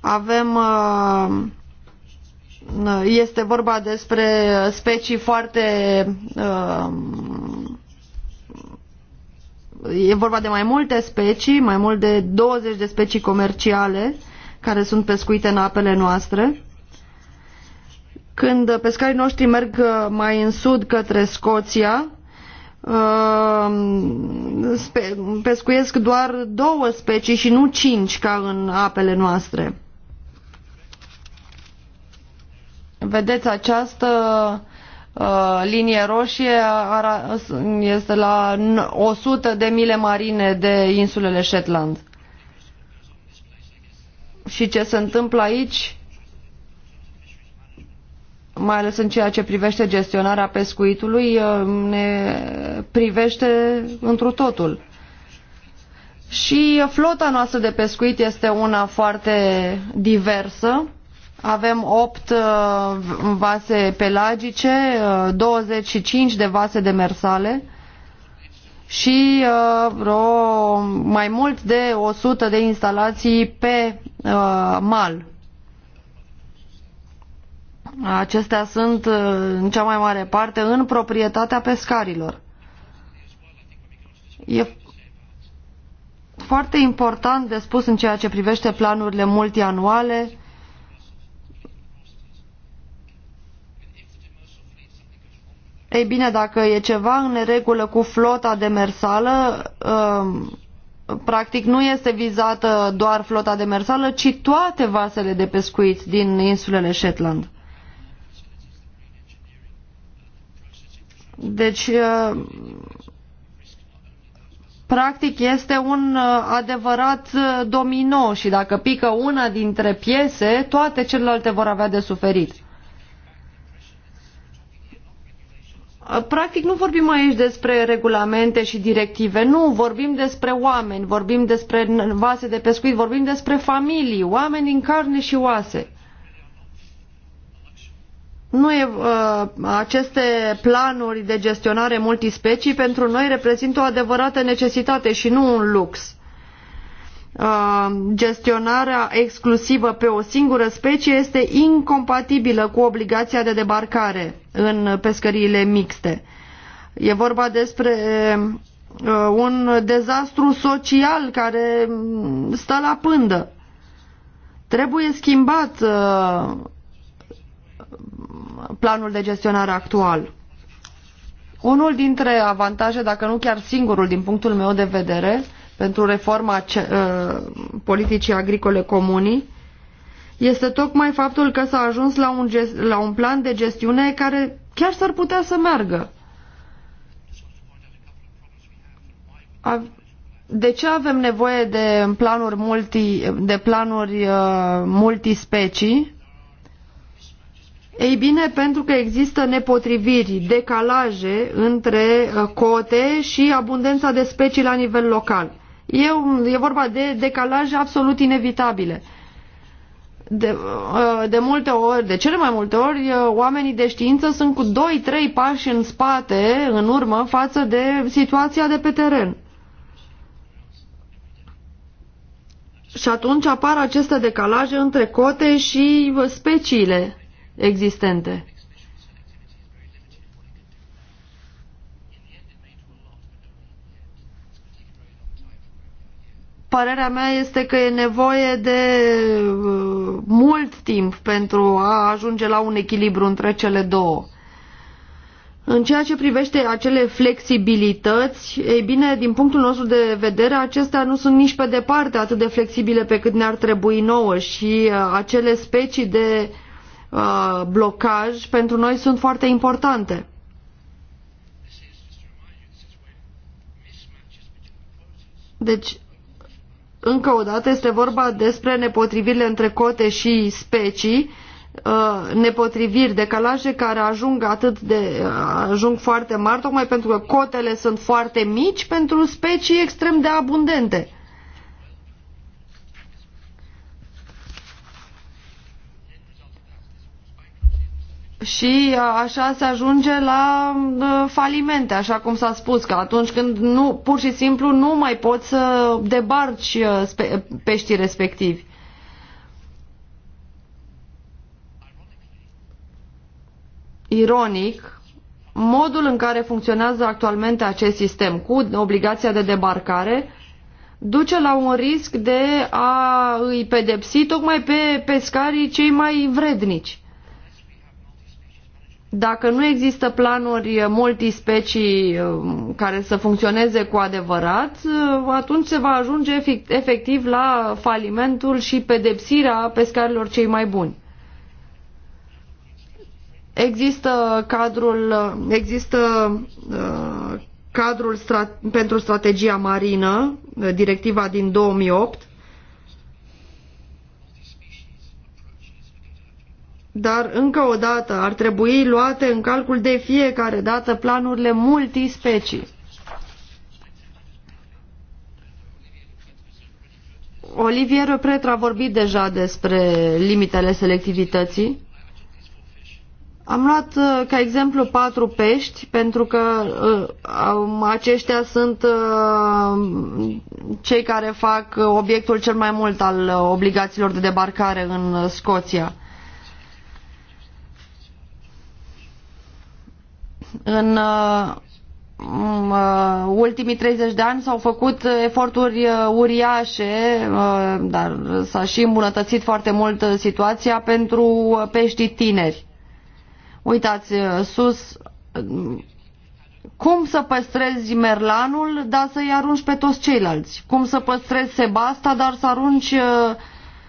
Avem uh, este vorba despre specii foarte uh, e vorba de mai multe specii, mai mult de 20 de specii comerciale care sunt pescuite în apele noastre. Când pescarii noștri merg uh, mai în sud către Scoția, uh, pescuiesc doar două specii și nu cinci ca în apele noastre. Vedeți, această uh, linie roșie este la 100 de mile marine de insulele Shetland. Și ce se întâmplă aici mai ales în ceea ce privește gestionarea pescuitului, uh, ne privește întru totul. Și flota noastră de pescuit este una foarte diversă. Avem 8 uh, vase pelagice, 25 uh, de vase demersale și vreo mai mult de 100 de instalații pe mal Acestea sunt uh, în cea mai mare parte în proprietatea pescarilor. E foarte important de spus în ceea ce privește planurile multianuale, Ei bine, dacă e ceva în neregulă cu flota demersală, uh, practic nu este vizată doar flota demersală, ci toate vasele de pescuit din insulele Shetland. Deci, uh, practic este un uh, adevărat uh, domino și dacă pică una dintre piese, toate celelalte vor avea de suferit. Practic nu vorbim aici despre regulamente și directive, nu, vorbim despre oameni, vorbim despre vase de pescuit, vorbim despre familii, oameni din carne și oase. Nu e, uh, aceste planuri de gestionare multispecii pentru noi reprezintă o adevărată necesitate și nu un lux. Uh, gestionarea exclusivă pe o singură specie este incompatibilă cu obligația de debarcare în pescăriile mixte. E vorba despre uh, un dezastru social care mm, stă la pândă. Trebuie schimbat planul de gestionare actual. Unul dintre avantaje, dacă nu chiar singurul din punctul meu de vedere, pentru reforma ce, uh, politicii agricole comunii, este tocmai faptul că s-a ajuns la un, gest, la un plan de gestiune care chiar s-ar putea să meargă. A, de ce avem nevoie de planuri multi, de planuri uh, multispecii? Ei bine, pentru că există nepotriviri, decalaje între uh, cote și abundența de specii la nivel local. E, e vorba de decalaje absolut inevitabile. De, uh, de multe ori, de cele mai multe ori, uh, oamenii de știință sunt cu 2-3 pași în spate, în urmă, față de situația de pe teren. Și atunci apar aceste decalaje între cote și speciile existente. Părerea mea este că e nevoie de uh, mult timp pentru a ajunge la un echilibru între cele două. În ceea ce privește acele flexibilități, ei bine, din punctul nostru de vedere, acestea nu sunt nici pe departe atât de flexibile pe cât ne-ar trebui nouă și uh, acele specii de uh, Uh, blocaj pentru noi sunt foarte importante. Deci, încă o dată este vorba despre nepotrivirile între cote și specii, uh, nepotriviri, decalaje care ajung atât de uh, ajung foarte mari, tocmai pentru că cotele sunt foarte mici pentru specii extrem de abundente. și uh, așa se ajunge la uh, falimente, așa cum s-a spus, că atunci când nu, pur și simplu nu mai poți să debarci uh, peștii respectivi. Ironic, modul în care funcționează actualmente acest sistem cu obligația de debarcare duce la un risc de a îi pedepsi tocmai pe pescarii cei mai vrednici. Dacă nu există planuri multispecii um, care să funcționeze cu adevărat, um, atunci se va ajunge efectiv la falimentul și pedepsirea pescarilor cei mai buni. Există cadrul, există uh, cadrul strat pentru strategia marină, uh, directiva din 2008, dar încă o dată ar trebui luate în calcul de fiecare dată planurile multispecii. Olivier Pretra a vorbit deja despre limitele selectivității. Am luat uh, ca exemplu patru pești pentru că uh, um, aceștia sunt uh, cei care fac obiectul cel mai mult al obligațiilor de debarcare în Scoția. În uh, uh, ultimii 30 de ani s-au făcut eforturi uh, uriașe, dar s-a și îmbunătățit foarte mult situația pentru peștii tineri. Uitați sus, cum să păstrezi merlanul, dar să-i arunci pe toți ceilalți? Cum să păstrezi sebasta, dar să arunci,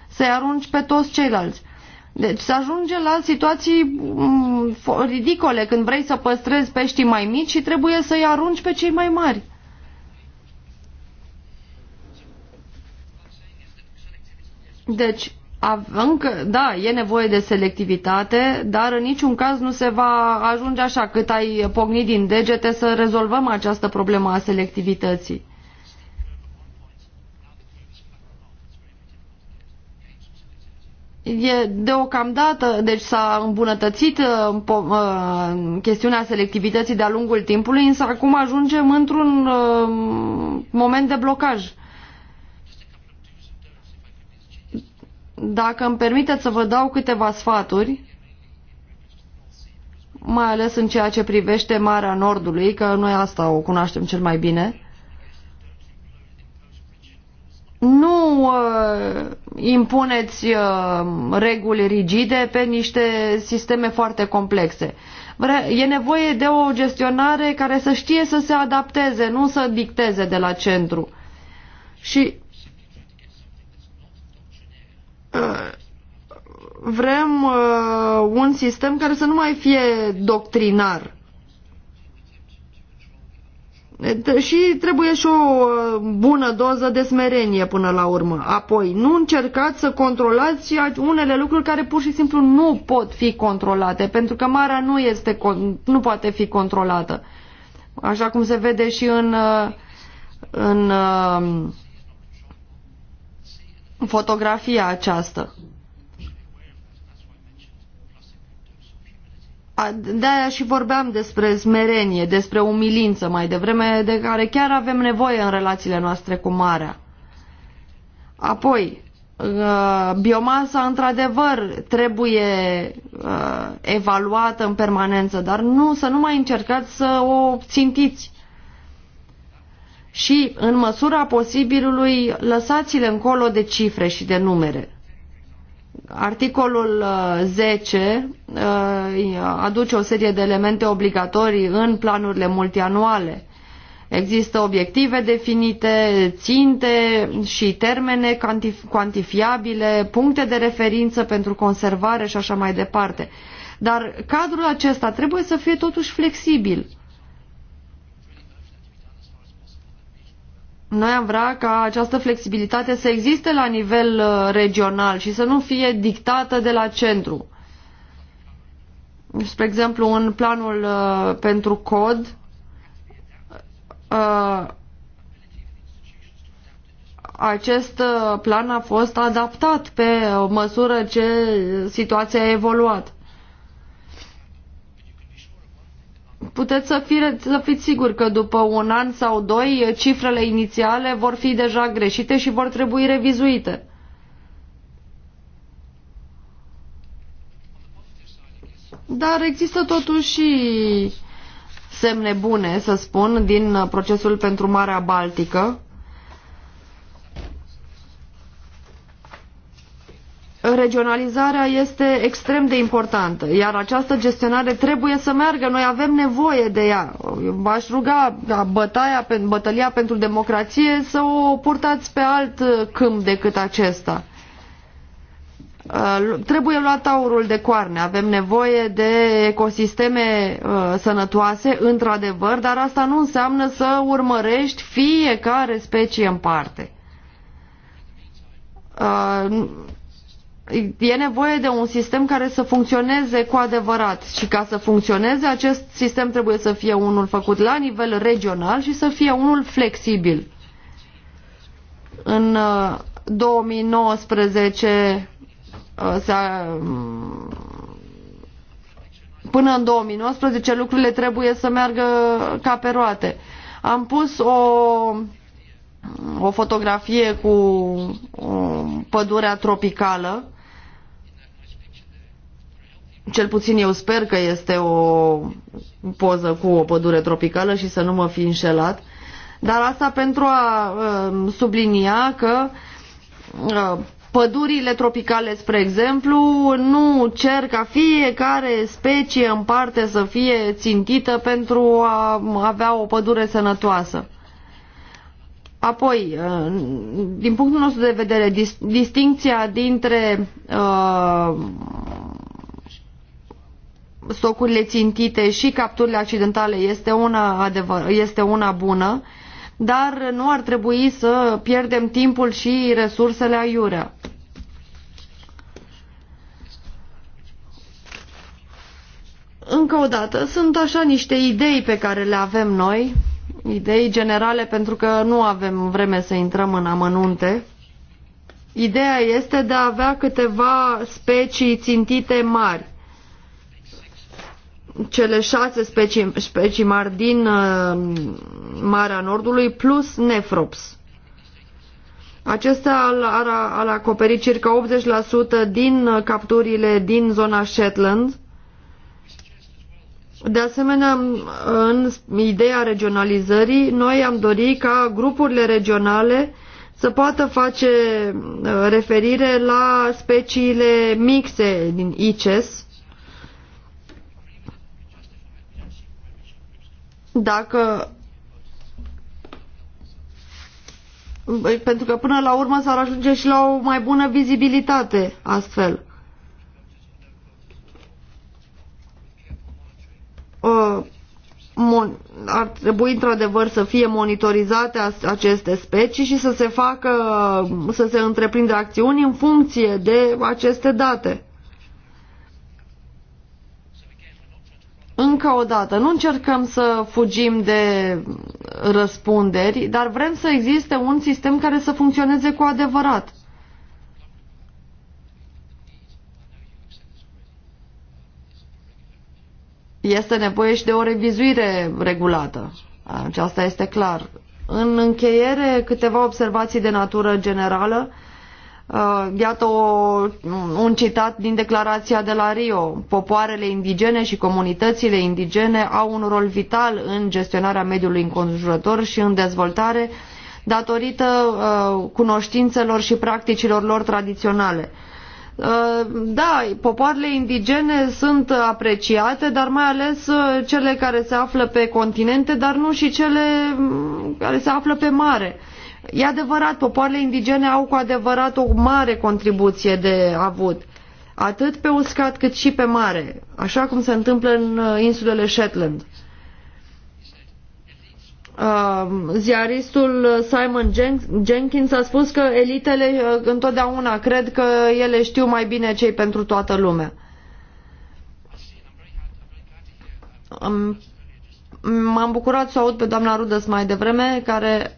să arunci pe toți ceilalți? Deci se ajunge la situații mm, ridicole când vrei să păstrezi peștii mai mici și trebuie să-i arunci pe cei mai mari. Deci, încă, da, e nevoie de selectivitate, dar în niciun caz nu se va ajunge așa cât ai pogni din degete să rezolvăm această problemă a selectivității. E deocamdată, deci s-a îmbunătățit uh, uh chestiunea selectivității de-a lungul timpului, însă acum ajungem într-un uh, moment de blocaj. Dacă îmi permiteți să vă dau câteva sfaturi, mai ales în ceea ce privește Marea Nordului, că noi asta o cunoaștem cel mai bine, nu uh, impuneți uh, reguli rigide pe niște sisteme foarte complexe. E nevoie de o gestionare care să știe să se adapteze, nu să dicteze de la centru. Și uh, vrem uh, un sistem care să nu mai fie doctrinar și trebuie și o uh, bună doză de smerenie până la urmă. Apoi, nu încercați să controlați unele lucruri care pur și simplu nu pot fi controlate, pentru că marea nu, este, nu poate fi controlată. Așa cum se vede și în, uh, în uh, fotografia aceasta. de-aia și vorbeam despre smerenie, despre umilință mai devreme, de care chiar avem nevoie în relațiile noastre cu marea. Apoi, uh, biomasa într-adevăr trebuie uh, evaluată în permanență, dar nu să nu mai încercați să o țintiți. Și, în măsura posibilului, lăsați-le încolo de cifre și de numere. Articolul 10 uh, uh, aduce o serie de elemente obligatorii în planurile multianuale. Există obiective definite, ținte și termene cuantifiabile, puncte de referință pentru conservare și așa mai departe. Dar cadrul acesta trebuie să fie totuși flexibil Noi am vrea ca această flexibilitate să existe la nivel uh, regional și să nu fie dictată de la centru. Spre exemplu, în planul uh, pentru cod, uh, acest plan a fost adaptat pe măsură ce situația a evoluat. puteți să, fi, să fiți siguri că după un an sau doi cifrele inițiale vor fi deja greșite și vor trebui revizuite. Dar există totuși semne bune, să spun, din procesul pentru Marea Baltică. regionalizarea este extrem de importantă, iar această gestionare trebuie să meargă, noi avem nevoie de ea. V-aș ruga da, bătaia, bătălia pentru democrație să o purtați pe alt câmp decât acesta. Uh, trebuie luat aurul de coarne, avem nevoie de ecosisteme uh, sănătoase, într-adevăr, dar asta nu înseamnă să urmărești fiecare specie în parte uh, e nevoie de un sistem care să funcționeze cu adevărat și ca să funcționeze acest sistem trebuie să fie unul făcut la nivel regional și să fie unul flexibil. În 2019 uh, uh, se mm, până în 2019 lucrurile trebuie să meargă ca pe roate. Am pus o, o fotografie cu o um, pădurea tropicală cel puțin eu sper că este o poză cu o pădure tropicală și să nu mă fi înșelat, dar asta pentru a uh, sublinia că uh, pădurile tropicale, spre exemplu, nu cer ca fiecare specie în parte să fie țintită pentru a avea o pădure sănătoasă. Apoi, uh, din punctul nostru de vedere, dis distincția dintre uh, stocurile țintite și capturile accidentale este una, adevăr, este una bună, dar nu ar trebui să pierdem timpul și resursele aiurea. Încă o dată, sunt așa niște idei pe care le avem noi, idei generale pentru că nu avem vreme să intrăm în amănunte. Ideea este de a avea câteva specii țintite mari cele șase specii, specii mari din uh, Marea Nordului plus nefrops. Acesta ar, ar acoperi circa 80% din uh, capturile din zona Shetland. De asemenea, în ideea regionalizării, noi am dorit ca grupurile regionale să poată face uh, referire la speciile mixe din ICES, Dacă pentru că până la urmă s-ar ajunge și la o mai bună vizibilitate astfel. ar trebui într-adevăr să fie monitorizate aceste specii și să se facă, să se întreprindă acțiuni în funcție de aceste date. Încă o dată, nu încercăm să fugim de răspunderi, dar vrem să existe un sistem care să funcționeze cu adevărat. Este nevoie și de o revizuire regulată. Aceasta este clar. În încheiere, câteva observații de natură generală. Uh, iată o, un citat din declarația de la Rio. Popoarele indigene și comunitățile indigene au un rol vital în gestionarea mediului înconjurător și în dezvoltare datorită uh, cunoștințelor și practicilor lor tradiționale. Uh, da, popoarele indigene sunt apreciate, dar mai ales uh, cele care se află pe continente, dar nu și cele mm, care se află pe mare. Uh, E adevărat, popoarele indigene au cu adevărat o mare contribuție de avut, atât pe uscat cât și pe mare, așa cum se întâmplă în uh, insulele Shetland. Uh, ziaristul Simon Jenkins a spus că elitele uh, întotdeauna cred că ele știu mai bine cei pentru toată lumea. M-am bucurat să aud pe doamna Rudăs mai devreme, care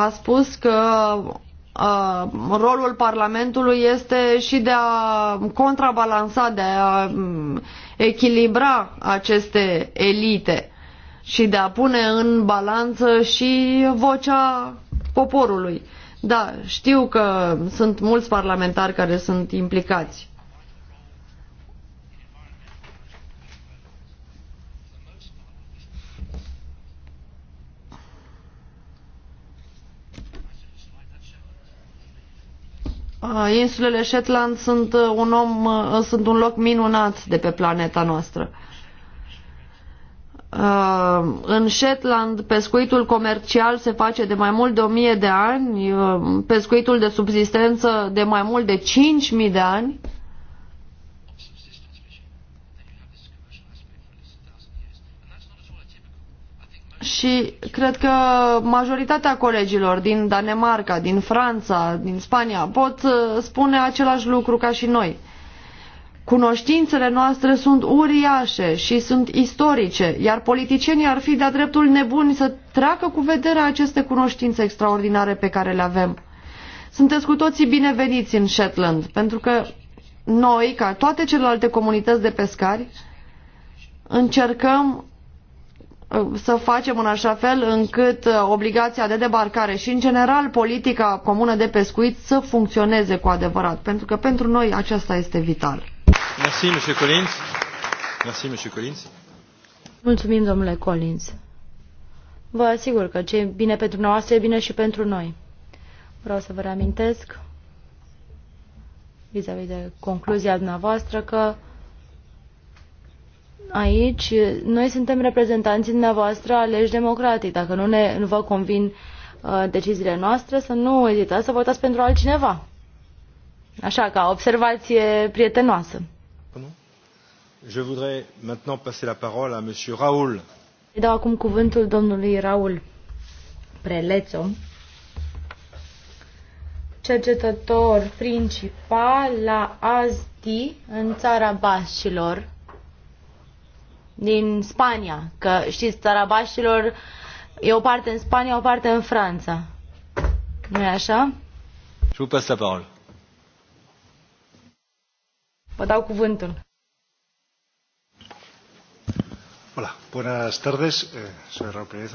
a spus că Uh, rolul Parlamentului este și de a contrabalansa, de a echilibra aceste elite și de a pune în balanță și vocea poporului. Da, știu că sunt mulți parlamentari care sunt implicați. Insulele Shetland sunt uh, un, om, uh, sunt un loc minunat de pe planeta noastră. În Shetland pescuitul comercial se face de mai mult de 1000 de ani, uh, pescuitul de subsistență de mai mult de 5000 de ani Și cred că majoritatea colegilor din Danemarca, din Franța, din Spania pot uh, spune același lucru ca și noi. Cunoștințele noastre sunt uriașe și sunt istorice, iar politicienii ar fi de-a dreptul nebuni să treacă cu vederea aceste cunoștințe extraordinare pe care le avem. Sunteți cu toții bineveniți în Shetland, pentru că noi, ca toate celelalte comunități de pescari, încercăm să facem în așa fel încât uh, obligația de debarcare și, în general, politica comună de pescuit să funcționeze cu adevărat, pentru că pentru noi aceasta este vital. Merci, Merci, Mulțumim, domnule Collins. Vă asigur că ce e bine pentru noastră e bine și pentru noi. Vreau să vă reamintesc vis-a-vis -vis de concluzia dumneavoastră că aici noi suntem reprezentanții dumneavoastră aleși democratic. Dacă nu, ne, nu vă convin uh, deciziile noastre, să nu ezitați să votați pentru altcineva. Așa, ca observație prietenoasă. Je voudrais maintenant passer la parole à monsieur Raoul. Îi dau acum cuvântul domnului Raul Prelețo, cercetător principal la ASDI în țara Bascilor din Spania, că știți, țara Baștilor e o parte în Spania, o parte în Franța. nu e așa? Și vous Vă dau cuvântul. Hola, buenas tardes. Eh, soy Raúl Pérez,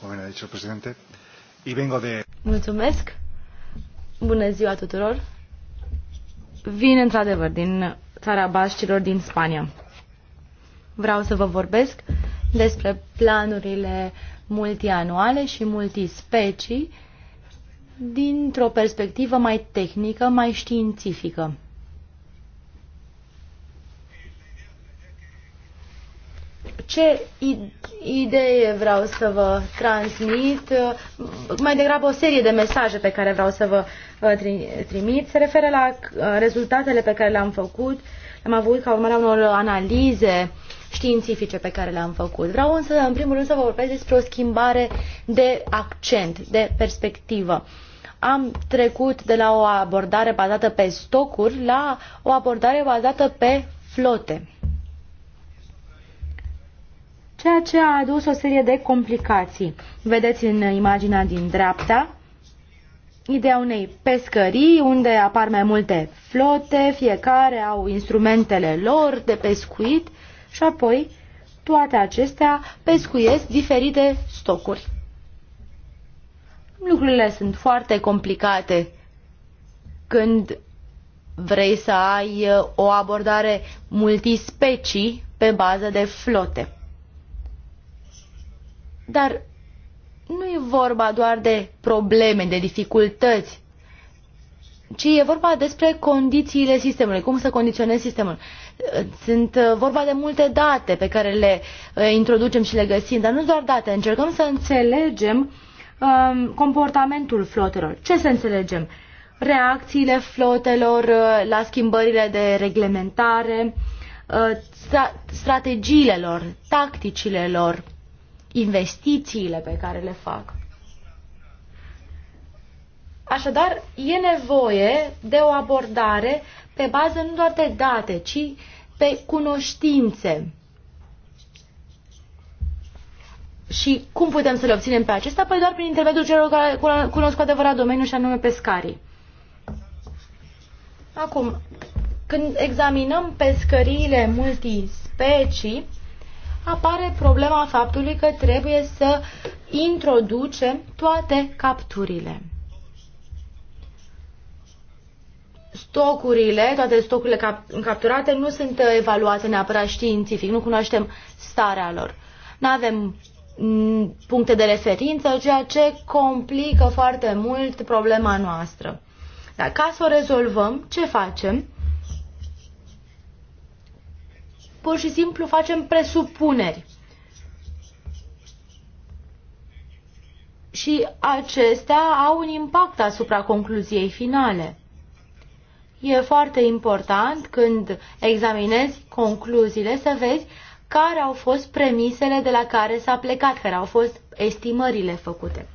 como bien ha dicho el presidente, y vengo de... Mulțumesc. Bună ziua tuturor. Vin într-adevăr din țara Baștilor din Spania vreau să vă vorbesc despre planurile multianuale și multispecii dintr-o perspectivă mai tehnică, mai științifică. ce idee vreau să vă transmit, mai degrabă o serie de mesaje pe care vreau să vă trimit, se referă la uh, rezultatele pe care le-am făcut, le-am avut ca urmare a unor analize științifice pe care le-am făcut. Vreau însă, în primul rând, să vă vorbesc despre o schimbare de accent, de perspectivă. Am trecut de la o abordare bazată pe stocuri la o abordare bazată pe flote. Ceea ce a adus o serie de complicații. Vedeți în imaginea din dreapta ideea unei pescării unde apar mai multe flote, fiecare au instrumentele lor de pescuit și apoi toate acestea pescuiesc diferite stocuri. Lucrurile sunt foarte complicate când vrei să ai uh, o abordare multispecii pe bază de flote. Dar nu e vorba doar de probleme, de dificultăți, ci e vorba despre condițiile sistemului, cum să condiționezi sistemul. Sunt uh, vorba de multe date pe care le uh, introducem și le găsim, dar nu doar date, încercăm să înțelegem um, comportamentul flotelor. Ce să înțelegem? Reacțiile flotelor uh, la schimbările de reglementare, strategiile lor, tacticile lor, investițiile pe care le fac. Așadar, e nevoie de o abordare pe bază nu doar de date, ci pe cunoștințe. Și cum putem să le obținem pe acesta? Păi doar prin intermediul celor care cunosc cu adevărat domeniul și anume pescarii. Acum, când examinăm pescăriile multispecii, apare problema faptului că trebuie să introducem toate capturile. stocurile, toate stocurile cap- capturate nu sunt evaluate neapărat științific, nu cunoaștem starea lor. Nu avem mm, puncte de referință, ceea ce complică foarte mult problema noastră. Dar ca să o rezolvăm, ce facem? Pur și simplu facem presupuneri. Și acestea au un impact asupra concluziei finale. E foarte important când examinezi concluziile să vezi care au fost premisele de la care s-a plecat, care au fost estimările făcute.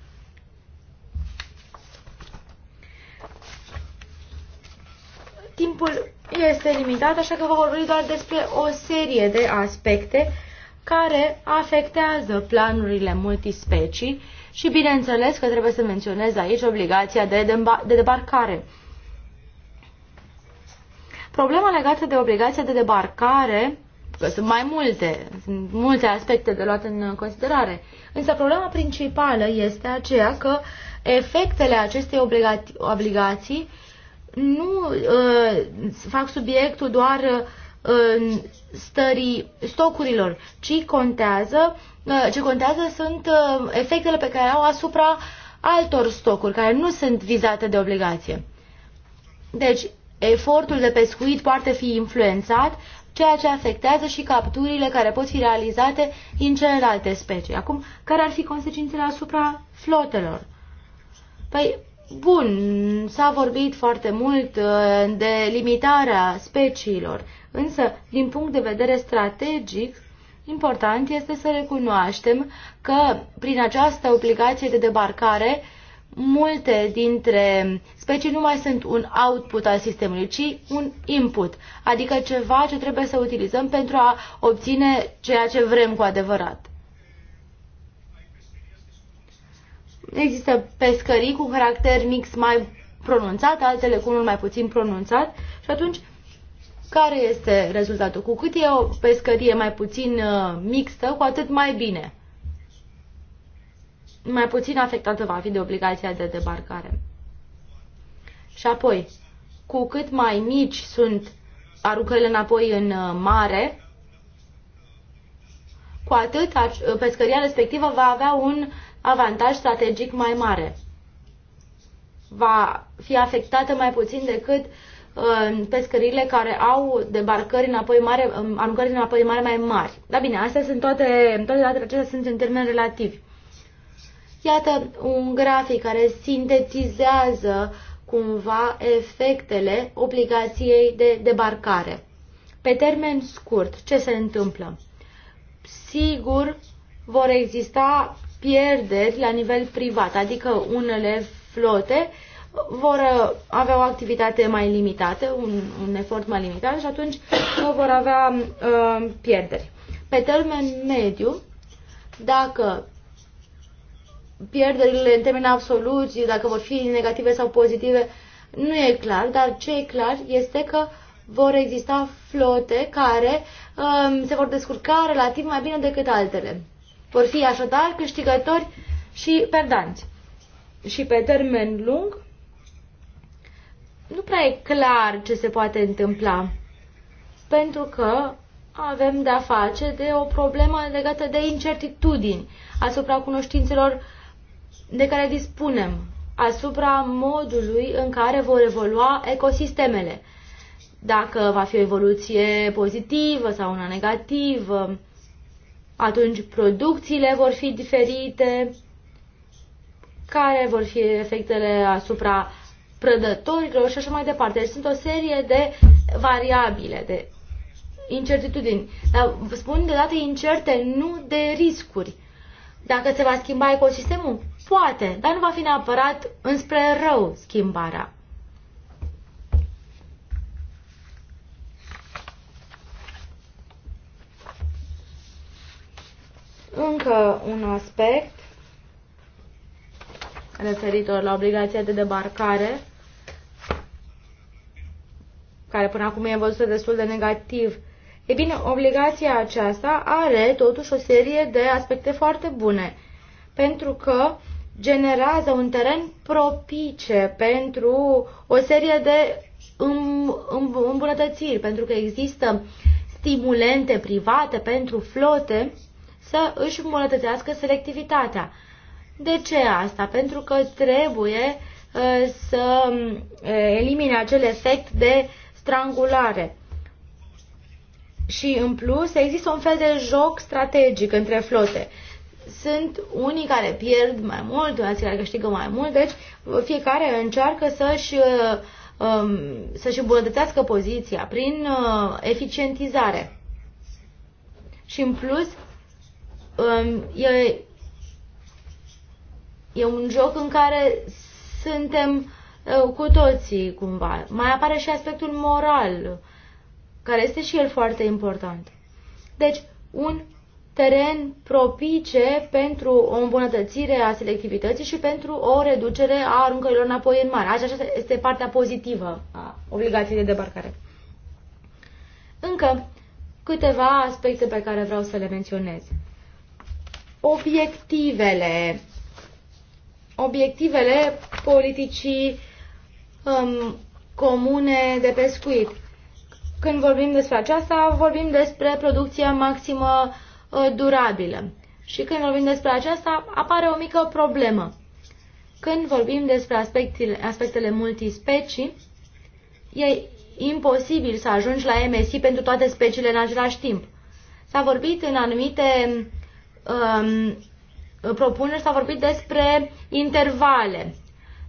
Timpul este limitat, așa că vă vorbi doar despre o serie de aspecte care afectează planurile multispecii și bineînțeles că trebuie să menționez aici obligația de, de debarcare. Problema legată de obligația de debarcare, că sunt mai multe, sunt multe aspecte de luat în considerare, însă problema principală este aceea că efectele acestei obligații, obligații nu uh, fac subiectul doar uh, stării stocurilor, ci contează, uh, ce contează sunt uh, efectele pe care au asupra altor stocuri care nu sunt vizate de obligație. Deci, efortul de pescuit poate fi influențat, ceea ce afectează și capturile care pot fi realizate din celelalte specii. Acum, care ar fi consecințele asupra flotelor? Păi, bun, s-a vorbit foarte mult uh, de limitarea speciilor, însă, din punct de vedere strategic, important este să recunoaștem că prin această obligație de debarcare multe dintre specii nu mai sunt un output al sistemului, ci un input, adică ceva ce trebuie să utilizăm pentru a obține ceea ce vrem cu adevărat. Există pescării cu caracter mix mai pronunțat, altele cu unul mai puțin pronunțat și atunci care este rezultatul? Cu cât e o pescărie mai puțin uh, mixtă, cu atât mai bine mai puțin afectată va fi de obligația de debarcare. Și apoi, cu cât mai mici sunt aruncările înapoi în uh, mare, cu atât uh, pescăria respectivă va avea un avantaj strategic mai mare. Va fi afectată mai puțin decât uh, pescările care au debarcări înapoi mare, um, aruncări înapoi mare mai mari. Dar bine, astea sunt toate, toate datele acestea sunt în termeni relativi. Iată un grafic care sintetizează cumva efectele obligației de debarcare. Pe termen scurt, ce se întâmplă? Sigur, vor exista pierderi la nivel privat, adică unele flote vor uh, avea o activitate mai limitată, un, un efort mai limitat și atunci uh, vor avea uh, pierderi. Pe termen mediu, dacă pierderile în termeni absoluți, dacă vor fi negative sau pozitive, nu e clar, dar ce e clar este că vor exista flote care um, se vor descurca relativ mai bine decât altele. Vor fi așadar câștigători și perdanți. Și pe termen lung, nu prea e clar ce se poate întâmpla, pentru că avem de-a face de o problemă legată de incertitudini asupra cunoștințelor de care dispunem asupra modului în care vor evolua ecosistemele. Dacă va fi o evoluție pozitivă sau una negativă, atunci producțiile vor fi diferite, care vor fi efectele asupra prădătorilor și așa mai departe. Deci sunt o serie de variabile, de incertitudini. Dar spun de date incerte, nu de riscuri. Dacă se va schimba ecosistemul, Poate, dar nu va fi neapărat înspre rău schimbarea. Încă un aspect referitor la obligația de debarcare, care până acum e văzută destul de negativ. E bine, obligația aceasta are totuși o serie de aspecte foarte bune, pentru că generează un teren propice pentru o serie de îmbunătățiri, pentru că există stimulente private pentru flote să își îmbunătățească selectivitatea. De ce asta? Pentru că trebuie uh, să uh, elimine acel efect de strangulare. Și în plus există un fel de joc strategic între flote sunt unii care pierd mai mult, alții care câștigă mai mult, deci fiecare încearcă să-și um, să-și îmbunătățească poziția prin uh, eficientizare. Și în plus, um, e, e un joc în care suntem uh, cu toții cumva. Mai apare și aspectul moral, care este și el foarte important. Deci, un teren propice pentru o îmbunătățire a selectivității și pentru o reducere a aruncărilor înapoi în mare. Așa este partea pozitivă a obligației de debarcare. Încă câteva aspecte pe care vreau să le menționez. Obiectivele. Obiectivele politicii um, comune de pescuit. Când vorbim despre aceasta, vorbim despre producția maximă Uh, durabilă. Și când vorbim despre aceasta, apare o mică problemă. Când vorbim despre aspectele, aspectele multispecii, e imposibil să ajungi la MSI pentru toate speciile în același timp. S-a vorbit în anumite um, propuneri, s-a vorbit despre intervale,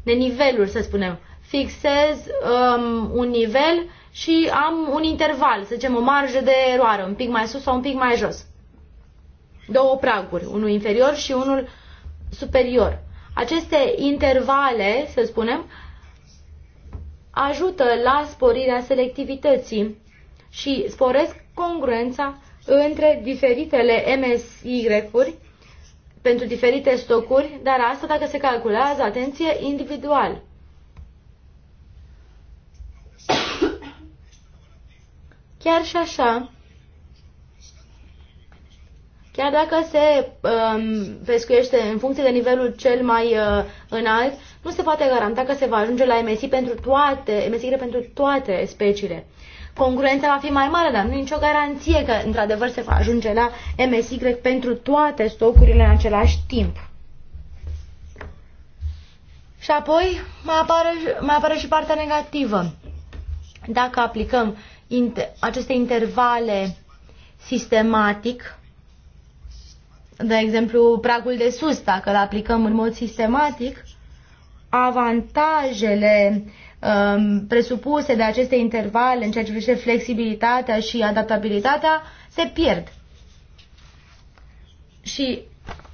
de niveluri, să spunem. Fixez um, un nivel și am un interval, să zicem o marjă de eroare, un pic mai sus sau un pic mai jos două praguri, unul inferior și unul superior. Aceste intervale, să spunem, ajută la sporirea selectivității și sporesc congruența între diferitele MSY-uri pentru diferite stocuri, dar asta dacă se calculează, atenție, individual. Chiar și așa, Chiar dacă se um, pescuiește în funcție de nivelul cel mai uh, înalt, nu se poate garanta că se va ajunge la MSI pentru toate, MSI pentru toate speciile. Concurența va fi mai mare, dar nu e nicio garanție că într-adevăr se va ajunge la MSY pentru toate stocurile în același timp. Și apoi mai apare, mai apare și partea negativă. Dacă aplicăm inter, aceste intervale sistematic, de exemplu, pragul de sus, dacă îl aplicăm în mod sistematic, avantajele um, presupuse de aceste intervale în ceea ce privește flexibilitatea și adaptabilitatea se pierd. Și,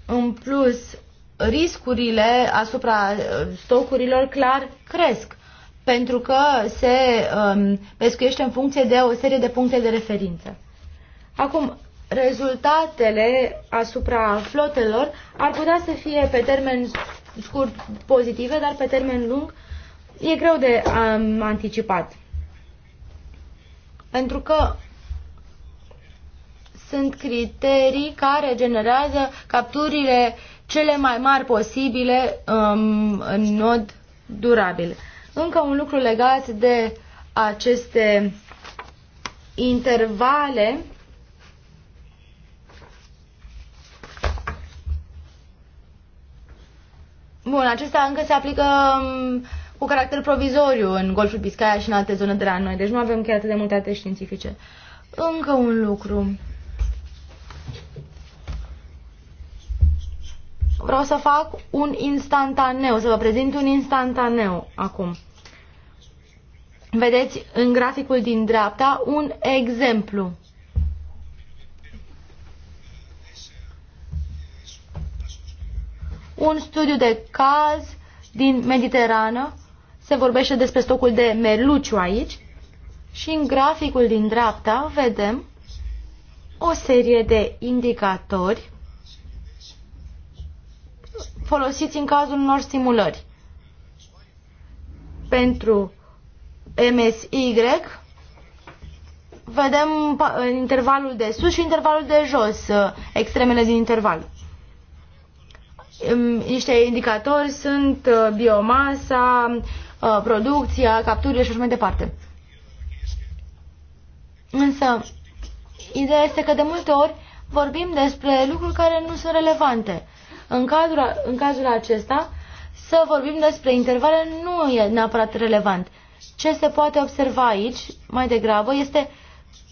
în plus, riscurile asupra uh, stocurilor clar cresc, pentru că se um, pescuiește în funcție de o serie de puncte de referință. Acum, rezultatele asupra flotelor ar putea să fie pe termen scurt pozitive, dar pe termen lung e greu de um, anticipat. Pentru că sunt criterii care generează capturile cele mai mari posibile um, în mod durabil. Încă un lucru legat de aceste intervale Bun, acesta încă se aplică um, cu caracter provizoriu în Golful Biscaya și în alte zone de la noi, deci nu avem chiar atât de multe date științifice. Încă un lucru. Vreau să fac un instantaneu, să vă prezint un instantaneu acum. Vedeți în graficul din dreapta un exemplu un studiu de caz din Mediterană. Se vorbește despre stocul de merluciu aici. Și în graficul din dreapta vedem o serie de indicatori folosiți în cazul unor simulări. Pentru MSY vedem intervalul de sus și intervalul de jos, extremele din interval niște indicatori sunt uh, biomasa, uh, producția, capturile și așa mai departe. Însă, ideea este că de multe ori vorbim despre lucruri care nu sunt relevante. În, cadrul, în cazul acesta, să vorbim despre intervale nu e neapărat relevant. Ce se poate observa aici, mai degrabă, este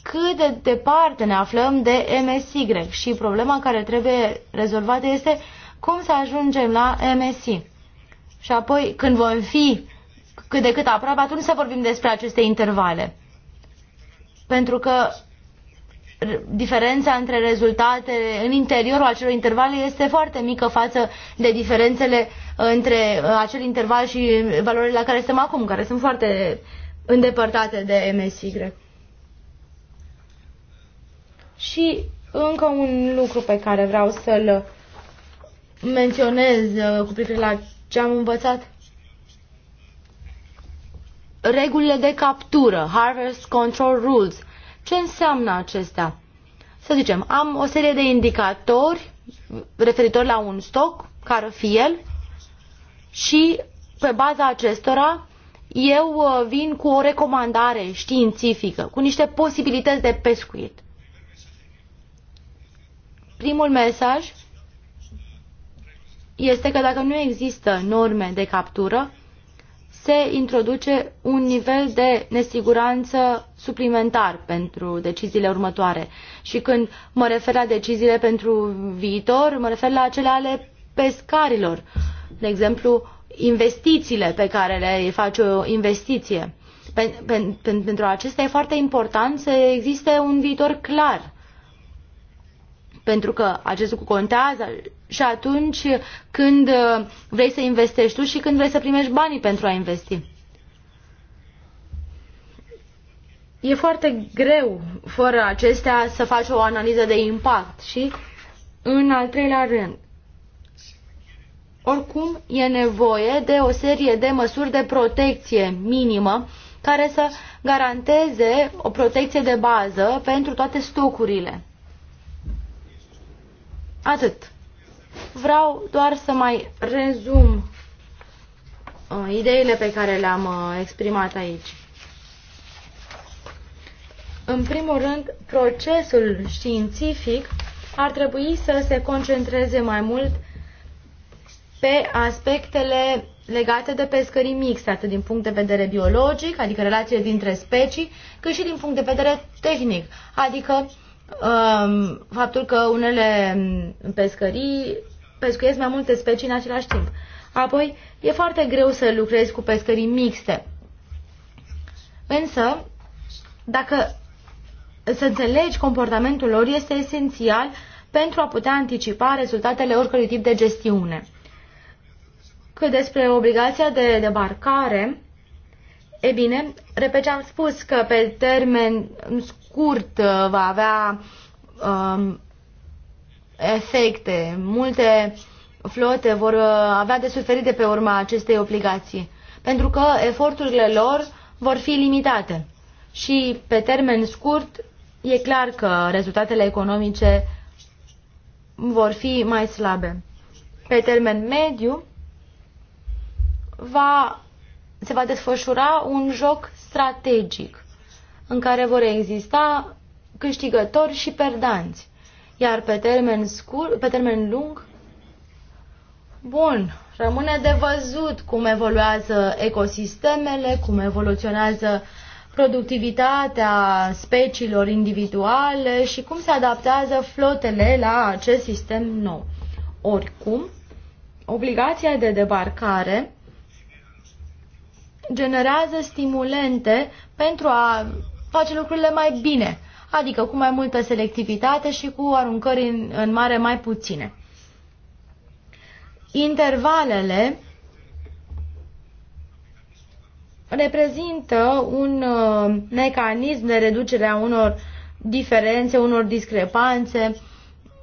cât de departe ne aflăm de MSY și problema care trebuie rezolvată este cum să ajungem la MSI. Și apoi, când vom fi cât de cât aproape, atunci să vorbim despre aceste intervale. Pentru că diferența între rezultate în interiorul acelor intervale este foarte mică față de diferențele între uh, acel interval și valorile la care suntem acum, care sunt foarte îndepărtate de MSY. Și încă un lucru pe care vreau să-l menționez uh, cu privire la ce am învățat? Regulile de captură, Harvest Control Rules. Ce înseamnă acestea? Să zicem, am o serie de indicatori referitor la un stoc, care fi el, și pe baza acestora eu uh, vin cu o recomandare științifică, cu niște posibilități de pescuit. Primul mesaj este că dacă nu există norme de captură, se introduce un nivel de nesiguranță suplimentar pentru deciziile următoare. Și când mă refer la deciziile pentru viitor, mă refer la cele ale pescarilor. De exemplu, investițiile pe care le face o investiție. Pentru acesta e foarte important să existe un viitor clar. Pentru că acest lucru contează și atunci când uh, vrei să investești tu și când vrei să primești banii pentru a investi. E foarte greu fără acestea să faci o analiză de impact și în al treilea rând. Oricum e nevoie de o serie de măsuri de protecție minimă care să garanteze o protecție de bază pentru toate stocurile. Atât. Vreau doar să mai rezum uh, ideile pe care le-am uh, exprimat aici. În primul rând, procesul științific ar trebui să se concentreze mai mult pe aspectele legate de pescării mixte, atât din punct de vedere biologic, adică relațiile dintre specii, cât și din punct de vedere tehnic, adică um, faptul că unele pescării pescuiesc mai multe specii în același timp. Apoi, e foarte greu să lucrezi cu pescării mixte. Însă, dacă să înțelegi comportamentul lor este esențial pentru a putea anticipa rezultatele oricărui tip de gestiune. Cât despre obligația de debarcare, e bine, repet am spus că pe termen scurt uh, va avea um, efecte. Multe flote vor uh, avea de suferit de pe urma acestei obligații, pentru că eforturile lor vor fi limitate. Și pe termen scurt, e clar că rezultatele economice vor fi mai slabe. Pe termen mediu, va, se va desfășura un joc strategic în care vor exista câștigători și perdanți. Iar pe termen, scurt, pe termen lung, bun, rămâne de văzut cum evoluează ecosistemele, cum evoluționează productivitatea speciilor individuale și cum se adaptează flotele la acest sistem nou. Oricum, obligația de debarcare generează stimulente pentru a face lucrurile mai bine adică cu mai multă selectivitate și cu aruncări în, în mare mai puține. Intervalele reprezintă un uh, mecanism de reducere a unor diferențe, unor discrepanțe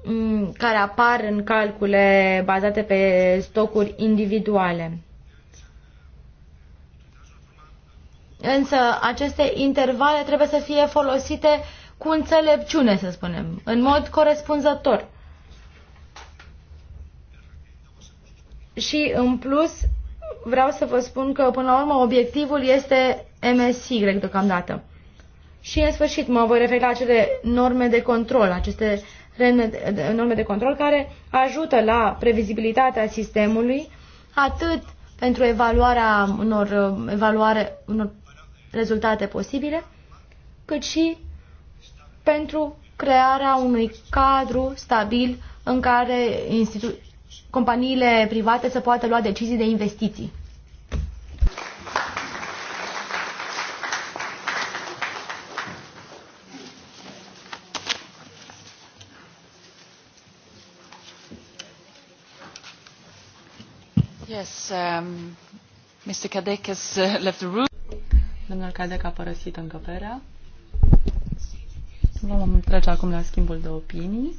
um, care apar în calcule bazate pe stocuri individuale. Însă aceste intervale trebuie să fie folosite cu înțelepciune, să spunem, în mod corespunzător. Și în plus, vreau să vă spun că până la urmă obiectivul este MSY deocamdată. Și în sfârșit mă voi referi la acele norme de control, aceste norme de control care ajută la previzibilitatea sistemului, atât pentru evaluarea unor, evaluare, unor rezultate posibile, cât și pentru crearea unui cadru stabil în care institu- companiile private să poată lua decizii de investiții. Yes, um, Mr. Kadek has uh, left the room. Domnul Kadek a părăsit încăperea. Vom trece acum la schimbul de opinii.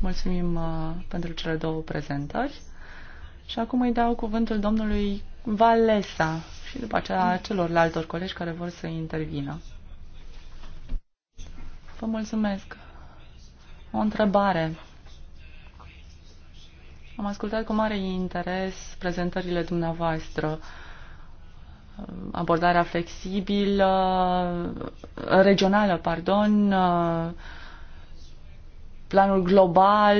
Mulțumim uh, pentru cele două prezentări. Și acum îi dau cuvântul domnului Valesa și după aceea celorlaltor colegi care vor să intervină. Vă mulțumesc. O întrebare. Am ascultat cu mare interes prezentările dumneavoastră. Uh, abordarea flexibilă, regională, pardon, planul global,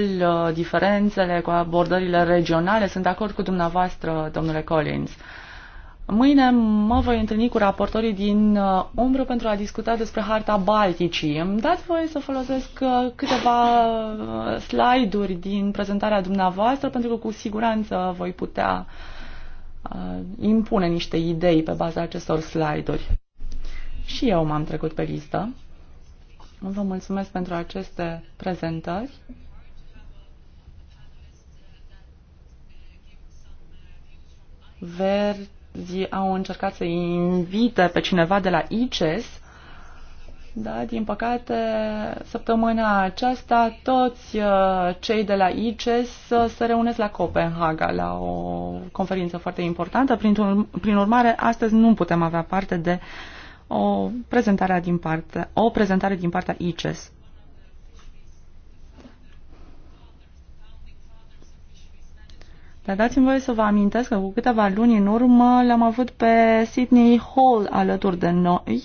diferențele cu abordările regionale. Sunt de acord cu dumneavoastră, domnule Collins. Mâine mă voi întâlni cu raportorii din uh, umbră pentru a discuta despre harta Balticii. Îmi dați voie să folosesc uh, câteva uh, slide-uri din prezentarea dumneavoastră, pentru că cu siguranță voi putea uh, Uh, impune niște idei pe baza acestor slide-uri. Și eu m-am trecut pe listă. Vă mulțumesc pentru aceste prezentări. Verzi au încercat să invite pe cineva de la ICES da, din păcate, săptămâna aceasta toți uh, cei de la ICES uh, se reunesc la Copenhaga la o conferință foarte importantă. Prin, prin urmare, astăzi nu putem avea parte de o prezentare din, parte, o prezentare din partea ICES. Dar dați-mi voie să vă amintesc că cu câteva luni în urmă l-am avut pe Sydney Hall alături de noi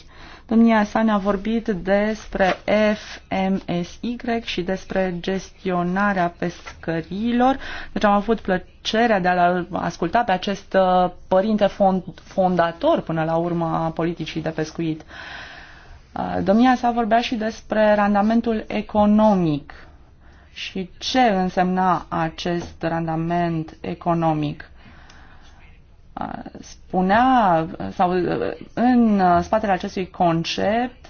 Domnia sa ne-a vorbit despre FMSY și despre gestionarea pescărilor. Deci am avut plăcerea de a-l asculta pe acest uh, părinte fond, fondator până la urmă a politicii de pescuit. Uh, domnia sa vorbea și despre randamentul economic și ce însemna acest randament economic spunea sau în spatele acestui concept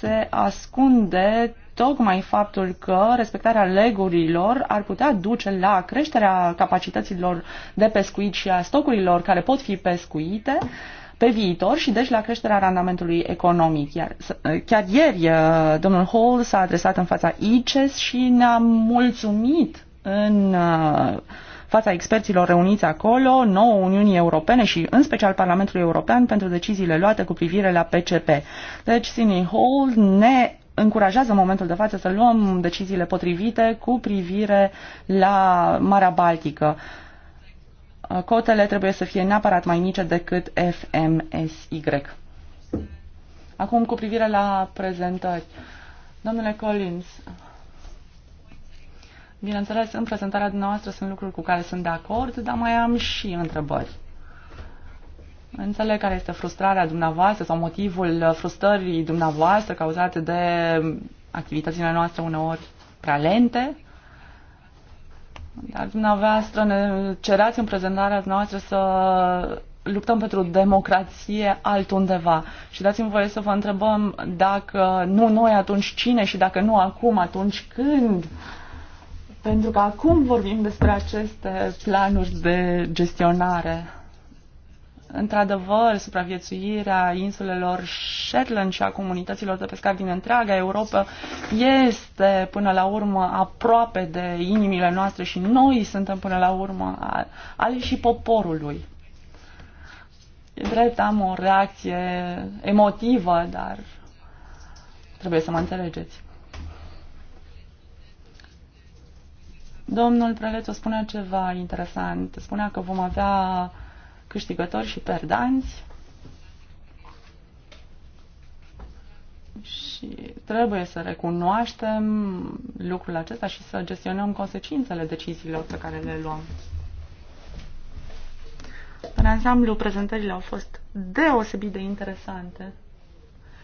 se ascunde tocmai faptul că respectarea legurilor ar putea duce la creșterea capacităților de pescuit și a stocurilor care pot fi pescuite pe viitor și deci la creșterea randamentului economic. Iar, chiar ieri uh, domnul Hall s-a adresat în fața ICES și ne-a mulțumit în uh, fața experților reuniți acolo, nouă Uniunii Europene și în special Parlamentului European pentru deciziile luate cu privire la PCP. Deci, Sydney Hall ne încurajează în momentul de față să luăm deciziile potrivite cu privire la Marea Baltică. Cotele trebuie să fie neapărat mai mici decât FMSY. Acum, cu privire la prezentări. Domnule Collins, Bineînțeles, în prezentarea dumneavoastră sunt lucruri cu care sunt de acord, dar mai am și întrebări. Înțeleg care este frustrarea dumneavoastră sau motivul frustrării dumneavoastră cauzate de activitățile noastre uneori prea lente, dar dumneavoastră ne cereați în prezentarea noastră să luptăm pentru democrație altundeva. Și dați-mi voie să vă întrebăm dacă nu noi, atunci cine și dacă nu acum, atunci când uh, pentru că acum vorbim despre aceste planuri de gestionare. Într-adevăr, supraviețuirea insulelor Shetland și a comunităților de pescari din întreaga Europa este până la urmă aproape de inimile noastre și noi suntem până la urmă și poporului. E drept, am o reacție emotivă, dar trebuie să mă înțelegeți. Domnul Prelețu spunea ceva interesant. Spunea că vom avea câștigători și perdanți. Și trebuie să recunoaștem lucrul acesta și să gestionăm consecințele deciziilor pe care le luăm. În ansamblu, prezentările au fost deosebit de interesante.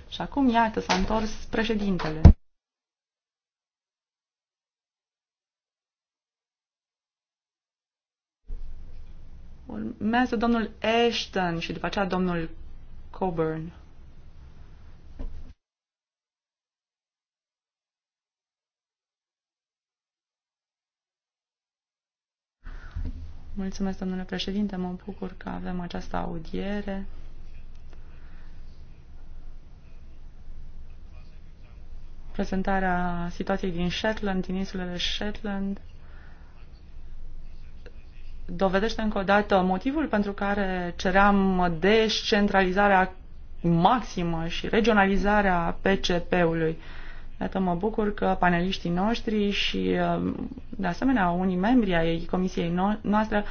Și acum, iată, s-a întors președintele. Urmează domnul Ashton și după aceea domnul Coburn. Mulțumesc, domnule președinte, mă bucur că avem această audiere. Prezentarea situației din Shetland, din insulele Shetland dovedește încă o dată motivul pentru care ceream descentralizarea maximă și regionalizarea PCP-ului. Iată, mă bucur că paneliștii noștri și, uh, de asemenea, unii membri ai comisiei noastre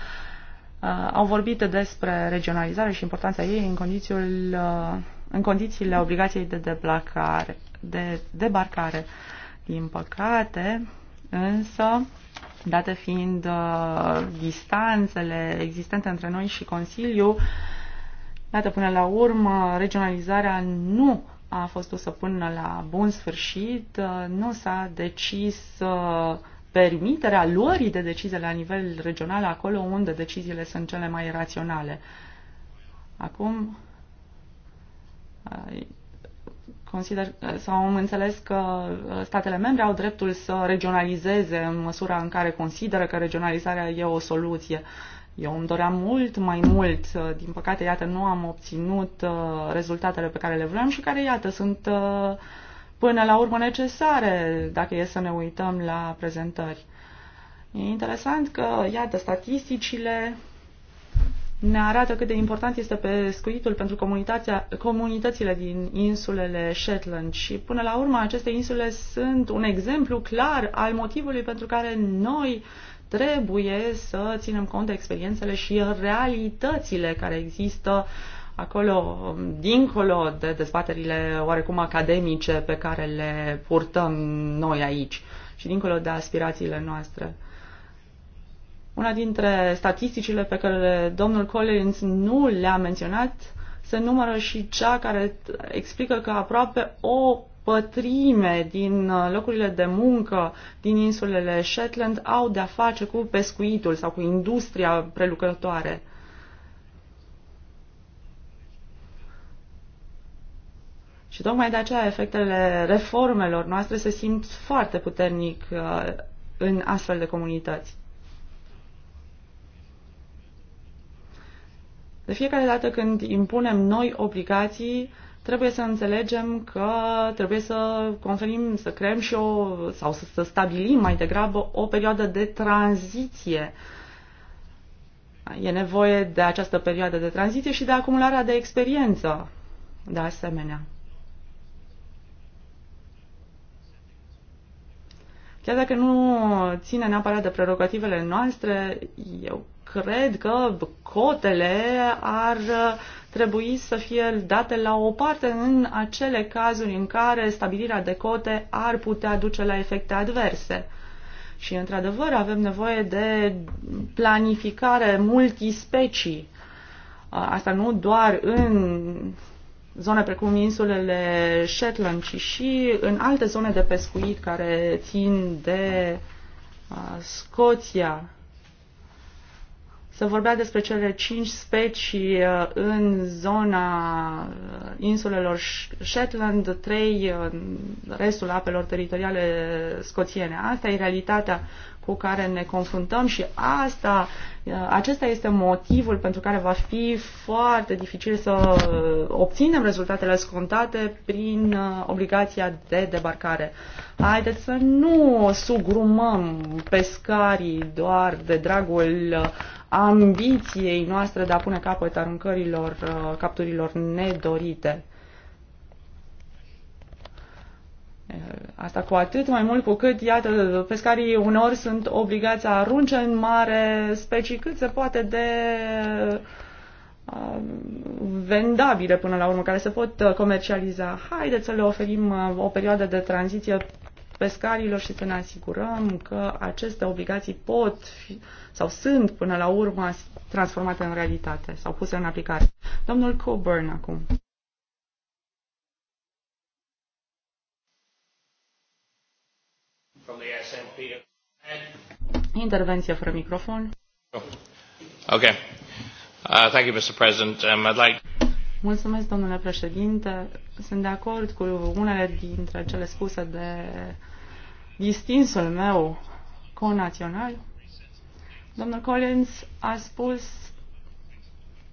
uh, au vorbit despre regionalizare și importanța ei în, condițiul, uh, în condițiile obligației de, deblacare, de debarcare. Din păcate, însă, date fiind uh, distanțele existente între noi și Consiliu, dată până la urmă, regionalizarea nu a fost dusă până la bun sfârșit, uh, nu s-a decis uh, permiterea luării de decizii la nivel regional acolo unde deciziile sunt cele mai raționale. Acum, uh, Consider, sau am înțeles că uh, statele membre au dreptul să regionalizeze în măsura în care consideră că regionalizarea e o soluție. Eu îmi doream mult mai mult, uh, din păcate, iată, nu am obținut uh, rezultatele pe care le vreau și care, iată, sunt până la urmă necesare dacă e să ne uităm la prezentări. E interesant că, iată, statisticile ne arată cât de important este pescuitul pentru comunitățile din insulele Shetland și până la urmă aceste insule sunt un exemplu clar al motivului pentru care noi trebuie să ținem cont de experiențele și realitățile care există acolo, dincolo de dezbaterile oarecum academice pe care le purtăm noi aici și dincolo de aspirațiile noastre. Una dintre statisticile pe care domnul Collins nu le-a menționat se numără și cea care explică că aproape o pătrime din uh, locurile de muncă din insulele Shetland au de-a face cu pescuitul sau cu industria prelucrătoare. Și tocmai de aceea efectele reformelor noastre se simt foarte puternic uh, în astfel de comunități. De fiecare dată când impunem noi obligații, trebuie să înțelegem că trebuie să conferim, să creăm și o, sau să, să stabilim mai degrabă o perioadă de tranziție. E nevoie de această perioadă de tranziție și de acumularea de experiență, de asemenea. Chiar dacă nu ține neapărat de prerogativele noastre, eu cred că cotele ar trebui să fie date la o parte în acele cazuri în care stabilirea de cote ar putea duce la efecte adverse. Și, într-adevăr, avem nevoie de planificare multispecii. Asta nu doar în zone precum insulele Shetland, ci și în alte zone de pescuit care țin de Scoția. Se vorbea despre cele cinci specii în zona insulelor Shetland, trei în restul apelor teritoriale scoțiene. Asta e realitatea cu care ne confruntăm și asta, acesta este motivul pentru care va fi foarte dificil să uh, obținem rezultatele scontate prin uh, obligația de debarcare. Haideți să nu sugrumăm pescarii doar de dragul uh, ambiției noastre de a pune capăt aruncărilor capturilor nedorite. Eh, asta cu atât mai mult cu cât, iată, pescarii uneori sunt obligați să arunce în mare specii cât se poate de uh, vendabile până la urmă, care se pot uh, comercializa. Haideți să le oferim uh, o perioadă de tranziție pescarilor și să ne asigurăm că aceste obligații pot fi, sau sunt până la urmă transformate în realitate sau puse în aplicare. Domnul Coburn acum. from the Intervenție fără microfon. Okay. Uh, thank you, Mr. President. Um, I'd like... Mulțumesc, domnule președinte. Sunt de acord cu unele dintre cele spuse de distinsul meu conațional. Domnul Collins a spus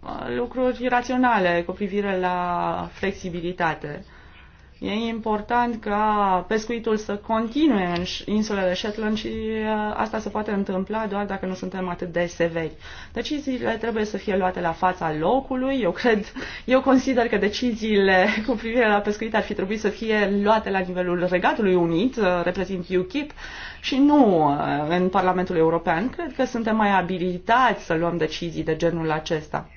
uh, lucruri raționale cu privire la flexibilitate. E important ca pescuitul să continue în insulele Shetland și uh, asta se poate întâmpla doar dacă nu suntem atât de severi. Deciziile trebuie să fie luate la fața locului. Eu cred, eu consider că deciziile [LAUGHS] cu privire la pescuit ar fi trebuit să fie luate la nivelul Regatului Unit, uh, reprezint UKIP, și nu uh, în Parlamentul European. Cred că suntem mai abilitați să luăm decizii de genul acesta.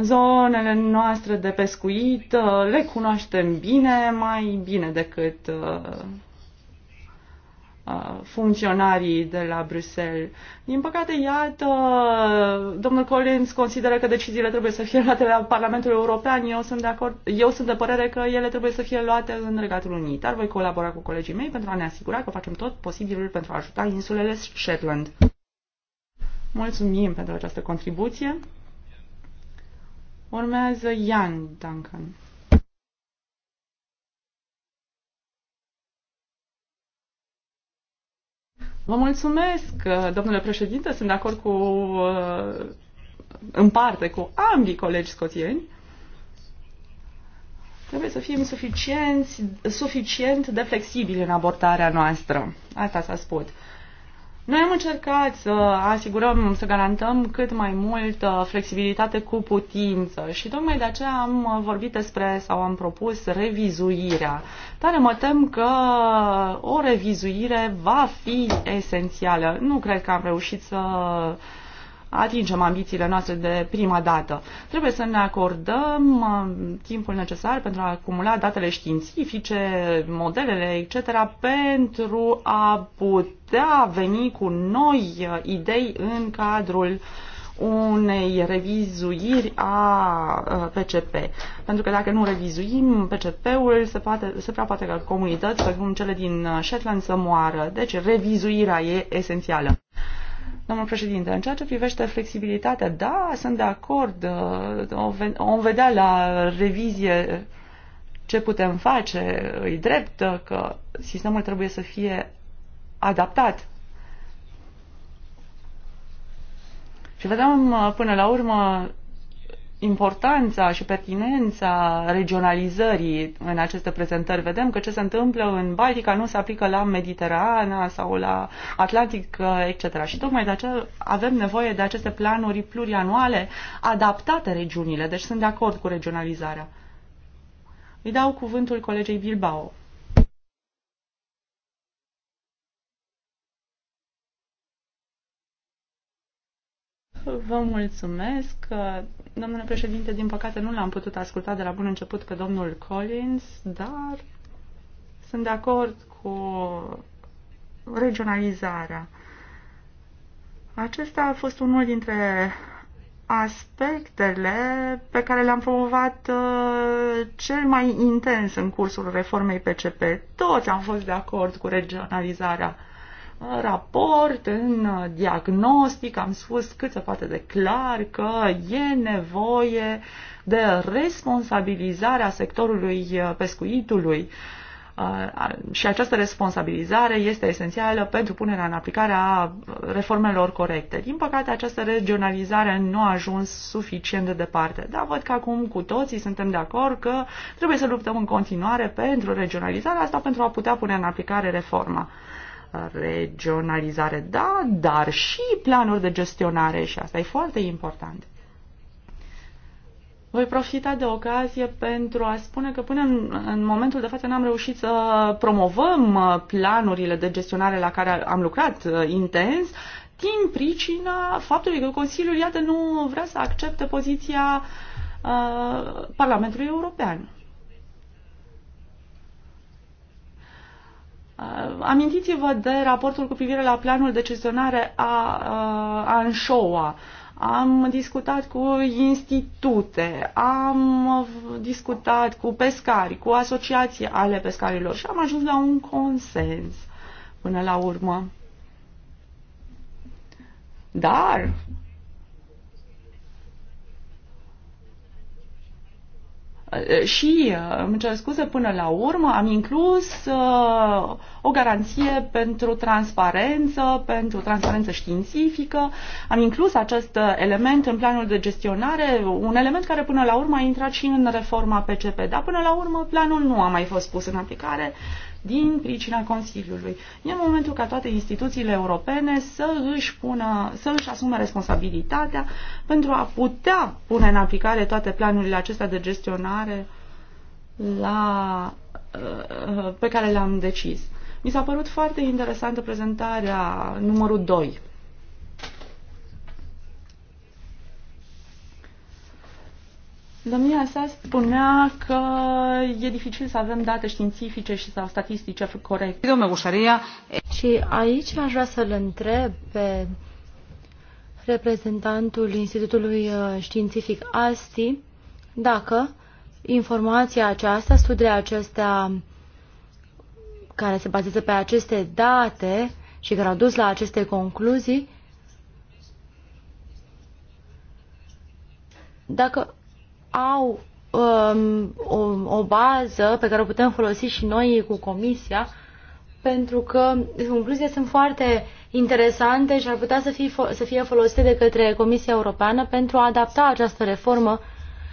Zonele noastre de pescuit uh, le cunoaștem bine, mai bine decât uh, uh, funcționarii de la Bruxelles. Din păcate, iată, domnul Collins consideră că deciziile trebuie să fie luate la Parlamentul European. Eu sunt de acord, eu sunt de părere că ele trebuie să fie luate în Regatul Unit. Dar voi colabora cu colegii mei pentru a ne asigura că facem tot posibilul pentru a ajuta insulele Shetland. Mulțumim pentru această contribuție. Urmează Young Duncan. Vă mulțumesc, domnule președinte, sunt de acord cu, în parte cu ambii colegi scoțieni. Trebuie să fim suficienți, suficient de flexibili în abordarea noastră. Asta s-a spus. Noi am încercat să asigurăm, să garantăm cât mai mult uh, flexibilitate cu putință și tocmai de aceea am uh, vorbit despre sau am propus revizuirea. Dar mă tem că o revizuire va fi esențială. Nu cred că am reușit să atingem ambițiile noastre de prima dată. Trebuie să ne acordăm uh, timpul necesar pentru a acumula datele științifice, modelele, etc., pentru a putea veni cu noi uh, idei în cadrul unei revizuiri a PCP. Uh, pentru că dacă nu revizuim PCP-ul, se, poate, se prea poate ca comunități, precum cele din Shetland, să moară. Deci revizuirea e esențială. Domnul președinte, în ceea ce privește flexibilitatea, da, sunt de acord. Uh, Vom vedea la revizie ce putem face. Îi drept că sistemul trebuie să fie adaptat. Și vedem uh, până la urmă importanța și pertinența regionalizării în aceste prezentări. Vedem că ce se întâmplă în Baltica nu se aplică la Mediterana sau la Atlantic, etc. Și tocmai de aceea avem nevoie de aceste planuri plurianuale adaptate regiunile. Deci sunt de acord cu regionalizarea. Îi dau cuvântul colegei Bilbao. Vă mulțumesc. Domnule președinte, din păcate nu l-am putut asculta de la bun început pe domnul Collins, dar sunt de acord cu regionalizarea. Acesta a fost unul dintre aspectele pe care le-am promovat uh, cel mai intens în cursul reformei PCP. Toți am fost de acord cu regionalizarea raport, în uh, diagnostic, am spus cât se poate de clar că e nevoie de responsabilizarea sectorului uh, pescuitului uh, și această responsabilizare este esențială pentru punerea în aplicare a reformelor corecte. Din păcate, această regionalizare nu a ajuns suficient de departe. Dar văd că acum cu toții suntem de acord că trebuie să luptăm în continuare pentru regionalizarea asta pentru a putea pune în aplicare reforma regionalizare, da, dar și planuri de gestionare și asta e foarte important. Voi profita de ocazie pentru a spune că până în, în momentul de față n-am reușit să promovăm uh, planurile de gestionare la care am lucrat uh, intens din pricina faptului că Consiliul, iată, nu vrea să accepte poziția uh, Parlamentului European. Uh, amintiți-vă de raportul cu privire la planul decizionare a, uh, a Am discutat cu institute, am discutat cu pescari, cu asociații ale pescarilor și am ajuns la un consens până la urmă. Dar Uh, și, uh, îmi cer scuze, până la urmă am inclus uh, o garanție pentru transparență, pentru transparență științifică, am inclus acest uh, element în planul de gestionare, un element care până la urmă a intrat și în reforma PCP, dar până la urmă planul nu a mai fost pus în aplicare din pricina Consiliului. E momentul ca toate instituțiile europene să își, pună, să își asume responsabilitatea pentru a putea pune în aplicare toate planurile acestea de gestionare la, uh, uh, pe care le-am decis. Mi s-a părut foarte interesantă prezentarea numărul 2 Domnia sa spunea că e dificil să avem date științifice și sau statistice corecte. Și aici aș vrea să-l întreb pe reprezentantul Institutului uh, Științific ASTI dacă informația aceasta, studiile acestea care se bazează pe aceste date și care au dus la aceste concluzii, dacă au um, o, o bază pe care o putem folosi și noi cu comisia, pentru că concluziile sunt foarte interesante și ar putea să fie, să fie folosite de către Comisia Europeană pentru a adapta această reformă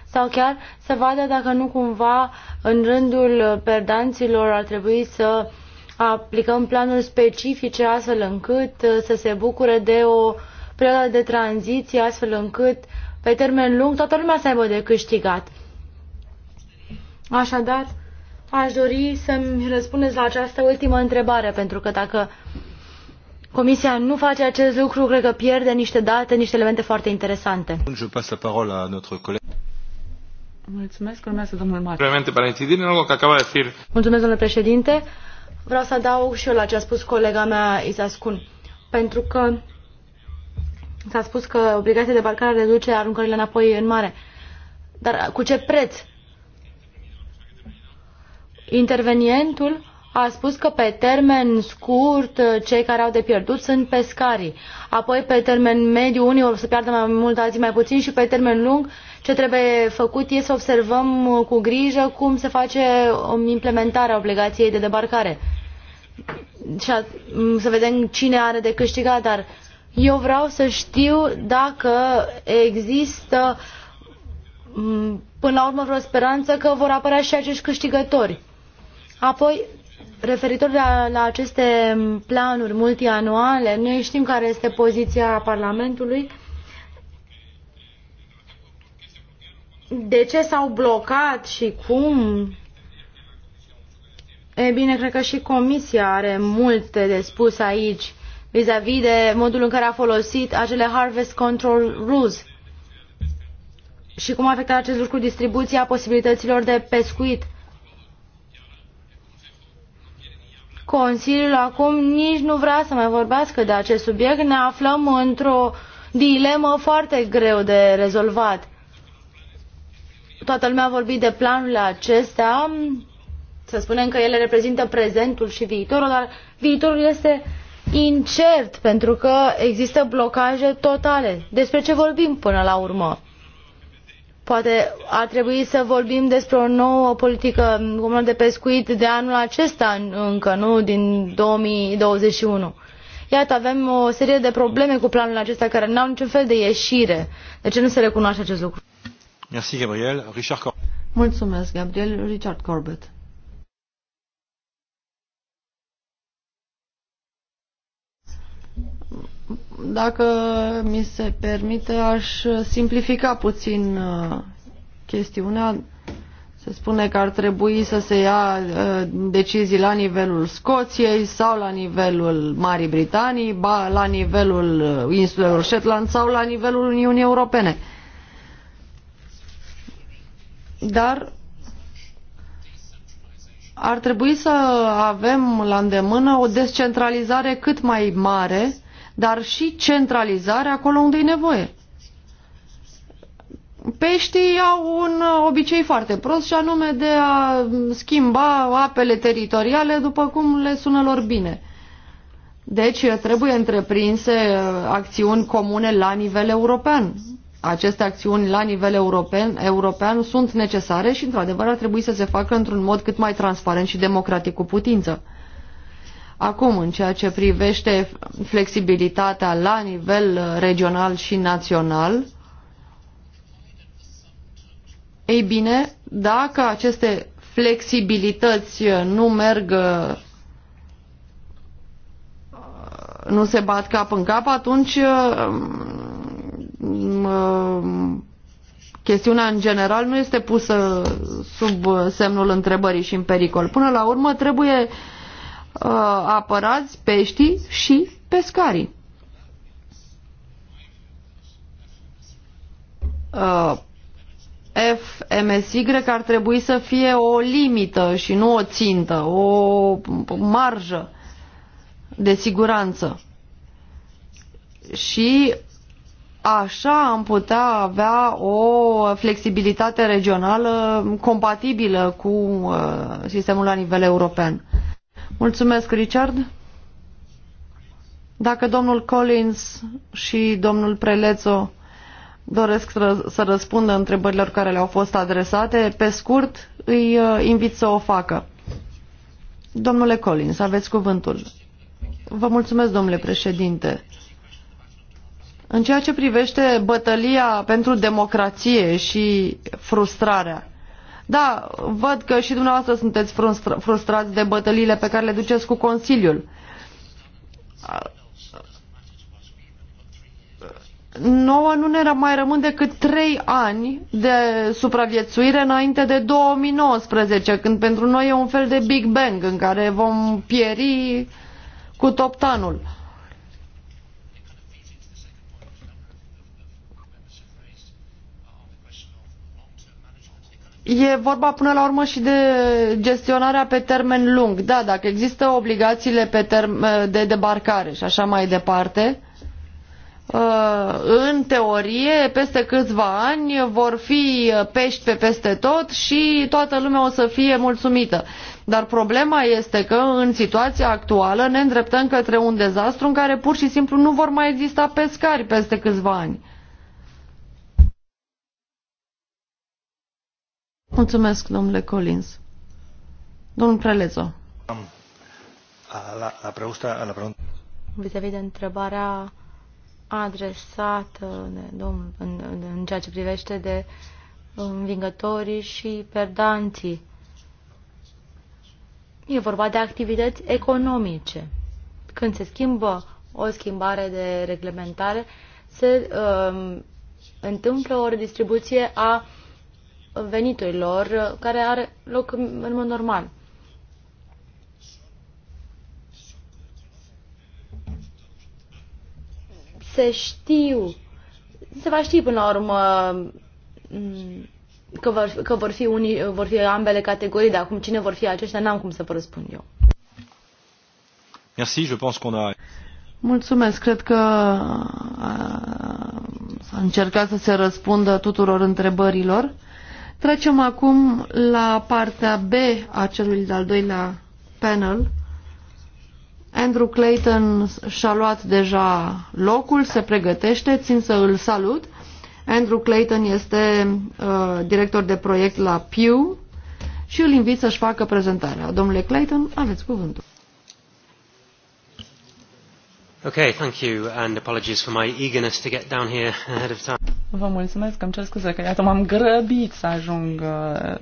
sau chiar să vadă dacă nu cumva în rândul perdanților ar trebui să aplicăm planuri specifice astfel încât să se bucure de o perioadă de tranziție astfel încât uh, pe termen lung toată lumea să aibă de câștigat. Așadar, aș dori să-mi răspundeți la această ultimă întrebare, pentru că dacă Comisia nu face acest lucru, cred că pierde niște date, niște elemente foarte interesante. Mulțumesc, urmează domnul Martin. Mulțumesc, domnule președinte. Vreau să adaug și eu la ce a spus colega mea Izascun, pentru că S-a spus că obligația de parcare reduce aruncările înapoi în mare. Dar cu ce preț? Intervenientul a spus că pe termen scurt cei care au de pierdut sunt pescarii. Apoi pe termen mediu unii vor să piardă mai mult, alții mai puțin și pe termen lung ce trebuie făcut este să observăm cu grijă cum se face implementarea obligației de debarcare. Și a, să vedem cine are de câștigat, dar eu vreau să știu dacă există mm, până la urmă vreo speranță că vor apărea și acești câștigători. Apoi, referitor la, la aceste planuri multianuale, noi știm care este poziția Parlamentului. De ce s-au blocat și cum? E bine, cred că și Comisia are multe de spus aici vis-a-vis de modul în care a folosit acele harvest control rules și cum a afectat acest lucru distribuția posibilităților de pescuit. Consiliul acum nici nu vrea să mai vorbească de acest subiect. Ne aflăm într-o dilemă foarte greu de rezolvat. Toată lumea a vorbit de planurile acestea. Să spunem că ele reprezintă prezentul și viitorul, dar viitorul este incert pentru că există blocaje totale. Despre ce vorbim până la urmă? Poate ar trebui să vorbim despre o nouă politică comună de pescuit de anul acesta încă, nu din 2021. Iată, avem o serie de probleme cu planul acesta care n-au niciun fel de ieșire. De ce nu se recunoaște acest lucru? Merci, Gabriel. Richard Mulțumesc, Gabriel. Richard Corbett. Dacă mi se permite, aș simplifica puțin uh, chestiunea. Se spune că ar trebui să se ia uh, decizii la nivelul Scoției sau la nivelul Marii Britanii, ba la nivelul uh, insulelor Shetland sau la nivelul Uniunii Europene. Dar ar trebui să avem la îndemână o descentralizare cât mai mare dar și centralizare acolo unde e nevoie. Peștii au un obicei foarte prost și anume de a schimba apele teritoriale după cum le sună lor bine. Deci trebuie întreprinse uh, acțiuni comune la nivel european. Aceste acțiuni la nivel european, european sunt necesare și, într-adevăr, ar trebui să se facă într-un mod cât mai transparent și democratic cu putință. Acum, în ceea ce privește flexibilitatea la nivel uh, regional și național, ei bine, dacă aceste flexibilități uh, nu merg, uh, nu se bat cap în cap, atunci mm, chestiunea în general nu este pusă sub semnul întrebării și în pericol. Până la urmă trebuie uh, uh, apărați peștii și pescarii. Uh, FMSY ar trebui să fie o limită și nu o țintă, o marjă de siguranță. Și așa am putea avea o flexibilitate regională compatibilă cu uh, sistemul la nivel european. Mulțumesc, Richard. Dacă domnul Collins și domnul Prelețo doresc să răspundă întrebărilor care le-au fost adresate, pe scurt îi uh, invit să o facă. Domnule Collins, aveți cuvântul. Vă mulțumesc, domnule președinte. În ceea ce privește bătălia pentru democrație și frustrarea, da, văd că și dumneavoastră sunteți frustra frustrați de bătăliile pe care le duceți cu Consiliul. Nouă nu ne mai rămân decât trei ani de supraviețuire înainte de 2019, când pentru noi e un fel de Big Bang în care vom pieri cu toptanul. E vorba până la urmă și de gestionarea pe termen lung. Da, dacă există obligațiile pe term- eh, de debarcare și așa mai departe, eh, în teorie, peste câțiva ani vor fi pești pe peste tot și toată lumea o să fie mulțumită. Dar problema este că în situația actuală ne îndreptăm către un dezastru în care pur și simplu nu vor mai exista pescari peste câțiva ani. Mulțumesc, domnule Collins. Domnul Prelezo. La, la la pregunta. Vis-a-vis de întrebarea adresată de domnul, în, în ceea ce privește de învingătorii și perdanții. E vorba de activități economice. Când se schimbă o schimbare de reglementare, se uh, întâmplă o redistribuție a veniturilor care are loc în mod normal. Se știu, se va ști până la urmă mm, că vor, că vor, fi, unii, vor fi ambele categorii, dar acum cine vor fi aceștia n-am cum să vă răspund eu. Merci, je pense qu'on a... Mulțumesc. Cred că a încercat să se răspundă tuturor întrebărilor. Trecem acum la partea B a celui de-al doilea panel. Andrew Clayton și-a luat deja locul, se pregătește, țin să îl salut. Andrew Clayton este uh, director de proiect la Pew și îl invit să-și facă prezentarea. Domnule Clayton, aveți cuvântul. Okay, thank you and apologies for my eagerness to get down here [LAUGHS] ahead of time. Vă mulțumesc, îmi cer scuze că iată m-am grăbit să ajung uh,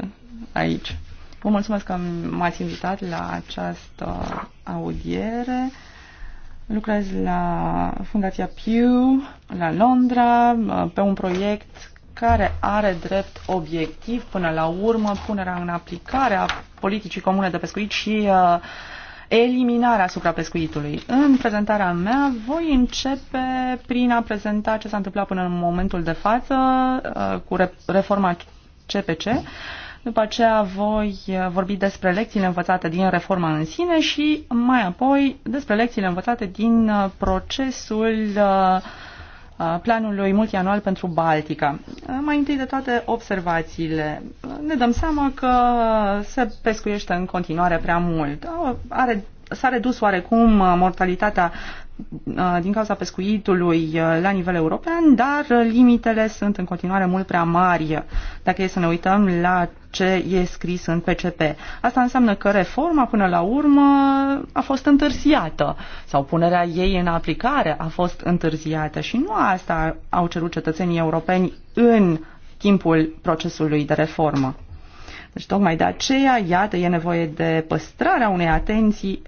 aici. Vă mulțumesc că m-ați invitat la această audiere. Lucrez la Fundația Pew, la Londra, uh, pe un proiect care are drept obiectiv, până la urmă, punerea în aplicare a politicii comune de pescuit și uh, eliminarea suprapescuitului. În prezentarea mea voi începe prin a prezenta ce s-a întâmplat până în momentul de față uh, cu reforma CPC. După aceea voi uh, vorbi despre lecțiile învățate din reforma în sine și mai apoi despre lecțiile învățate din uh, procesul uh, planului multianual pentru Baltica. Mai întâi de toate observațiile. Ne dăm seama că se pescuiește în continuare prea mult. Are s-a redus oarecum mortalitatea Uh, din cauza pescuitului uh, la nivel european, dar limitele sunt în continuare mult prea mari dacă e să ne uităm la ce e scris în PCP. Asta înseamnă că reforma până la urmă a fost întârziată sau punerea ei în aplicare a fost întârziată și nu asta au cerut cetățenii europeni în timpul procesului de reformă. Deci tocmai de aceea, iată, e nevoie de păstrarea unei atenții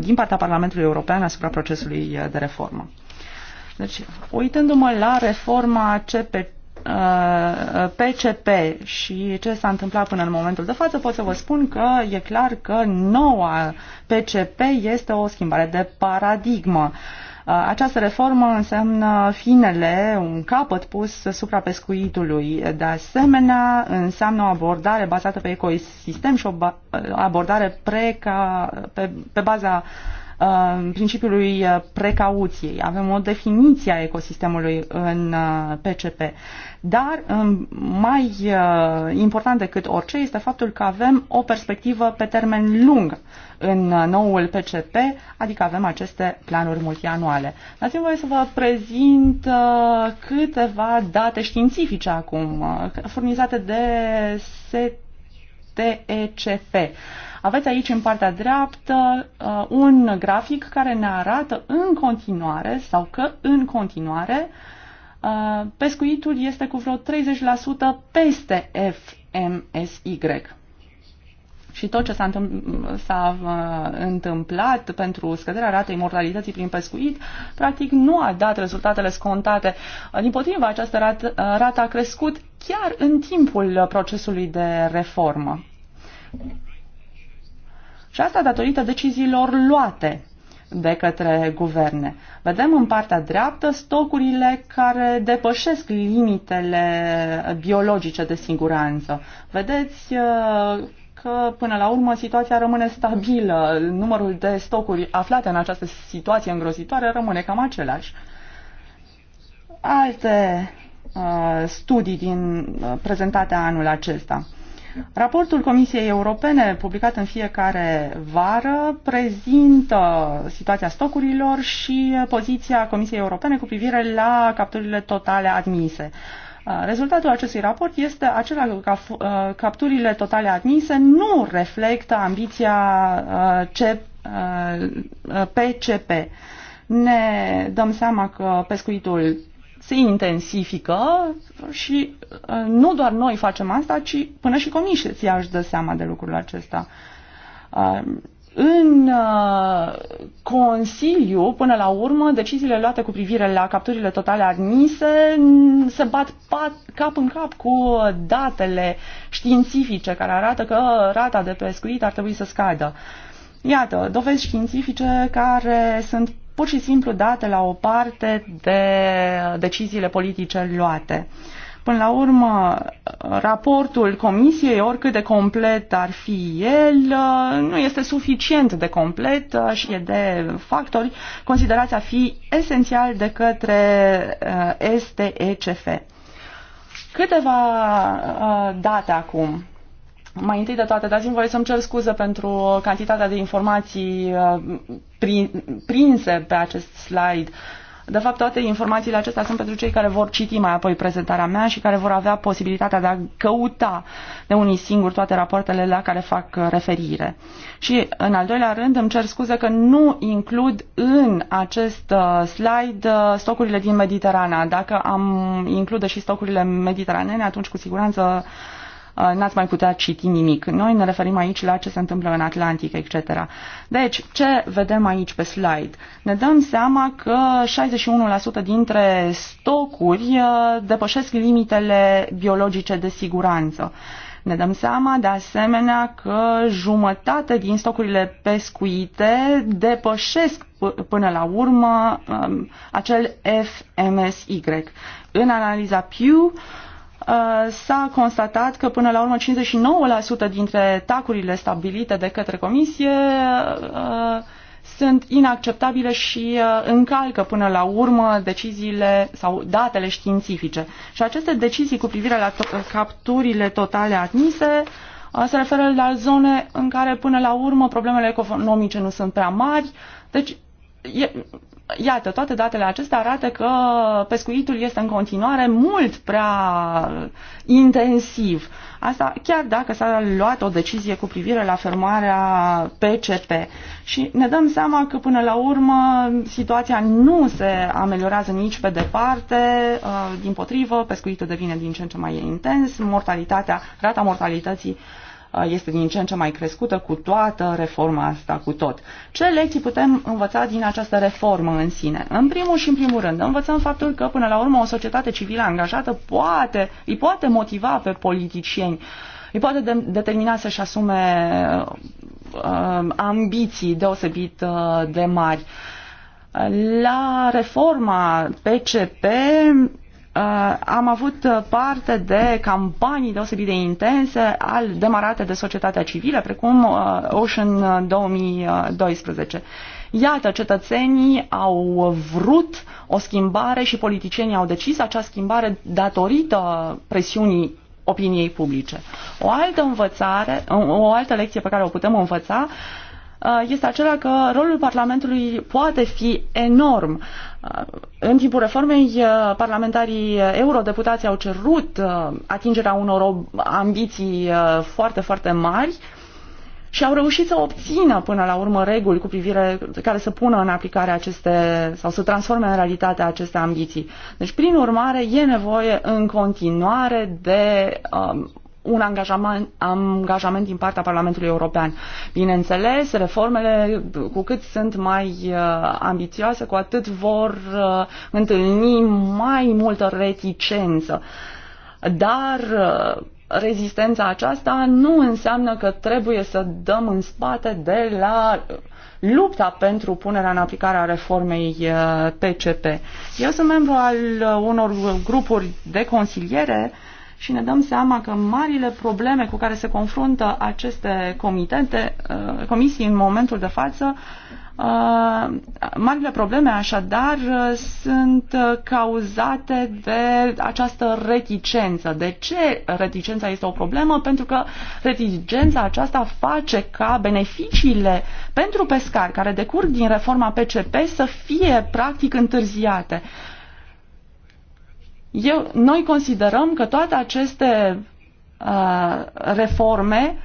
din partea Parlamentului European asupra procesului de reformă. Deci, uitându-mă la reforma CP, PCP și ce s-a întâmplat până în momentul de față, pot să vă spun că e clar că noua PCP este o schimbare de paradigmă. Uh, Uh, această reformă înseamnă finele, un capăt pus suprapescuitului. De asemenea, înseamnă o abordare bazată pe ecosistem și o abordare preca, pe, pe baza Uh, principiului uh, precauției. Avem o definiție a ecosistemului în PCP. Uh, Dar um, mai important decât orice este faptul că avem o perspectivă pe termen lung în noul PCP, adică avem aceste planuri multianuale. Dați-mi voie să vă prezint câteva date științifice acum, furnizate de STECF. Aveți aici în partea dreaptă uh, un grafic care ne arată în continuare sau că în continuare uh, pescuitul este cu vreo 30% peste FMSY. Și tot ce s-a, uh, întâmplat pentru scăderea ratei mortalității prin pescuit, practic nu a dat rezultatele scontate. Din potrivă, această rat, rată a crescut chiar în timpul procesului de reformă. Și asta datorită deciziilor luate de către guverne. Vedem în partea dreaptă stocurile care depășesc limitele biologice de siguranță. Vedeți uh, că până la urmă situația rămâne stabilă, numărul de stocuri aflate în această situație îngrozitoare rămâne cam același. Alte uh, studii din, uh, prezentate anul acesta. Raportul Comisiei Europene, publicat în fiecare vară, prezintă situația stocurilor și poziția Comisiei Europene cu privire la capturile totale admise. Uh, rezultatul acestui raport este acela că uh, capturile totale admise nu reflectă ambiția PCP. Uh, ne dăm seama că pescuitul se intensifică și uh, nu doar noi facem asta, ci până și comisia își dă seama de lucrul acesta. Uh, în uh, Consiliu, până la urmă, deciziile luate cu privire la capturile totale admise se bat pat, cap în cap cu datele științifice care arată că rata de pescuit ar trebui să scadă. Iată, dovezi științifice care sunt pur și simplu date la o parte de deciziile politice luate. Până la urmă, raportul comisiei, oricât de complet ar fi el, nu este suficient de complet și e de factori considerați a fi esențial de către eh, STECF. Câteva eh, date acum. Mai întâi de toate, dați-mi voie să-mi cer scuze pentru cantitatea de informații uh, prin, prinse pe acest slide. De fapt, toate informațiile acestea sunt pentru cei care vor citi mai apoi prezentarea mea și care vor avea posibilitatea de a căuta de unii singuri toate rapoartele la care fac uh, referire. Și, în al doilea rând, îmi cer scuze că nu includ în acest uh, slide stocurile din Mediterana. Dacă am include și stocurile mediteranene, atunci cu siguranță uh, Uh, n-ați mai putea citi nimic. Noi ne referim aici la ce se întâmplă în Atlantic, etc. Deci, ce vedem aici pe slide? Ne dăm seama că 61% dintre stocuri uh, depășesc limitele biologice de siguranță. Ne dăm seama, de asemenea, că jumătate din stocurile pescuite depășesc până la urmă um, acel FMSY. În analiza Pew, Uh, s-a constatat că până la urmă 59% dintre tacurile stabilite de către comisie uh, sunt inacceptabile și uh, încalcă până la urmă deciziile sau datele științifice. Și aceste decizii cu privire la to- capturile totale admise se referă la zone în care până la urmă problemele economice nu sunt prea mari. Deci e, Iată, toate datele acestea arată că pescuitul este în continuare mult prea intensiv. Asta chiar dacă s-a luat o decizie cu privire la fermarea PCP. Și ne dăm seama că până la urmă situația nu se ameliorează nici pe departe, uh, din potrivă, pescuitul devine din ce în ce mai intens, mortalitatea, rata mortalității Uh, este din ce în ce mai crescută cu toată reforma asta, cu tot. Ce lecții putem învăța din această reformă în sine? În primul și în primul rând, învățăm faptul că până la urmă o societate civilă angajată poate, îi poate motiva pe politicieni, îi poate de- determina să-și asume uh, ambiții deosebit uh, de mari. La reforma PCP Uh, am avut uh, parte de campanii deosebit de intense al demarate de societatea civilă, precum uh, Ocean 2012. Iată, cetățenii au vrut o schimbare și politicienii au decis acea schimbare datorită presiunii opiniei publice. O altă învățare, o altă lecție pe care o putem învăța uh, Uh, este acela că rolul Parlamentului poate fi enorm. Uh, în timpul reformei, uh, parlamentarii eurodeputații au cerut atingerea unor ambiții foarte, foarte mari și au reușit să obțină până la urmă reguli cu privire care să pună în aplicare aceste sau să transforme în realitate aceste ambiții. Deci, prin urmare, e nevoie în continuare de um, un angajament, angajament din partea Parlamentului European. Bineînțeles, reformele, cu cât sunt mai uh, ambițioase, cu atât vor uh, întâlni mai multă reticență. Dar uh, rezistența aceasta nu înseamnă că trebuie să dăm în spate de la lupta pentru punerea în aplicare a reformei PCP. Uh, Eu sunt membru al uh, unor grupuri de consiliere uh, și ne dăm seama că marile probleme cu care se confruntă aceste comitete, uh, comisii în momentul de față, uh, marile probleme așadar uh, sunt cauzate de această reticență. De ce reticența este o problemă? Pentru că reticența aceasta face ca beneficiile pentru pescari care decurg din reforma PCP să fie practic întârziate. Eu, noi considerăm că toate aceste uh, reforme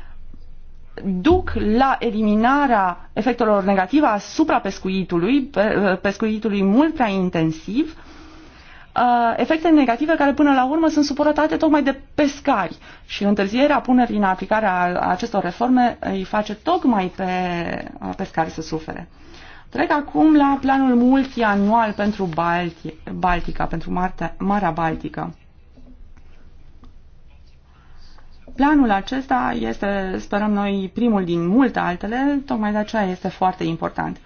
duc la eliminarea efectelor negative asupra pescuitului, uh, pescuitului mult prea intensiv, uh, efecte negative care până la urmă sunt suportate tocmai de pescari și întârzierea punerii în aplicare a acestor reforme îi face tocmai pe uh, pescari să sufere. Trec acum la planul multianual pentru Balti Baltica, pentru Marte Marea Baltică. Planul acesta este, sperăm noi, primul din multe altele, tocmai de aceea este foarte important.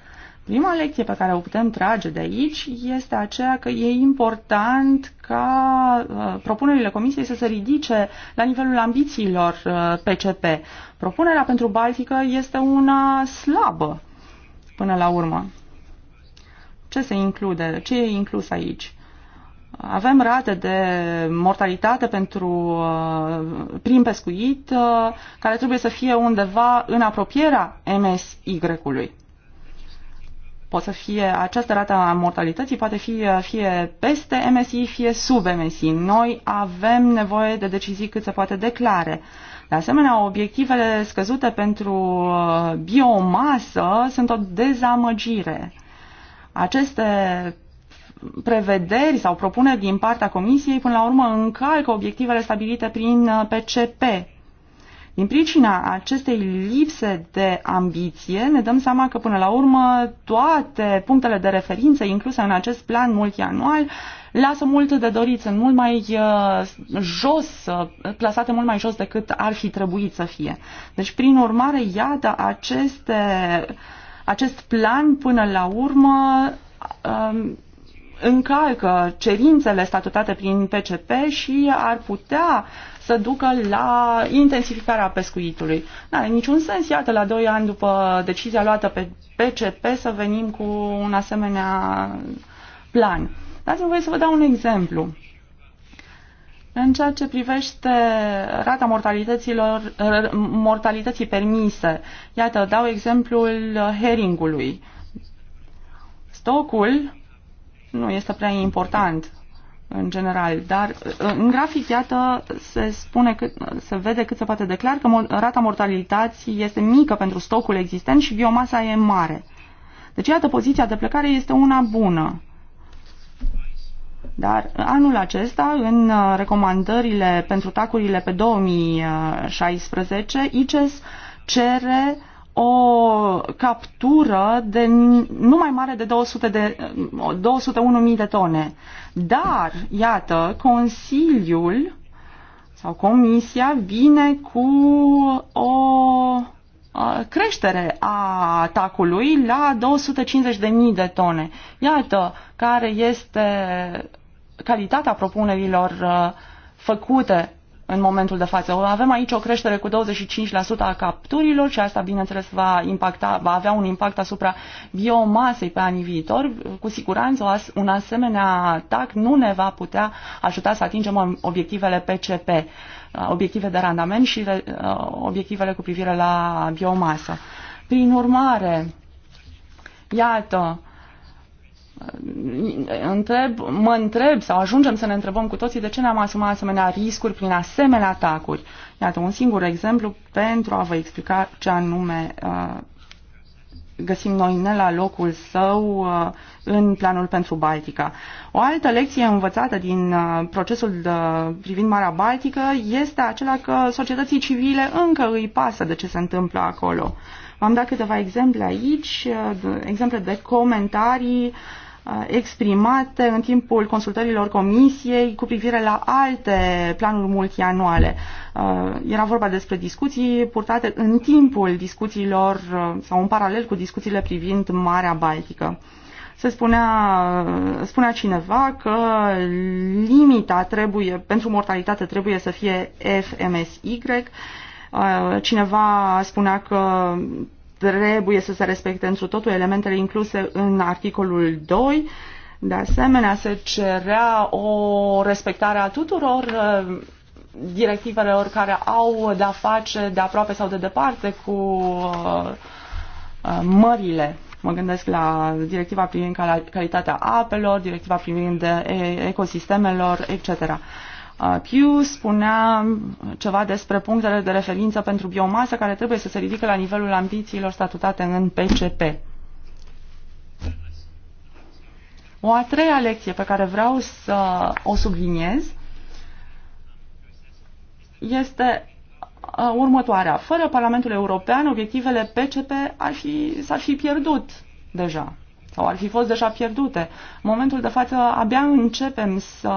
Prima lecție pe care o putem trage de aici este aceea că e important ca uh, propunerile Comisiei să se ridice la nivelul ambițiilor PCP. Uh, Propunerea pentru Baltică este una slabă până la urmă. Ce se include? Ce e inclus aici? Avem rate de mortalitate pentru, uh, prin pescuit uh, care trebuie să fie undeva în apropierea MSY-ului. Pot să fie, această rată a mortalității poate fi uh, fie peste MSI, fie sub MSI. Noi avem nevoie de decizii cât se poate declare. De asemenea, obiectivele scăzute pentru uh, biomasă sunt o dezamăgire. Aceste prevederi sau propuneri din partea Comisiei, până la urmă, încalcă obiectivele stabilite prin PCP. Uh, din pricina acestei lipse de ambiție, ne dăm seama că, până la urmă, toate punctele de referință incluse în acest plan multianual lasă mult de dorit, sunt mult mai uh, jos, uh, plasate mult mai jos decât ar fi trebuit să fie. Deci, prin urmare, iată, aceste, acest plan până la urmă um, încalcă cerințele statutate prin PCP și ar putea să ducă la intensificarea pescuitului. Nu are niciun sens, iată, la doi ani după decizia luată pe PCP să venim cu un asemenea plan. Dați-mi voie să vă dau un exemplu. În ceea ce privește rata mortalităților, mortalității permise, iată, dau exemplul heringului. Stocul nu este prea important în general, dar în grafic, iată, se spune cât, se vede cât se poate declar că rata mortalității este mică pentru stocul existent și biomasa e mare. Deci, iată, poziția de plecare este una bună. Dar anul acesta, în uh, recomandările pentru tacurile pe 2016, ICES cere o captură de nu mai mare de, 200 de 201.000 uh, de tone. Dar, iată, Consiliul sau Comisia vine cu o uh, creștere a atacului la 250.000 de tone. Iată care este calitatea propunerilor uh, făcute în momentul de față. Avem aici o creștere cu 25% a capturilor și asta, bineînțeles, va, impacta, va avea un impact asupra biomasei pe anii viitor. Cu siguranță, un asemenea atac nu ne va putea ajuta să atingem obiectivele PCP, uh, obiective de randament și uh, obiectivele cu privire la biomasă. Prin urmare, iată, întreb, mă întreb sau ajungem să ne întrebăm cu toții de ce ne-am asumat asemenea riscuri prin asemenea atacuri. Iată, un singur exemplu pentru a vă explica ce anume uh, găsim noi ne la locul său uh, în planul pentru Baltica. O altă lecție învățată din uh, procesul de, privind Marea Baltică este acela că societății civile încă îi pasă de ce se întâmplă acolo. V-am dat câteva exemple aici, uh, exemple de comentarii uh, Uh, exprimate în timpul consultărilor comisiei cu privire la alte planuri multianuale. Uh, era vorba despre discuții purtate în timpul discuțiilor uh, sau în paralel cu discuțiile privind Marea Baltică. Se spunea, spunea cineva că limita trebuie, pentru mortalitate trebuie să fie FMSY, cineva spunea că trebuie să se respecte întru totul elementele incluse în articolul 2. De asemenea, se cerea o respectare a tuturor uh, directivelor care au de-a face de aproape sau de departe cu uh, uh, mările. Mă gândesc la directiva privind calitatea apelor, directiva privind ecosistemelor, etc. Piu spunea ceva despre punctele de referință pentru biomasă care trebuie să se ridice la nivelul ambițiilor statutate în PCP. O a treia lecție pe care vreau să o subliniez este următoarea. Fără Parlamentul European, obiectivele PCP ar fi, fi pierdut deja sau ar fi fost deja pierdute. În momentul de față abia începem să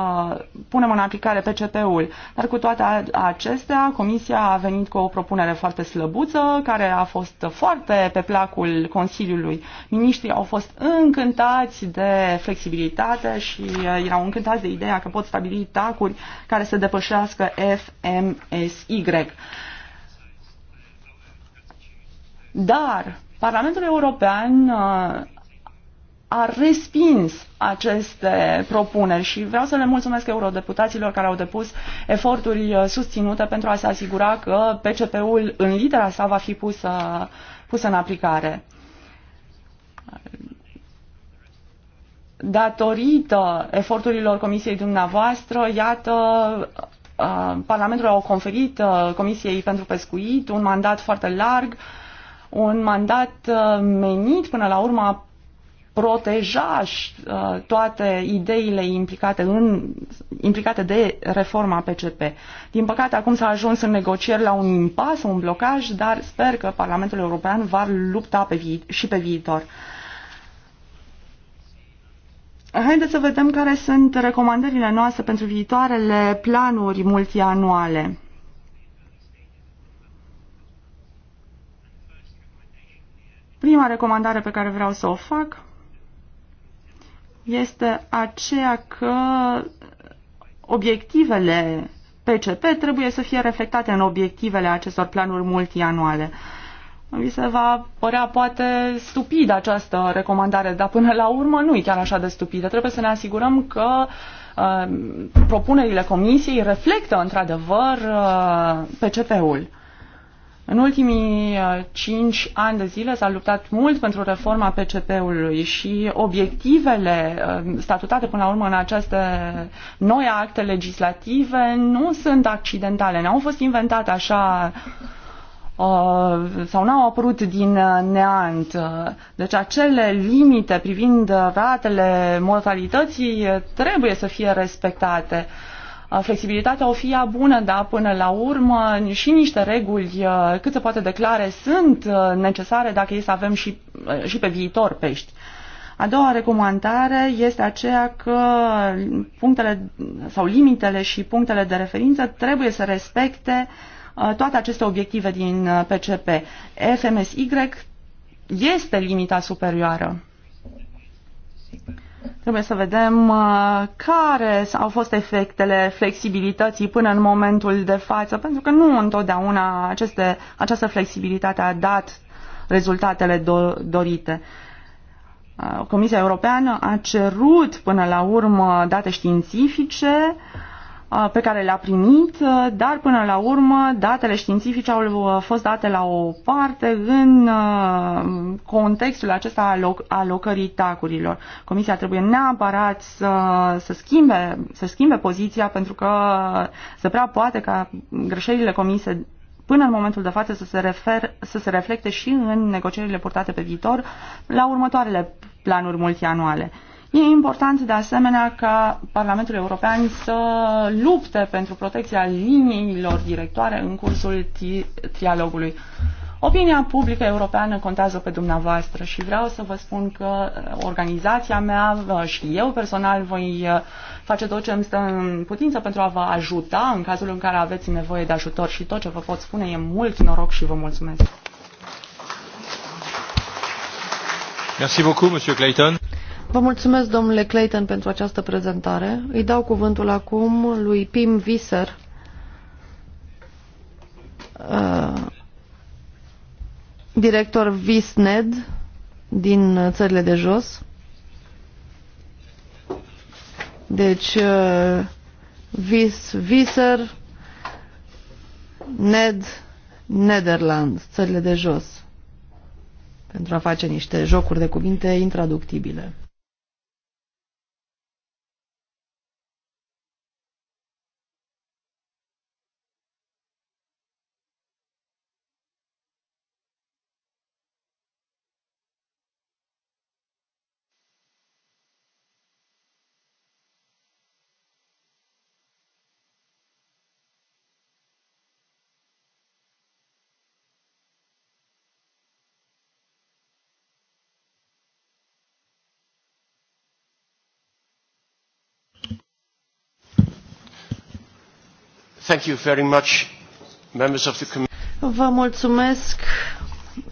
punem în aplicare PCP-ul, dar cu toate acestea Comisia a venit cu o propunere foarte slăbuță, care a fost foarte pe placul Consiliului. Miniștrii au fost încântați de flexibilitate și uh, erau încântați de ideea că pot stabili tacuri care să depășească FMSY. Dar Parlamentul European uh, a respins aceste propuneri și vreau să le mulțumesc eurodeputaților care au depus eforturi uh, susținute pentru a se asigura că PCP-ul în litera sa va fi pus pus în aplicare. Datorită eforturilor comisiei dumneavoastră, iată, uh, Parlamentul a conferit uh, Comisiei pentru Pescuit un mandat foarte larg, un mandat menit până la urmă proteja uh, toate ideile implicate, în, implicate de reforma PCP. Din păcate, acum s-a ajuns în negocieri la un impas, un blocaj, dar sper că Parlamentul European va lupta pe vi- și pe viitor. Haideți să vedem care sunt recomandările noastre pentru viitoarele planuri multianuale. Prima recomandare pe care vreau să o fac este aceea că obiectivele PCP trebuie să fie reflectate în obiectivele acestor planuri multianuale. Mi se va părea poate stupidă această recomandare, dar până la urmă nu e chiar așa de stupidă. Trebuie să ne asigurăm că uh, propunerile comisiei reflectă într-adevăr uh, PCP-ul. În ultimii uh, cinci ani de zile s-a luptat mult pentru reforma PCP-ului și obiectivele uh, statutate până la urmă în aceste noi acte legislative nu sunt accidentale, n-au fost inventate așa uh, sau n-au apărut din neant. Deci acele limite privind ratele mortalității trebuie să fie respectate. Flexibilitatea o fie bună, dar până la urmă și niște reguli uh, cât se poate declare sunt uh, necesare dacă e să avem și, uh, și pe viitor pești. A doua recomandare este aceea că punctele sau limitele și punctele de referință trebuie să respecte toate aceste obiective din PCP. FMSY este limita superioară. Trebuie să vedem uh, care au fost efectele flexibilității până în momentul de față, pentru că nu întotdeauna aceste, această flexibilitate a dat rezultatele do, dorite. Uh, Comisia Europeană a cerut până la urmă date științifice, uh, Uh, pe care le-a primit, uh, dar până la urmă datele științifice au uh, fost date la o parte în contextul acesta al alocării tacurilor. Comisia trebuie neapărat să, să, schimbe, să schimbe poziția pentru că se prea poate ca greșelile comise până în momentul de față să se, refer, să se reflecte și în negocierile purtate pe viitor la următoarele planuri multianuale. E important de asemenea ca Parlamentul European să lupte pentru protecția liniilor directoare în cursul trialogului. Opinia publică europeană contează pe dumneavoastră și vreau să vă spun că organizația mea și eu personal voi uh, face tot ce îmi stă în putință pentru a vă ajuta în cazul în care aveți nevoie de ajutor și tot ce vă pot spune e mult noroc și vă mulțumesc. Merci beaucoup, Monsieur Clayton. Vă mulțumesc, domnule Clayton, pentru această prezentare. Îi dau cuvântul acum lui Pim Visser, uh, director Visned din țările de jos. Deci, uh, Vis, Viser, Ned, Nederland, țările de jos, pentru a face niște jocuri de cuvinte intraductibile. Thank you very much, members of the Vă mulțumesc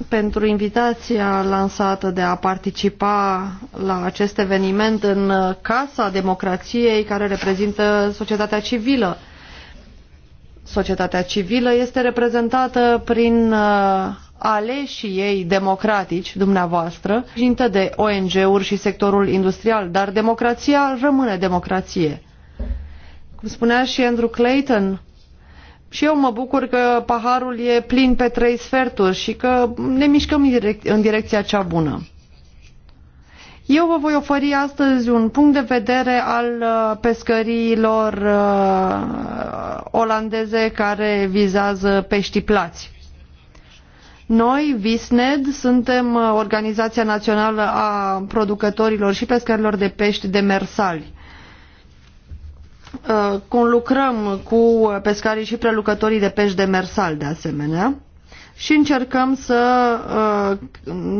pentru invitația lansată de a participa la acest eveniment în Casa Democrației care reprezintă societatea civilă. Societatea civilă este reprezentată prin uh, aleșii ei democratici, dumneavoastră, jintă de ONG-uri și sectorul industrial, dar democrația rămâne democrație. Cum spunea și Andrew Clayton, și eu mă bucur că paharul e plin pe trei sferturi și că ne mișcăm în direcția cea bună. Eu vă voi oferi astăzi un punct de vedere al uh, pescăriilor uh, olandeze care vizează pești plați. Noi, Visned, suntem uh, Organizația Națională a Producătorilor și Pescărilor de Pești de mersali. Uh, conlucrăm cu pescarii și prelucătorii de pești demersal de asemenea și încercăm să uh,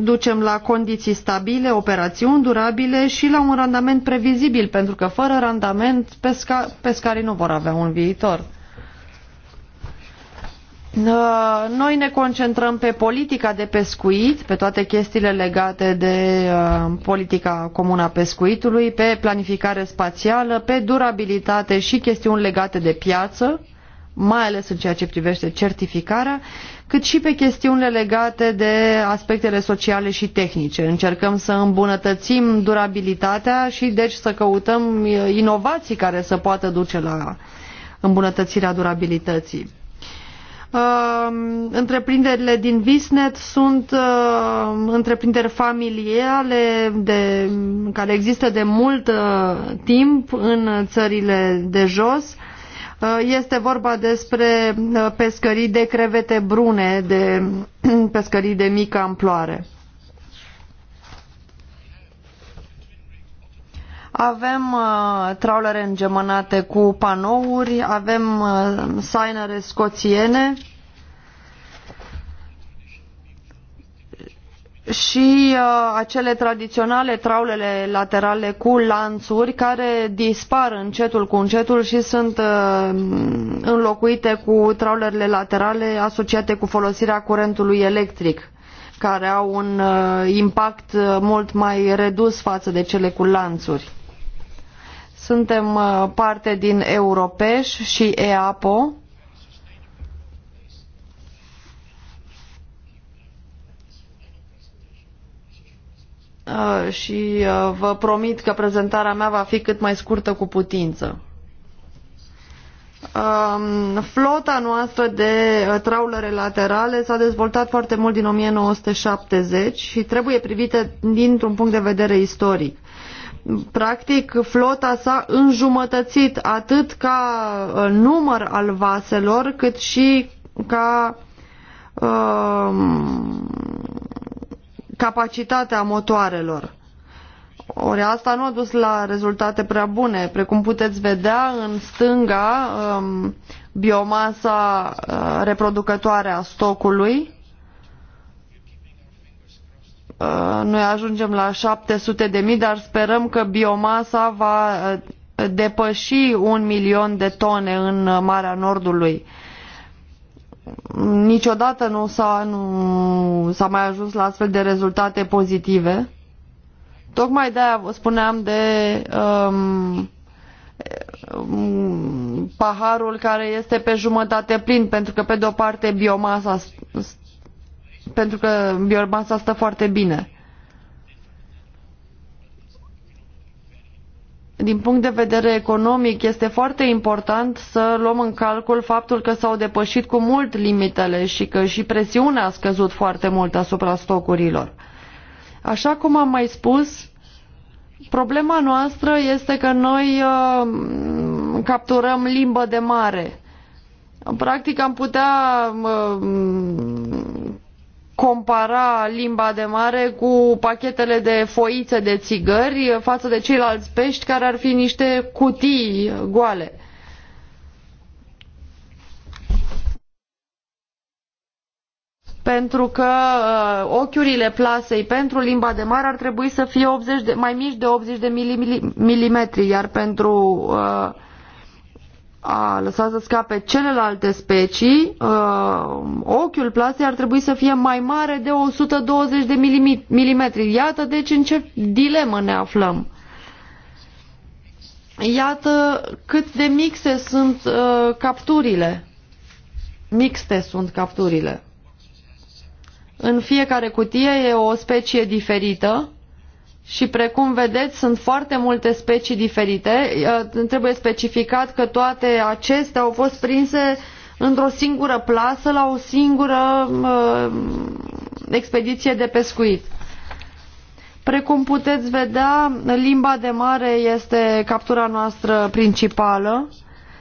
ducem la condiții stabile, operațiuni durabile și la un randament previzibil, pentru că fără randament pesca pescarii nu vor avea un viitor. Ă, noi ne concentrăm pe politica de pescuit, pe toate chestiile legate de ă, politica comună a pescuitului, pe planificare spațială, pe durabilitate și chestiuni legate de piață, mai ales în ceea ce privește certificarea, cât și pe chestiunile legate de aspectele sociale și tehnice. Încercăm să îmbunătățim durabilitatea și deci să căutăm inovații care să poată duce la îmbunătățirea durabilității. Um, întreprinderile din Visnet sunt um, întreprinderi familiale de, care există de mult uh, timp în țările de jos. Uh, este vorba despre uh, pescării de crevete brune, de [CLEARS THROAT] pescării de mică amploare. Avem uh, traulere îngemănate cu panouri, avem uh, sainere scoțiene și uh, acele tradiționale traulele laterale cu lanțuri care dispar încetul cu încetul și sunt uh, înlocuite cu traulerele laterale asociate cu folosirea curentului electric care au un uh, impact uh, mult mai redus față de cele cu lanțuri. Suntem uh, parte din Europeș și EAPO. Uh, și uh, vă promit că prezentarea mea va fi cât mai scurtă cu putință. Um, flota noastră de traulere laterale s-a dezvoltat foarte mult din 1970 și trebuie privită dintr-un punct de vedere istoric practic flota s-a înjumătățit atât ca uh, număr al vaselor cât și ca uh, capacitatea motoarelor. Ori asta nu a dus la rezultate prea bune. Precum puteți vedea, în stânga, um, biomasa uh, reproducătoare a stocului, Uh, noi ajungem la 700 de mii, dar sperăm că biomasa va uh, depăși un milion de tone în Marea Nordului. Niciodată nu s-a, nu s-a mai ajuns la astfel de rezultate pozitive. Tocmai de-aia spuneam de um, paharul care este pe jumătate plin, pentru că pe de o parte biomasa pentru că biomasa stă foarte bine. Din punct de vedere economic, este foarte important să luăm în calcul faptul că s-au depășit cu mult limitele și că și presiunea a scăzut foarte mult asupra stocurilor. Așa cum am mai spus, problema noastră este că noi uh, capturăm limbă de mare. Practic am putea uh, compara limba de mare cu pachetele de foițe de țigări față de ceilalți pești care ar fi niște cutii goale. pentru că uh, ochiurile plasei pentru limba de mare ar trebui să fie 80 de, mai mici de 80 de milimetri, iar pentru uh, a lăsat să scape celelalte specii, uh, ochiul plastei ar trebui să fie mai mare de 120 de milimetri. Iată deci în ce dilemă ne aflăm. Iată cât de mixe sunt uh, capturile. Mixte sunt capturile. În fiecare cutie e o specie diferită și precum vedeți, sunt foarte multe specii diferite. Trebuie specificat că toate acestea au fost prinse într-o singură plasă la o singură uh, expediție de pescuit. Precum puteți vedea, limba de mare este captura noastră principală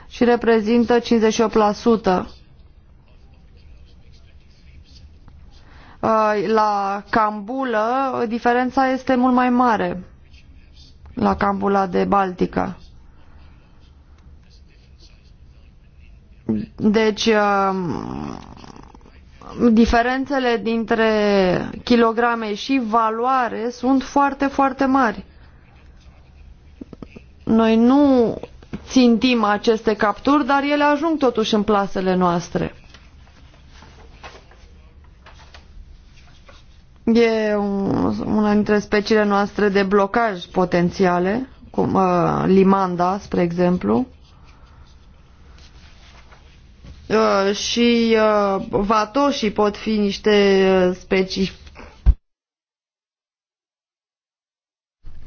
și reprezintă 58%. La Cambulă diferența este mult mai mare la Cambula de Baltica. Deci, um, diferențele dintre kilograme și valoare sunt foarte, foarte mari. Noi nu țintim aceste capturi, dar ele ajung totuși în plasele noastre. E una dintre speciile noastre de blocaj potențiale, cum uh, limanda, spre exemplu. Uh, și uh, vatoșii pot fi niște uh, specii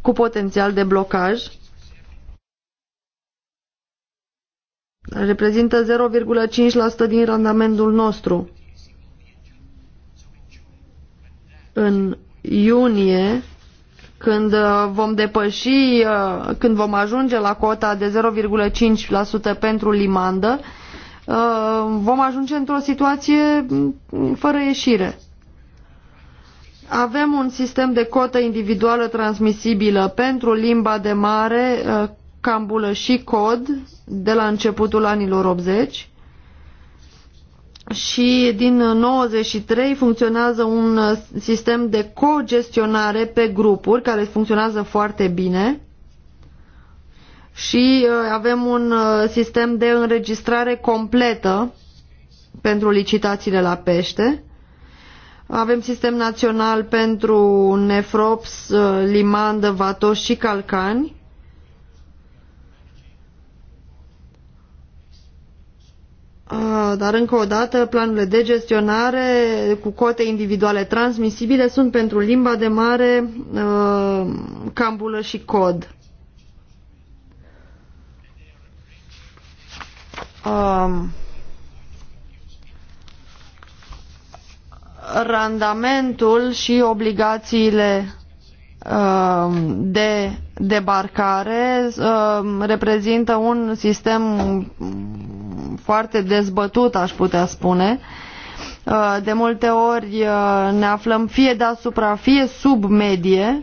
cu potențial de blocaj. Reprezintă 0,5% din randamentul nostru. în iunie, când uh, vom depăși, uh, când vom ajunge la cota de 0,5% pentru limandă, uh, vom ajunge într-o situație mm, fără ieșire. Avem un sistem de cotă individuală transmisibilă pentru limba de mare, cambulă și cod de la începutul anilor 80 și din 93 funcționează un sistem de cogestionare pe grupuri care funcționează foarte bine și uh, avem un uh, sistem de înregistrare completă pentru licitațiile la pește. Avem sistem național pentru nefrops, uh, limandă, vatoși și calcani Dar încă o dată, planurile de gestionare cu cote individuale transmisibile sunt pentru limba de mare, cambulă și cod. Um, randamentul și obligațiile um, de debarcare um, reprezintă un sistem foarte dezbătut, aș putea spune. Uh, de multe ori uh, ne aflăm fie deasupra, fie sub medie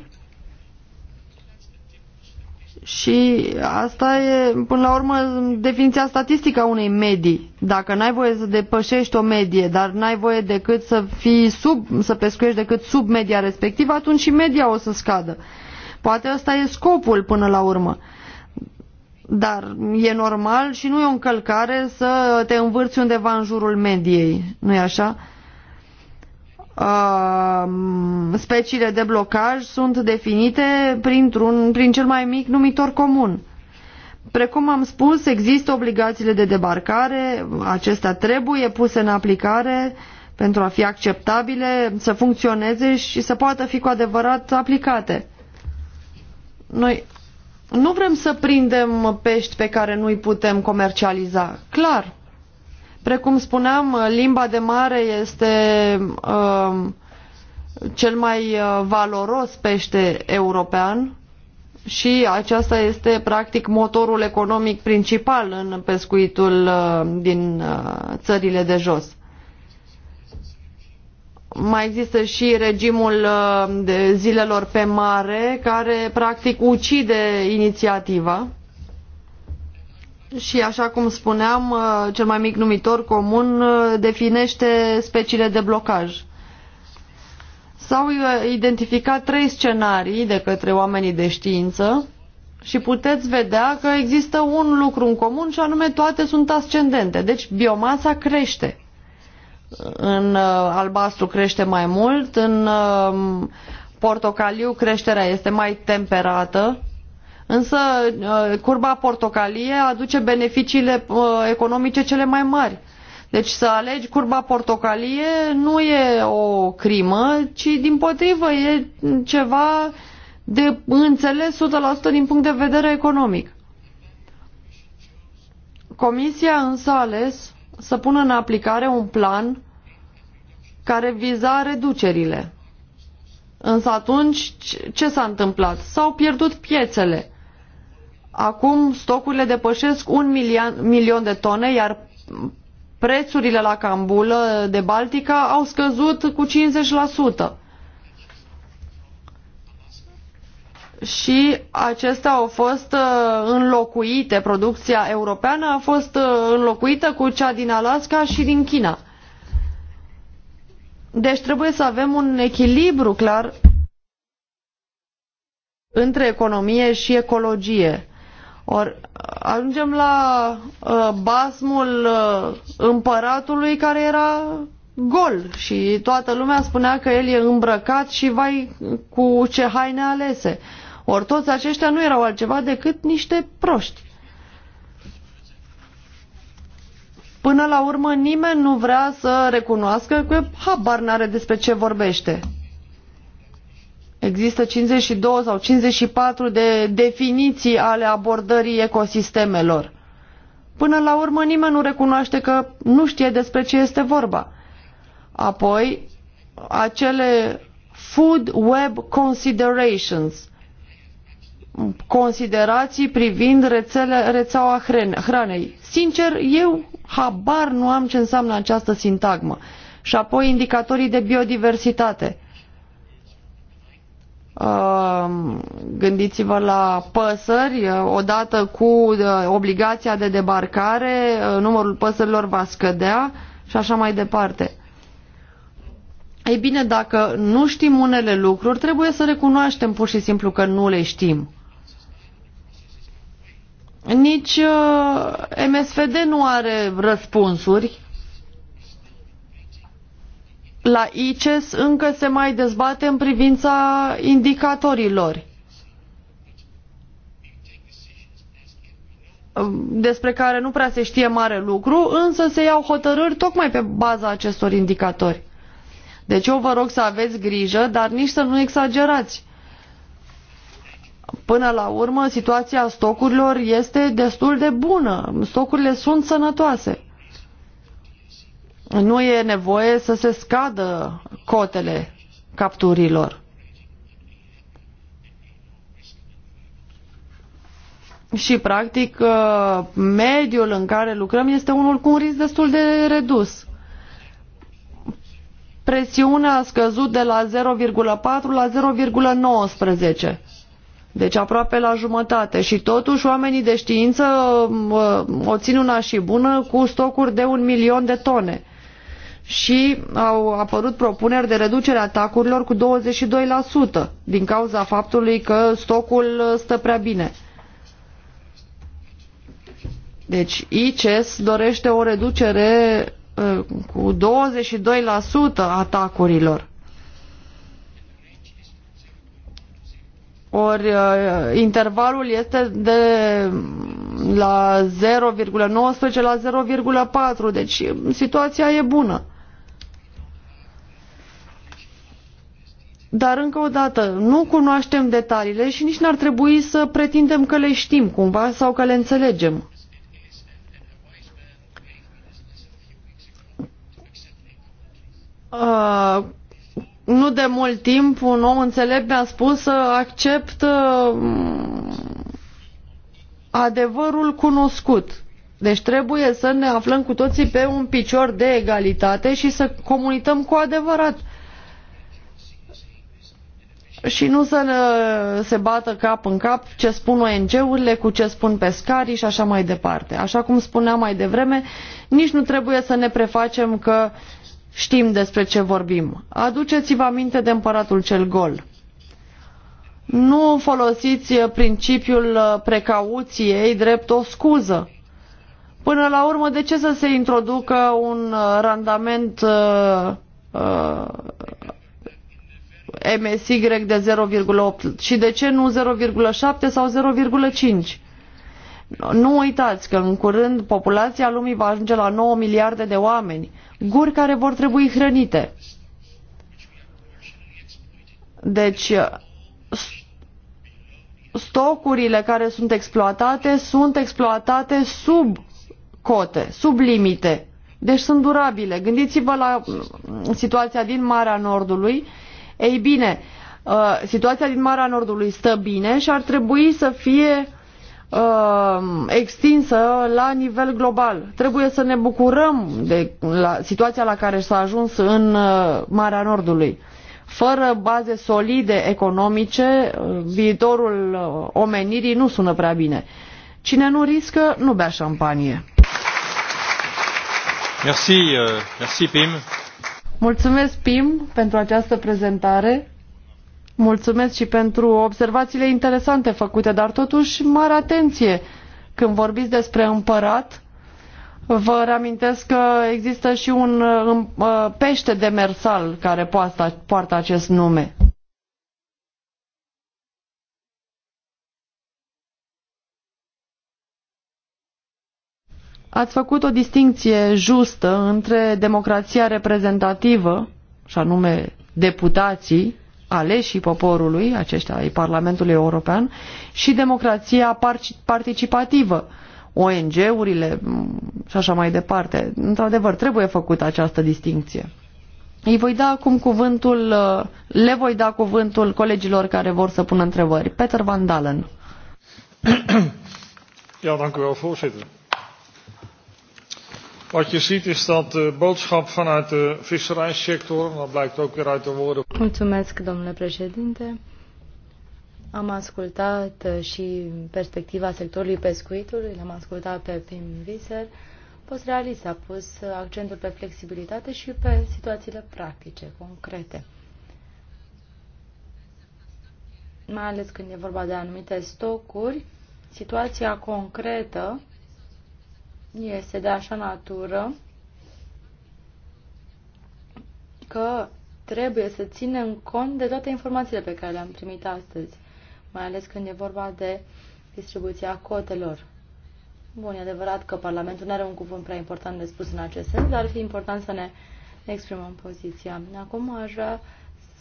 și asta e, până la urmă, definiția statistică a unei medii. Dacă n-ai voie să depășești o medie, dar n-ai voie decât să fii sub, să pescuiești decât sub media respectivă, atunci și media o să scadă. Poate ăsta e scopul până la urmă. Dar e normal și nu e o încălcare să te învârți undeva în jurul mediei, nu e așa? Uh, speciile de blocaj sunt definite printr-un, prin cel mai mic numitor comun. Precum am spus, există obligațiile de debarcare, acestea trebuie puse în aplicare pentru a fi acceptabile, să funcționeze și să poată fi cu adevărat aplicate. Noi nu vrem să prindem pești pe care nu-i putem comercializa. Clar. Precum spuneam, limba de mare este uh, cel mai uh, valoros pește european și aceasta este practic motorul economic principal în pescuitul uh, din uh, țările de jos mai există și regimul uh, de zilelor pe mare, care practic ucide inițiativa. Și așa cum spuneam, uh, cel mai mic numitor comun uh, definește speciile de blocaj. S-au identificat trei scenarii de către oamenii de știință și puteți vedea că există un lucru în comun și anume toate sunt ascendente, deci biomasa crește. În uh, albastru crește mai mult, în um, portocaliu creșterea este mai temperată, însă uh, curba portocalie aduce beneficiile uh, economice cele mai mari. Deci să alegi curba portocalie nu e o crimă, ci din potrivă e ceva de înțeles 100% din punct de vedere economic. Comisia însă a ales să pună în aplicare un plan care viza reducerile. Însă atunci ce s-a întâmplat? S-au pierdut piețele. Acum stocurile depășesc un milion, milion de tone, iar prețurile la cambulă de Baltica au scăzut cu 50%. și acestea au fost uh, înlocuite, producția europeană a fost uh, înlocuită cu cea din Alaska și din China. Deci trebuie să avem un echilibru clar între economie și ecologie. Or, ajungem la uh, basmul uh, împăratului care era gol și toată lumea spunea că el e îmbrăcat și vai cu ce haine alese. Uh, ori toți aceștia nu erau altceva decât niște proști. Până la urmă nimeni nu vrea să recunoască că habar n-are despre ce vorbește. Există 52 sau 54 de definiții ale abordării ecosistemelor. Până la urmă nimeni nu recunoaște că nu știe despre ce este vorba. Apoi, acele food web considerations considerații privind rețele, rețeaua hranei. Sincer, eu habar nu am ce înseamnă această sintagmă. Și apoi indicatorii de biodiversitate. Gândiți-vă la păsări, odată cu obligația de debarcare, numărul păsărilor va scădea și așa mai departe. Ei bine, dacă nu știm unele lucruri, trebuie să recunoaștem pur și simplu că nu le știm. Nici uh, MSFD nu are răspunsuri. La ICES încă se mai dezbate în privința indicatorilor. Um, despre care nu prea se știe mare lucru, însă se iau hotărâri tocmai pe baza acestor indicatori. Deci eu vă rog să aveți grijă, dar nici să nu exagerați. Până la urmă, situația stocurilor este destul de bună. Stocurile sunt sănătoase. Nu e nevoie să se scadă cotele capturilor. și practic uh, mediul în care lucrăm este unul cu un risc destul de redus. Presiunea a scăzut de la 0,4 la 0,19 deci aproape la jumătate. Și totuși oamenii de știință o țin una și bună cu stocuri de un milion de tone. Și au apărut propuneri de reducere a atacurilor cu 22% din cauza faptului că stocul stă prea bine. Deci ICES dorește o reducere uh, cu 22% atacurilor. Ori uh, intervalul este de la 0,19 la 0,4, deci situația e bună. Dar încă o dată, nu cunoaștem detaliile și nici n-ar trebui să pretindem că le știm cumva sau că le înțelegem. Uh, nu de mult timp un om înțelept mi-a spus să accept uh, adevărul cunoscut. Deci trebuie să ne aflăm cu toții pe un picior de egalitate și să comunităm cu adevărat. Și nu să ne, se bată cap în cap ce spun ONG-urile cu ce spun pescarii și așa mai departe. Așa cum spuneam mai devreme, nici nu trebuie să ne prefacem că uh, Știm despre ce vorbim. Aduceți-vă aminte de împăratul cel gol. Nu folosiți principiul precauției drept o scuză. Până la urmă, de ce să se introducă un randament uh, uh, MSY de 0,8 și de ce nu 0,7 sau 0,5? Nu uitați că în curând populația lumii va ajunge la 9 miliarde de oameni, guri care vor trebui hrănite. Deci, stocurile care sunt exploatate sunt exploatate sub cote, sub limite. Deci sunt durabile. Gândiți-vă la mm, situația din Marea Nordului. Ei bine, uh, situația din Marea Nordului stă bine și ar trebui să fie Uh, extinsă la nivel global. Trebuie să ne bucurăm de la situația la care s-a ajuns în uh, Marea Nordului. Fără baze solide economice, uh, viitorul omenirii nu sună prea bine. Cine nu riscă, nu bea șampanie. Merci, merci Pim. Mulțumesc, Pim, pentru această prezentare. Mulțumesc și pentru observațiile interesante făcute, dar totuși mare atenție când vorbiți despre împărat. Vă reamintesc că există și un ă, pește demersal care poartă, poartă acest nume. Ați făcut o distinție justă între democrația reprezentativă, și anume deputații, aleșii poporului, aceștia ai Parlamentului European, și democrația participativă, ONG-urile mm, și așa mai departe. Într-adevăr, trebuie făcută această distinție. Îi voi da acum cuvântul, uh, le voi da cuvântul colegilor care vor să pună întrebări. Peter Van Dalen. Ja, dank u wel, voorzitter. Wat je ziet is dat de boodschap vanuit de visserijsector, dat blijkt ook weer uit de woorden. Mulțumesc, domnule președinte. Am ascultat uh, și perspectiva sectorului pescuitului, l-am ascultat pe Pim Viser. realist a pus accentul pe flexibilitate și pe situațiile practice, concrete. Mai ales când e vorba de anumite stocuri, situația concretă este de așa natură că trebuie să ținem cont de toate informațiile pe care le-am primit astăzi, mai ales când e vorba de distribuția cotelor. Bun, e adevărat că Parlamentul nu are un cuvânt prea important de spus în acest sens, dar ar fi important să ne exprimăm poziția. Acum aș vrea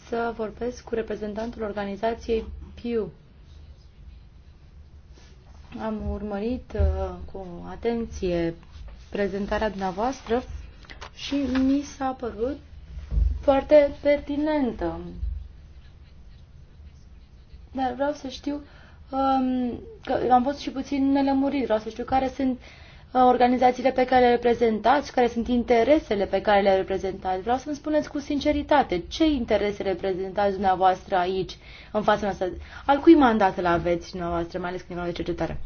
să vorbesc cu reprezentantul organizației Pew am urmărit uh, cu atenție prezentarea dumneavoastră și mi s-a părut foarte pertinentă. Dar vreau să știu um, că am fost și puțin nelămurit, vreau să știu care sunt uh, Uh, organizațiile pe care le reprezentați, care sunt interesele pe care le reprezentați. Vreau să-mi spuneți cu sinceritate ce interese reprezentați dumneavoastră aici, în fața noastră. Al cui mandat îl aveți dumneavoastră, mai ales când e de cercetare?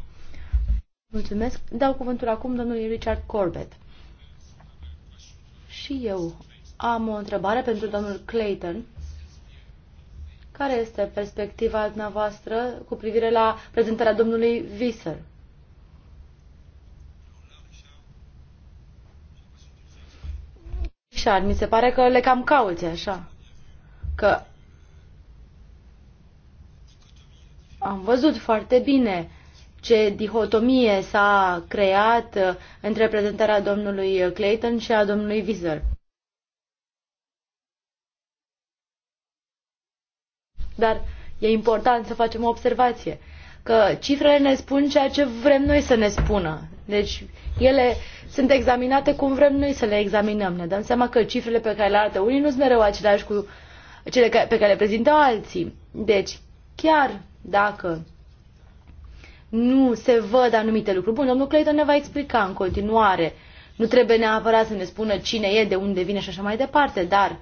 Mulțumesc. Dau cuvântul acum domnului Richard Corbett. Și eu am o întrebare pentru domnul Clayton. Care este perspectiva dumneavoastră cu privire la prezentarea domnului Visser? așa, mi se pare că le cam cauți așa. Că am văzut foarte bine ce dihotomie s-a creat uh, între prezentarea domnului Clayton și a domnului Vizer. Dar e important să facem o observație, că cifrele ne spun ceea ce vrem noi să ne spună. Deci ele sunt examinate cum vrem noi să le examinăm. Ne dăm seama că cifrele pe care le arată unii nu sunt mereu aceleași cu cele pe care le prezintă alții. Deci, chiar dacă nu se văd anumite lucruri, bun, domnul Clayton ne va explica în continuare. Nu trebuie neapărat să ne spună cine e, de unde vine și așa mai departe, dar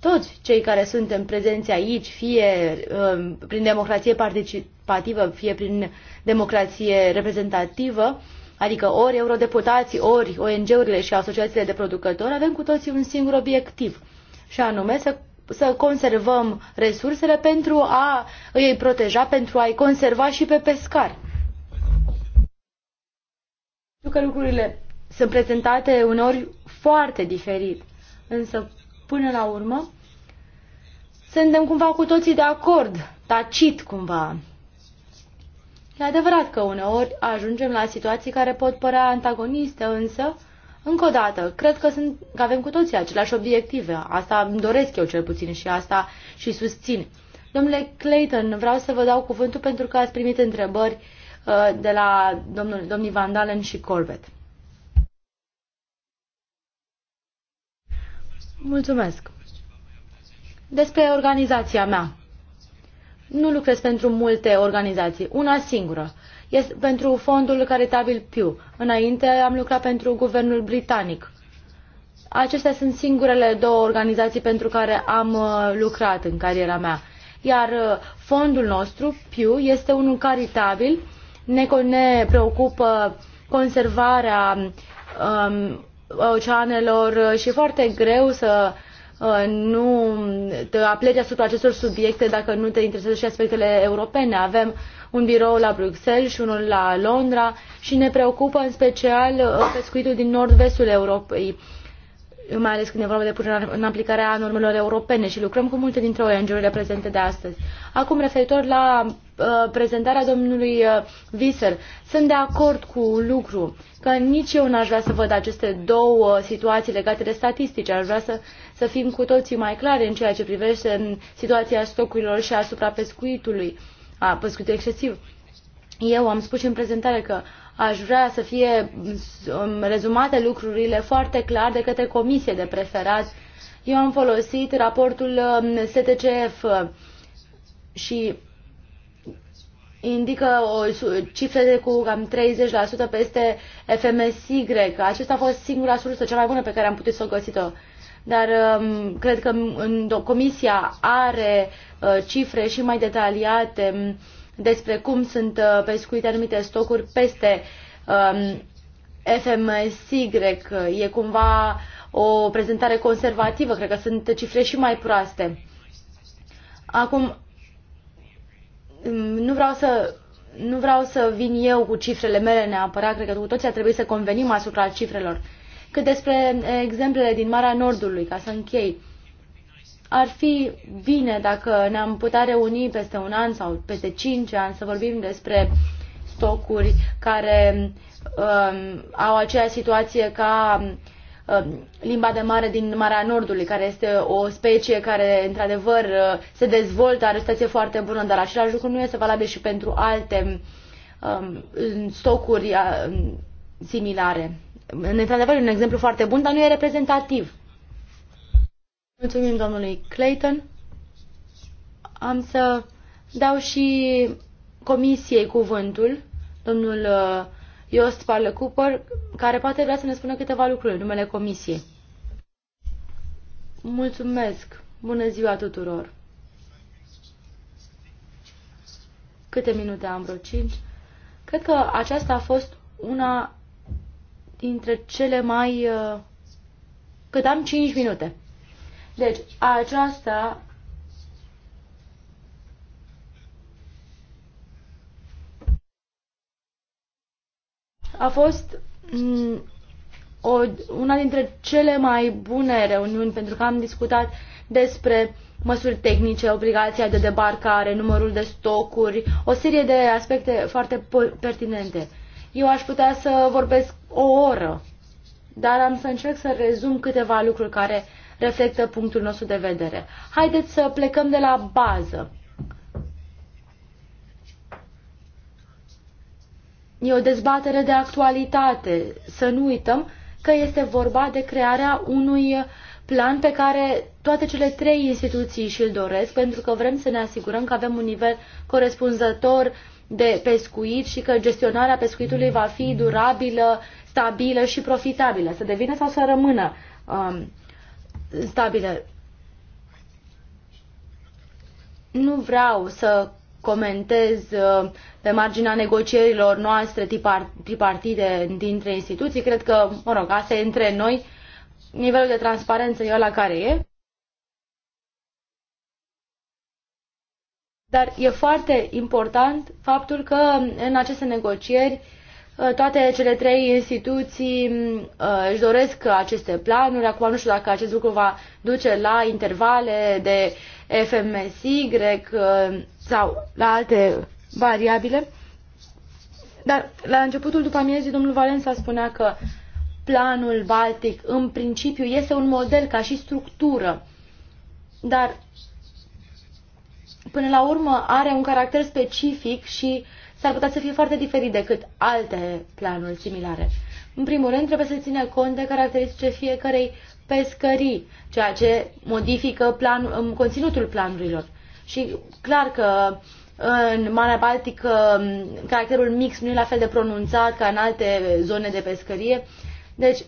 toți cei care suntem prezenți aici, fie um, prin democrație participativă, fie prin democrație reprezentativă, adică ori eurodeputații, ori ONG-urile și asociațiile de producători, avem cu toții un singur obiectiv, și anume să, să conservăm resursele pentru a îi proteja, pentru a-i conserva și pe pescar. Știu că lucrurile sunt prezentate uneori foarte diferit, însă până la urmă suntem cumva cu toții de acord, tacit cumva, E adevărat că uneori ajungem la situații care pot părea antagoniste, însă, încă o dată, cred că, sunt, că avem cu toții aceleași obiective. Asta îmi doresc eu cel puțin și asta și susțin. Domnule Clayton, vreau să vă dau cuvântul pentru că ați primit întrebări uh, de la domnul, domnii Van Dalen și Corbett. Mulțumesc. Despre organizația mea nu lucrez pentru multe organizații, una singură. Este pentru fondul caritabil Pew. Înainte am lucrat pentru guvernul britanic. Acestea sunt singurele două organizații pentru care am uh, lucrat în cariera mea. Iar uh, fondul nostru, Pew, este unul caritabil. Ne, ne preocupă conservarea um, oceanelor și foarte greu să uh, Uh, nu te aplegi asupra acestor subiecte dacă nu te interesează și aspectele europene. Avem un birou la Bruxelles și unul la Londra și ne preocupă în special uh, pescuitul din nord-vestul Europei mai ales când e vorba de punerea în aplicarea normelor europene și lucrăm cu multe dintre ONG-urile prezente de astăzi. Acum, referitor la Uh, prezentarea domnului Visel. Uh, Sunt de acord cu un lucru, că nici eu n-aș vrea să văd aceste două situații legate de statistici. Aș vrea să, să fim cu toții mai clare în ceea ce privește situația stocurilor și asupra pescuitului, a pescuitului excesiv. Eu am spus și în prezentare că aș vrea să fie um, rezumate lucrurile foarte clar de către comisie de preferat. Eu am folosit raportul um, STCF și indică o cifre cu cam 30% peste FMSY. Acesta a fost singura sursă cea mai bună pe care am putut să o găsit-o. Dar um, cred că în, comisia are uh, cifre și mai detaliate um, despre cum sunt uh, pescuite anumite stocuri peste um, FMSY. E cumva o prezentare conservativă, cred că sunt cifre și mai proaste. Acum, Mm, nu vreau să nu vreau să vin eu cu cifrele mele neapărat, cred că cu toții ar trebui să convenim asupra cifrelor. Cât despre eh, exemplele din Marea Nordului, ca să închei, ar fi bine dacă ne-am putea reuni peste un an sau peste cinci ani să vorbim despre stocuri care um, au aceeași situație ca uh, Uh, limba de mare din Marea Nordului, care este o specie care, într-adevăr, uh, se dezvoltă, are o stație foarte bună, dar același lucru nu este valabil și pentru alte um, stocuri uh, similare. Într-adevăr, un exemplu foarte bun, dar nu e reprezentativ. Mulțumim domnului Clayton. Am să dau și comisiei cuvântul. Domnul Iost Parle Cooper, care poate vrea să ne spună câteva lucruri în numele Comisiei. Mulțumesc! Bună ziua tuturor! Câte minute am vreo 5? Cred că aceasta a fost una dintre cele mai... Uh, cât am 5 minute. Deci, aceasta A fost o, una dintre cele mai bune reuniuni pentru că am discutat despre măsuri tehnice, obligația de debarcare, numărul de stocuri, o serie de aspecte foarte pertinente. Eu aș putea să vorbesc o oră, dar am să încerc să rezum câteva lucruri care reflectă punctul nostru de vedere. Haideți să plecăm de la bază. E o dezbatere de actualitate. Să nu uităm că este vorba de crearea unui plan pe care toate cele trei instituții și-l doresc, pentru că vrem să ne asigurăm că avem un nivel corespunzător de pescuit și că gestionarea pescuitului va fi durabilă, stabilă și profitabilă, să devină sau să rămână um, stabilă. Nu vreau să comentez uh, pe marginea negocierilor noastre tripartite dintre instituții. Cred că, mă rog, asta e între noi. Nivelul de transparență e la care e. Dar e foarte important faptul că în aceste negocieri Uh, toate cele trei instituții uh, își doresc aceste planuri. Acum nu știu dacă acest lucru va duce la intervale de FMSY uh, sau la alte variabile. Dar la începutul după amiezii, domnul Valența spunea că planul baltic în principiu este un model ca și structură, dar până la urmă are un caracter specific și uh, s-ar putea să fie foarte diferit decât alte planuri similare. În primul rând, trebuie să ține cont de caracteristice fiecarei pescării, ceea ce modifică plan, um, conținutul planurilor. Și clar că în Marea Baltică um, caracterul mix nu e la fel de pronunțat ca în alte zone de pescărie. Deci,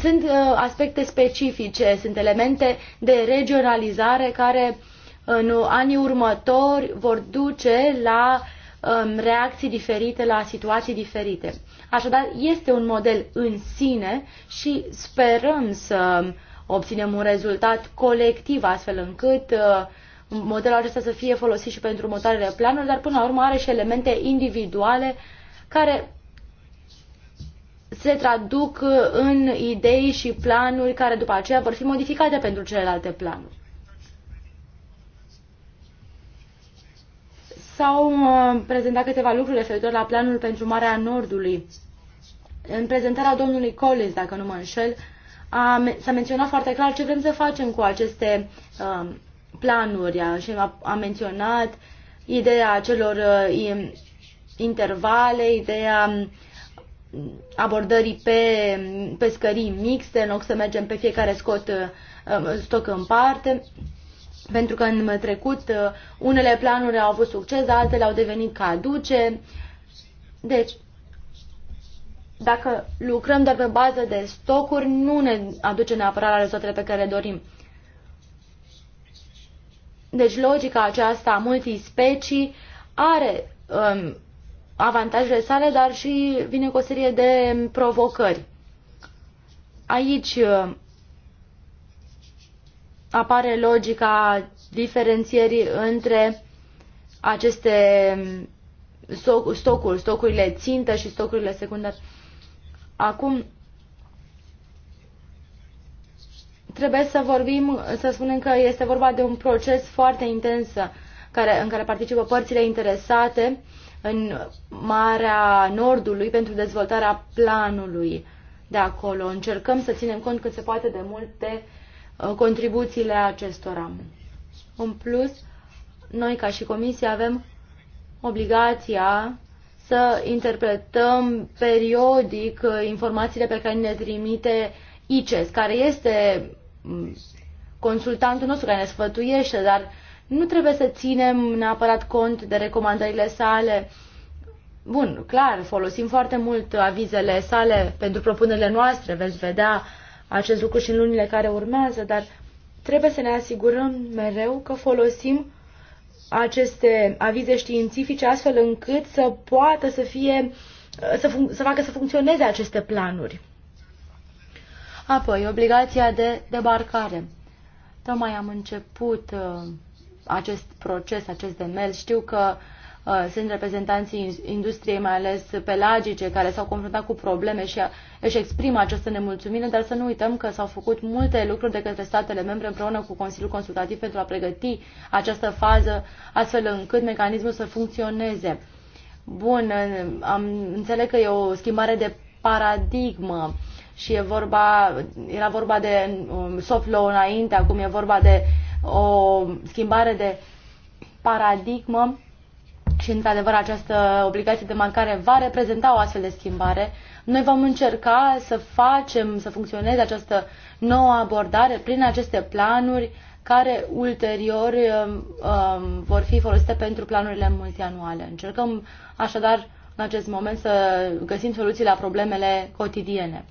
sunt uh, aspecte specifice, sunt elemente de regionalizare care în anii următori vor duce la um, reacții diferite, la situații diferite. Așadar, este un model în sine și sperăm să um, obținem un rezultat colectiv, astfel încât uh, modelul acesta să fie folosit și pentru următoarele planuri, dar până la urmă are și elemente individuale care se traduc în idei și planuri care după aceea vor fi modificate pentru celelalte planuri. S-au uh, prezentat câteva lucruri referitor la planul pentru Marea Nordului. În prezentarea domnului Collins, dacă nu mă înșel, s-a menționat foarte clar ce vrem să facem cu aceste uh, planuri și a, a menționat ideea celor uh, intervale, ideea um, abordării pe pescării mixte, în loc să mergem pe fiecare scot, uh, uh stoc în parte pentru că în trecut uh, unele planuri au avut succes, altele au devenit caduce. Deci, dacă lucrăm doar pe bază de stocuri, nu ne aduce neapărat la rezultatele pe care le dorim. Deci logica aceasta a multispecii are um, avantajele sale, dar și vine cu o serie de provocări. Aici um, apare logica diferențierii între aceste mm, stocuri, stocurile țintă și stocurile secundare. Acum, trebuie să vorbim, să spunem că este vorba de un proces foarte intens care, în care participă părțile interesate în Marea Nordului pentru dezvoltarea planului de acolo. Încercăm să ținem cont cât se poate de multe de Uh, contribuțiile acestora. În plus, noi ca și comisie avem obligația să interpretăm periodic uh, informațiile pe care ne trimite ICES, care este mm, consultantul nostru care ne sfătuiește, dar nu trebuie să ținem neapărat cont de recomandările sale. Bun, clar, folosim foarte mult avizele sale pentru propunerile noastre, veți vedea acest lucru și în lunile care urmează, dar trebuie să ne asigurăm mereu că folosim aceste avize științifice astfel încât să poată să fie să, func- să facă să funcționeze aceste planuri. Apoi, obligația de debarcare. Tocmai am început uh, acest proces, acest demers. Știu că uh, Uh, sunt reprezentanții industriei, mai ales pelagice, care s-au confruntat cu probleme și își exprimă această nemulțumire, dar să nu uităm că s-au făcut multe lucruri de către statele membre împreună cu Consiliul Consultativ pentru a pregăti această fază, astfel încât mecanismul să funcționeze. Bun, uh, am înțeleg că e o schimbare de paradigmă și e vorba, era vorba de um, soft law înainte, acum e vorba de o schimbare de paradigmă și, într-adevăr, această obligație de marcare va reprezenta o astfel de schimbare. Noi vom încerca să facem să funcționeze această nouă abordare prin aceste planuri care ulterior um, um, vor fi folosite pentru planurile multianuale. Încercăm așadar în acest moment să găsim soluții la problemele cotidiene.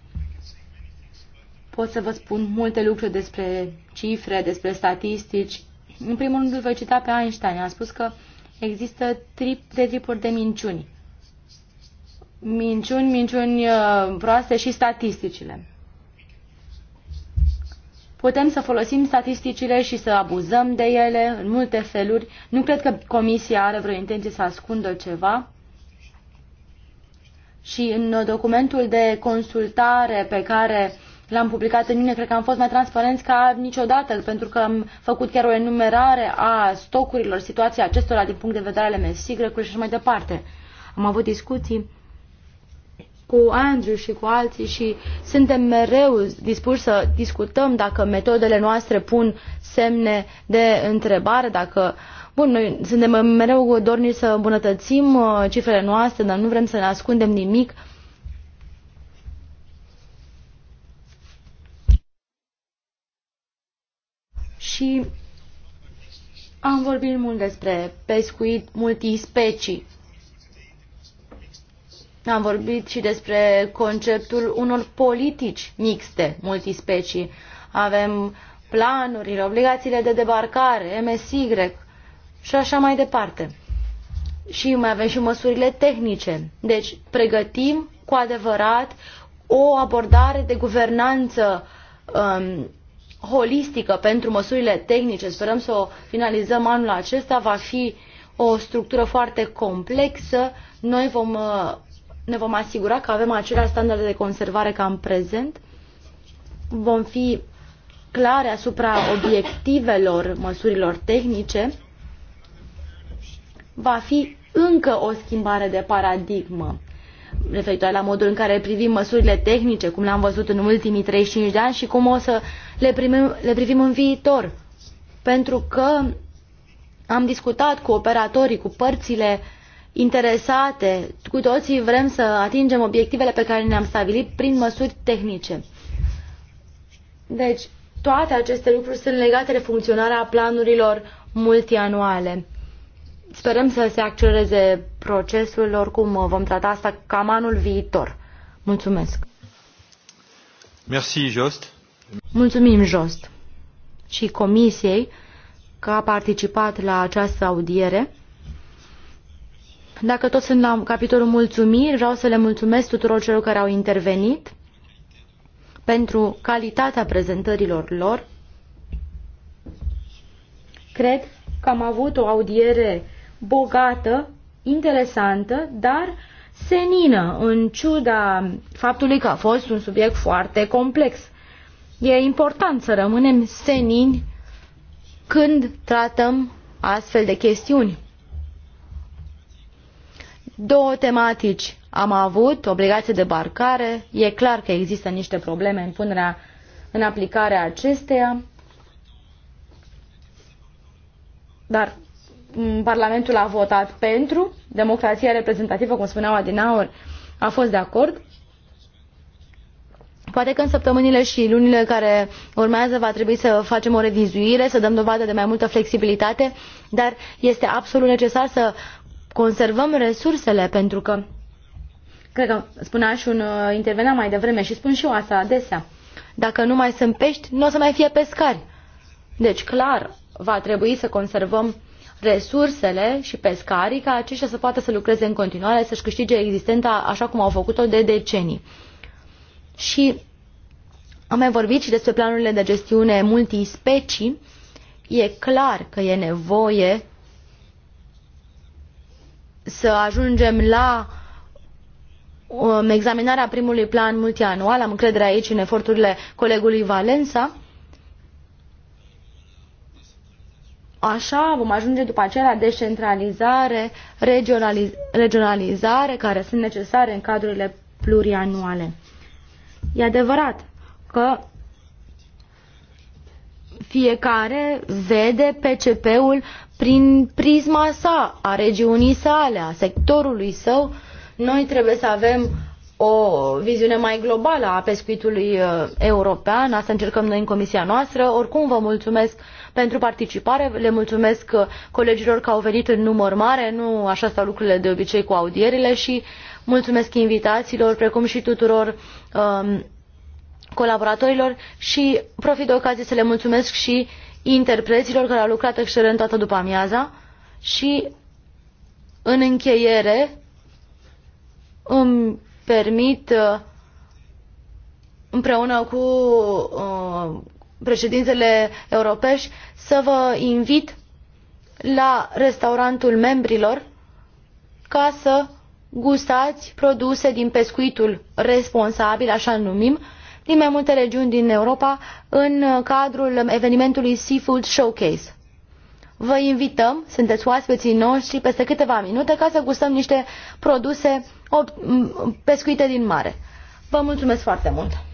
Pot să vă spun multe lucruri despre cifre, despre statistici. În primul rând îl voi cita pe Einstein. A spus că Există trei tipuri de minciuni. Minciuni, minciuni uh, proaste și statisticile. Putem să folosim statisticile și să abuzăm de ele în multe feluri. Nu cred că Comisia are vreo intenție să ascundă ceva. Și în documentul de consultare pe care l-am publicat în mine, cred că am fost mai transparenți ca niciodată, pentru că am făcut chiar o enumerare a stocurilor, situația acestora din punct de vedere ale MSY și așa mai departe. Am avut discuții cu Andrew și cu alții și suntem mereu dispuși să discutăm dacă metodele noastre pun semne de întrebare, dacă Bun, noi suntem mereu dorni să îmbunătățim uh, cifrele noastre, dar nu vrem să ne ascundem nimic și am vorbit mult despre pescuit multispecii. Am vorbit și despre conceptul unor politici mixte multispecii. Avem planurile, obligațiile de debarcare, MSY și așa mai departe. Și mai avem și măsurile tehnice. Deci pregătim cu adevărat o abordare de guvernanță um, holistică pentru măsurile tehnice, sperăm să o finalizăm anul acesta, va fi o structură foarte complexă. Noi vom, uh, ne vom asigura că avem aceleași standarde de conservare ca în prezent. Vom fi clare asupra obiectivelor măsurilor tehnice. Va fi încă o schimbare de paradigmă referitoare la modul în care privim măsurile tehnice, cum le-am văzut în ultimii 35 de ani și cum o să le, primim, le privim în viitor. Pentru că am discutat cu operatorii, cu părțile interesate, cu toții vrem să atingem obiectivele pe care ne-am stabilit prin măsuri tehnice. Deci, toate aceste lucruri sunt legate de funcționarea planurilor multianuale. Sperăm să se accelereze procesul, oricum vom trata asta cam anul viitor. Mulțumesc. Merci, Jost. Mulțumim, Jost, și Comisiei că a participat la această audiere. Dacă tot sunt la capitolul mulțumiri, vreau să le mulțumesc tuturor celor care au intervenit pentru calitatea prezentărilor lor. Cred că am avut o audiere bogată, interesantă, dar senină, în ciuda faptului că a fost un subiect foarte complex. E important să rămânem senini când tratăm astfel de chestiuni. Două tematici am avut, obligație de barcare, e clar că există niște probleme în punerea în aplicarea acesteia, dar Mm, Parlamentul a votat pentru, democrația reprezentativă, cum spuneau Adinaur, a fost de acord. Poate că în săptămânile și lunile care urmează va trebui să facem o revizuire, să dăm dovadă de mai multă flexibilitate, dar este absolut necesar să conservăm resursele, pentru că, cred că spunea și un uh, intervenant mai devreme și spun și eu asta adesea, dacă nu mai sunt pești, nu o să mai fie pescari. Deci, clar, va trebui să conservăm resursele și pescarii ca aceștia să poată să lucreze în continuare, să-și câștige existența așa cum au făcut-o de decenii. Și am mai vorbit și despre planurile de gestiune multispecii. E clar că e nevoie să ajungem la um, examinarea primului plan multianual. Am încredere aici în eforturile colegului Valența. Așa vom ajunge după aceea la descentralizare, regionaliz regionalizare, care sunt necesare în cadrurile plurianuale. E adevărat că fiecare vede PCP-ul prin prisma sa, a regiunii sale, a sectorului său. Noi trebuie să avem o viziune mai globală a pescuitului uh, european, asta încercăm noi în comisia noastră. Oricum vă mulțumesc pentru participare. Le mulțumesc uh, colegilor că au venit în număr mare, nu așa stau lucrurile de obicei cu audierile și mulțumesc invitațiilor, precum și tuturor um, colaboratorilor și profit de ocazie să le mulțumesc și interpreților care au lucrat excelent toată după amiaza și în încheiere îmi permit uh, împreună cu uh, Președintele europeș, să vă invit la restaurantul membrilor ca să gustați produse din pescuitul responsabil, așa numim, din mai multe regiuni din Europa în cadrul evenimentului Seafood Showcase. Vă invităm, sunteți oaspeții noștri, peste câteva minute ca să gustăm niște produse pescuite din mare. Vă mulțumesc foarte mult!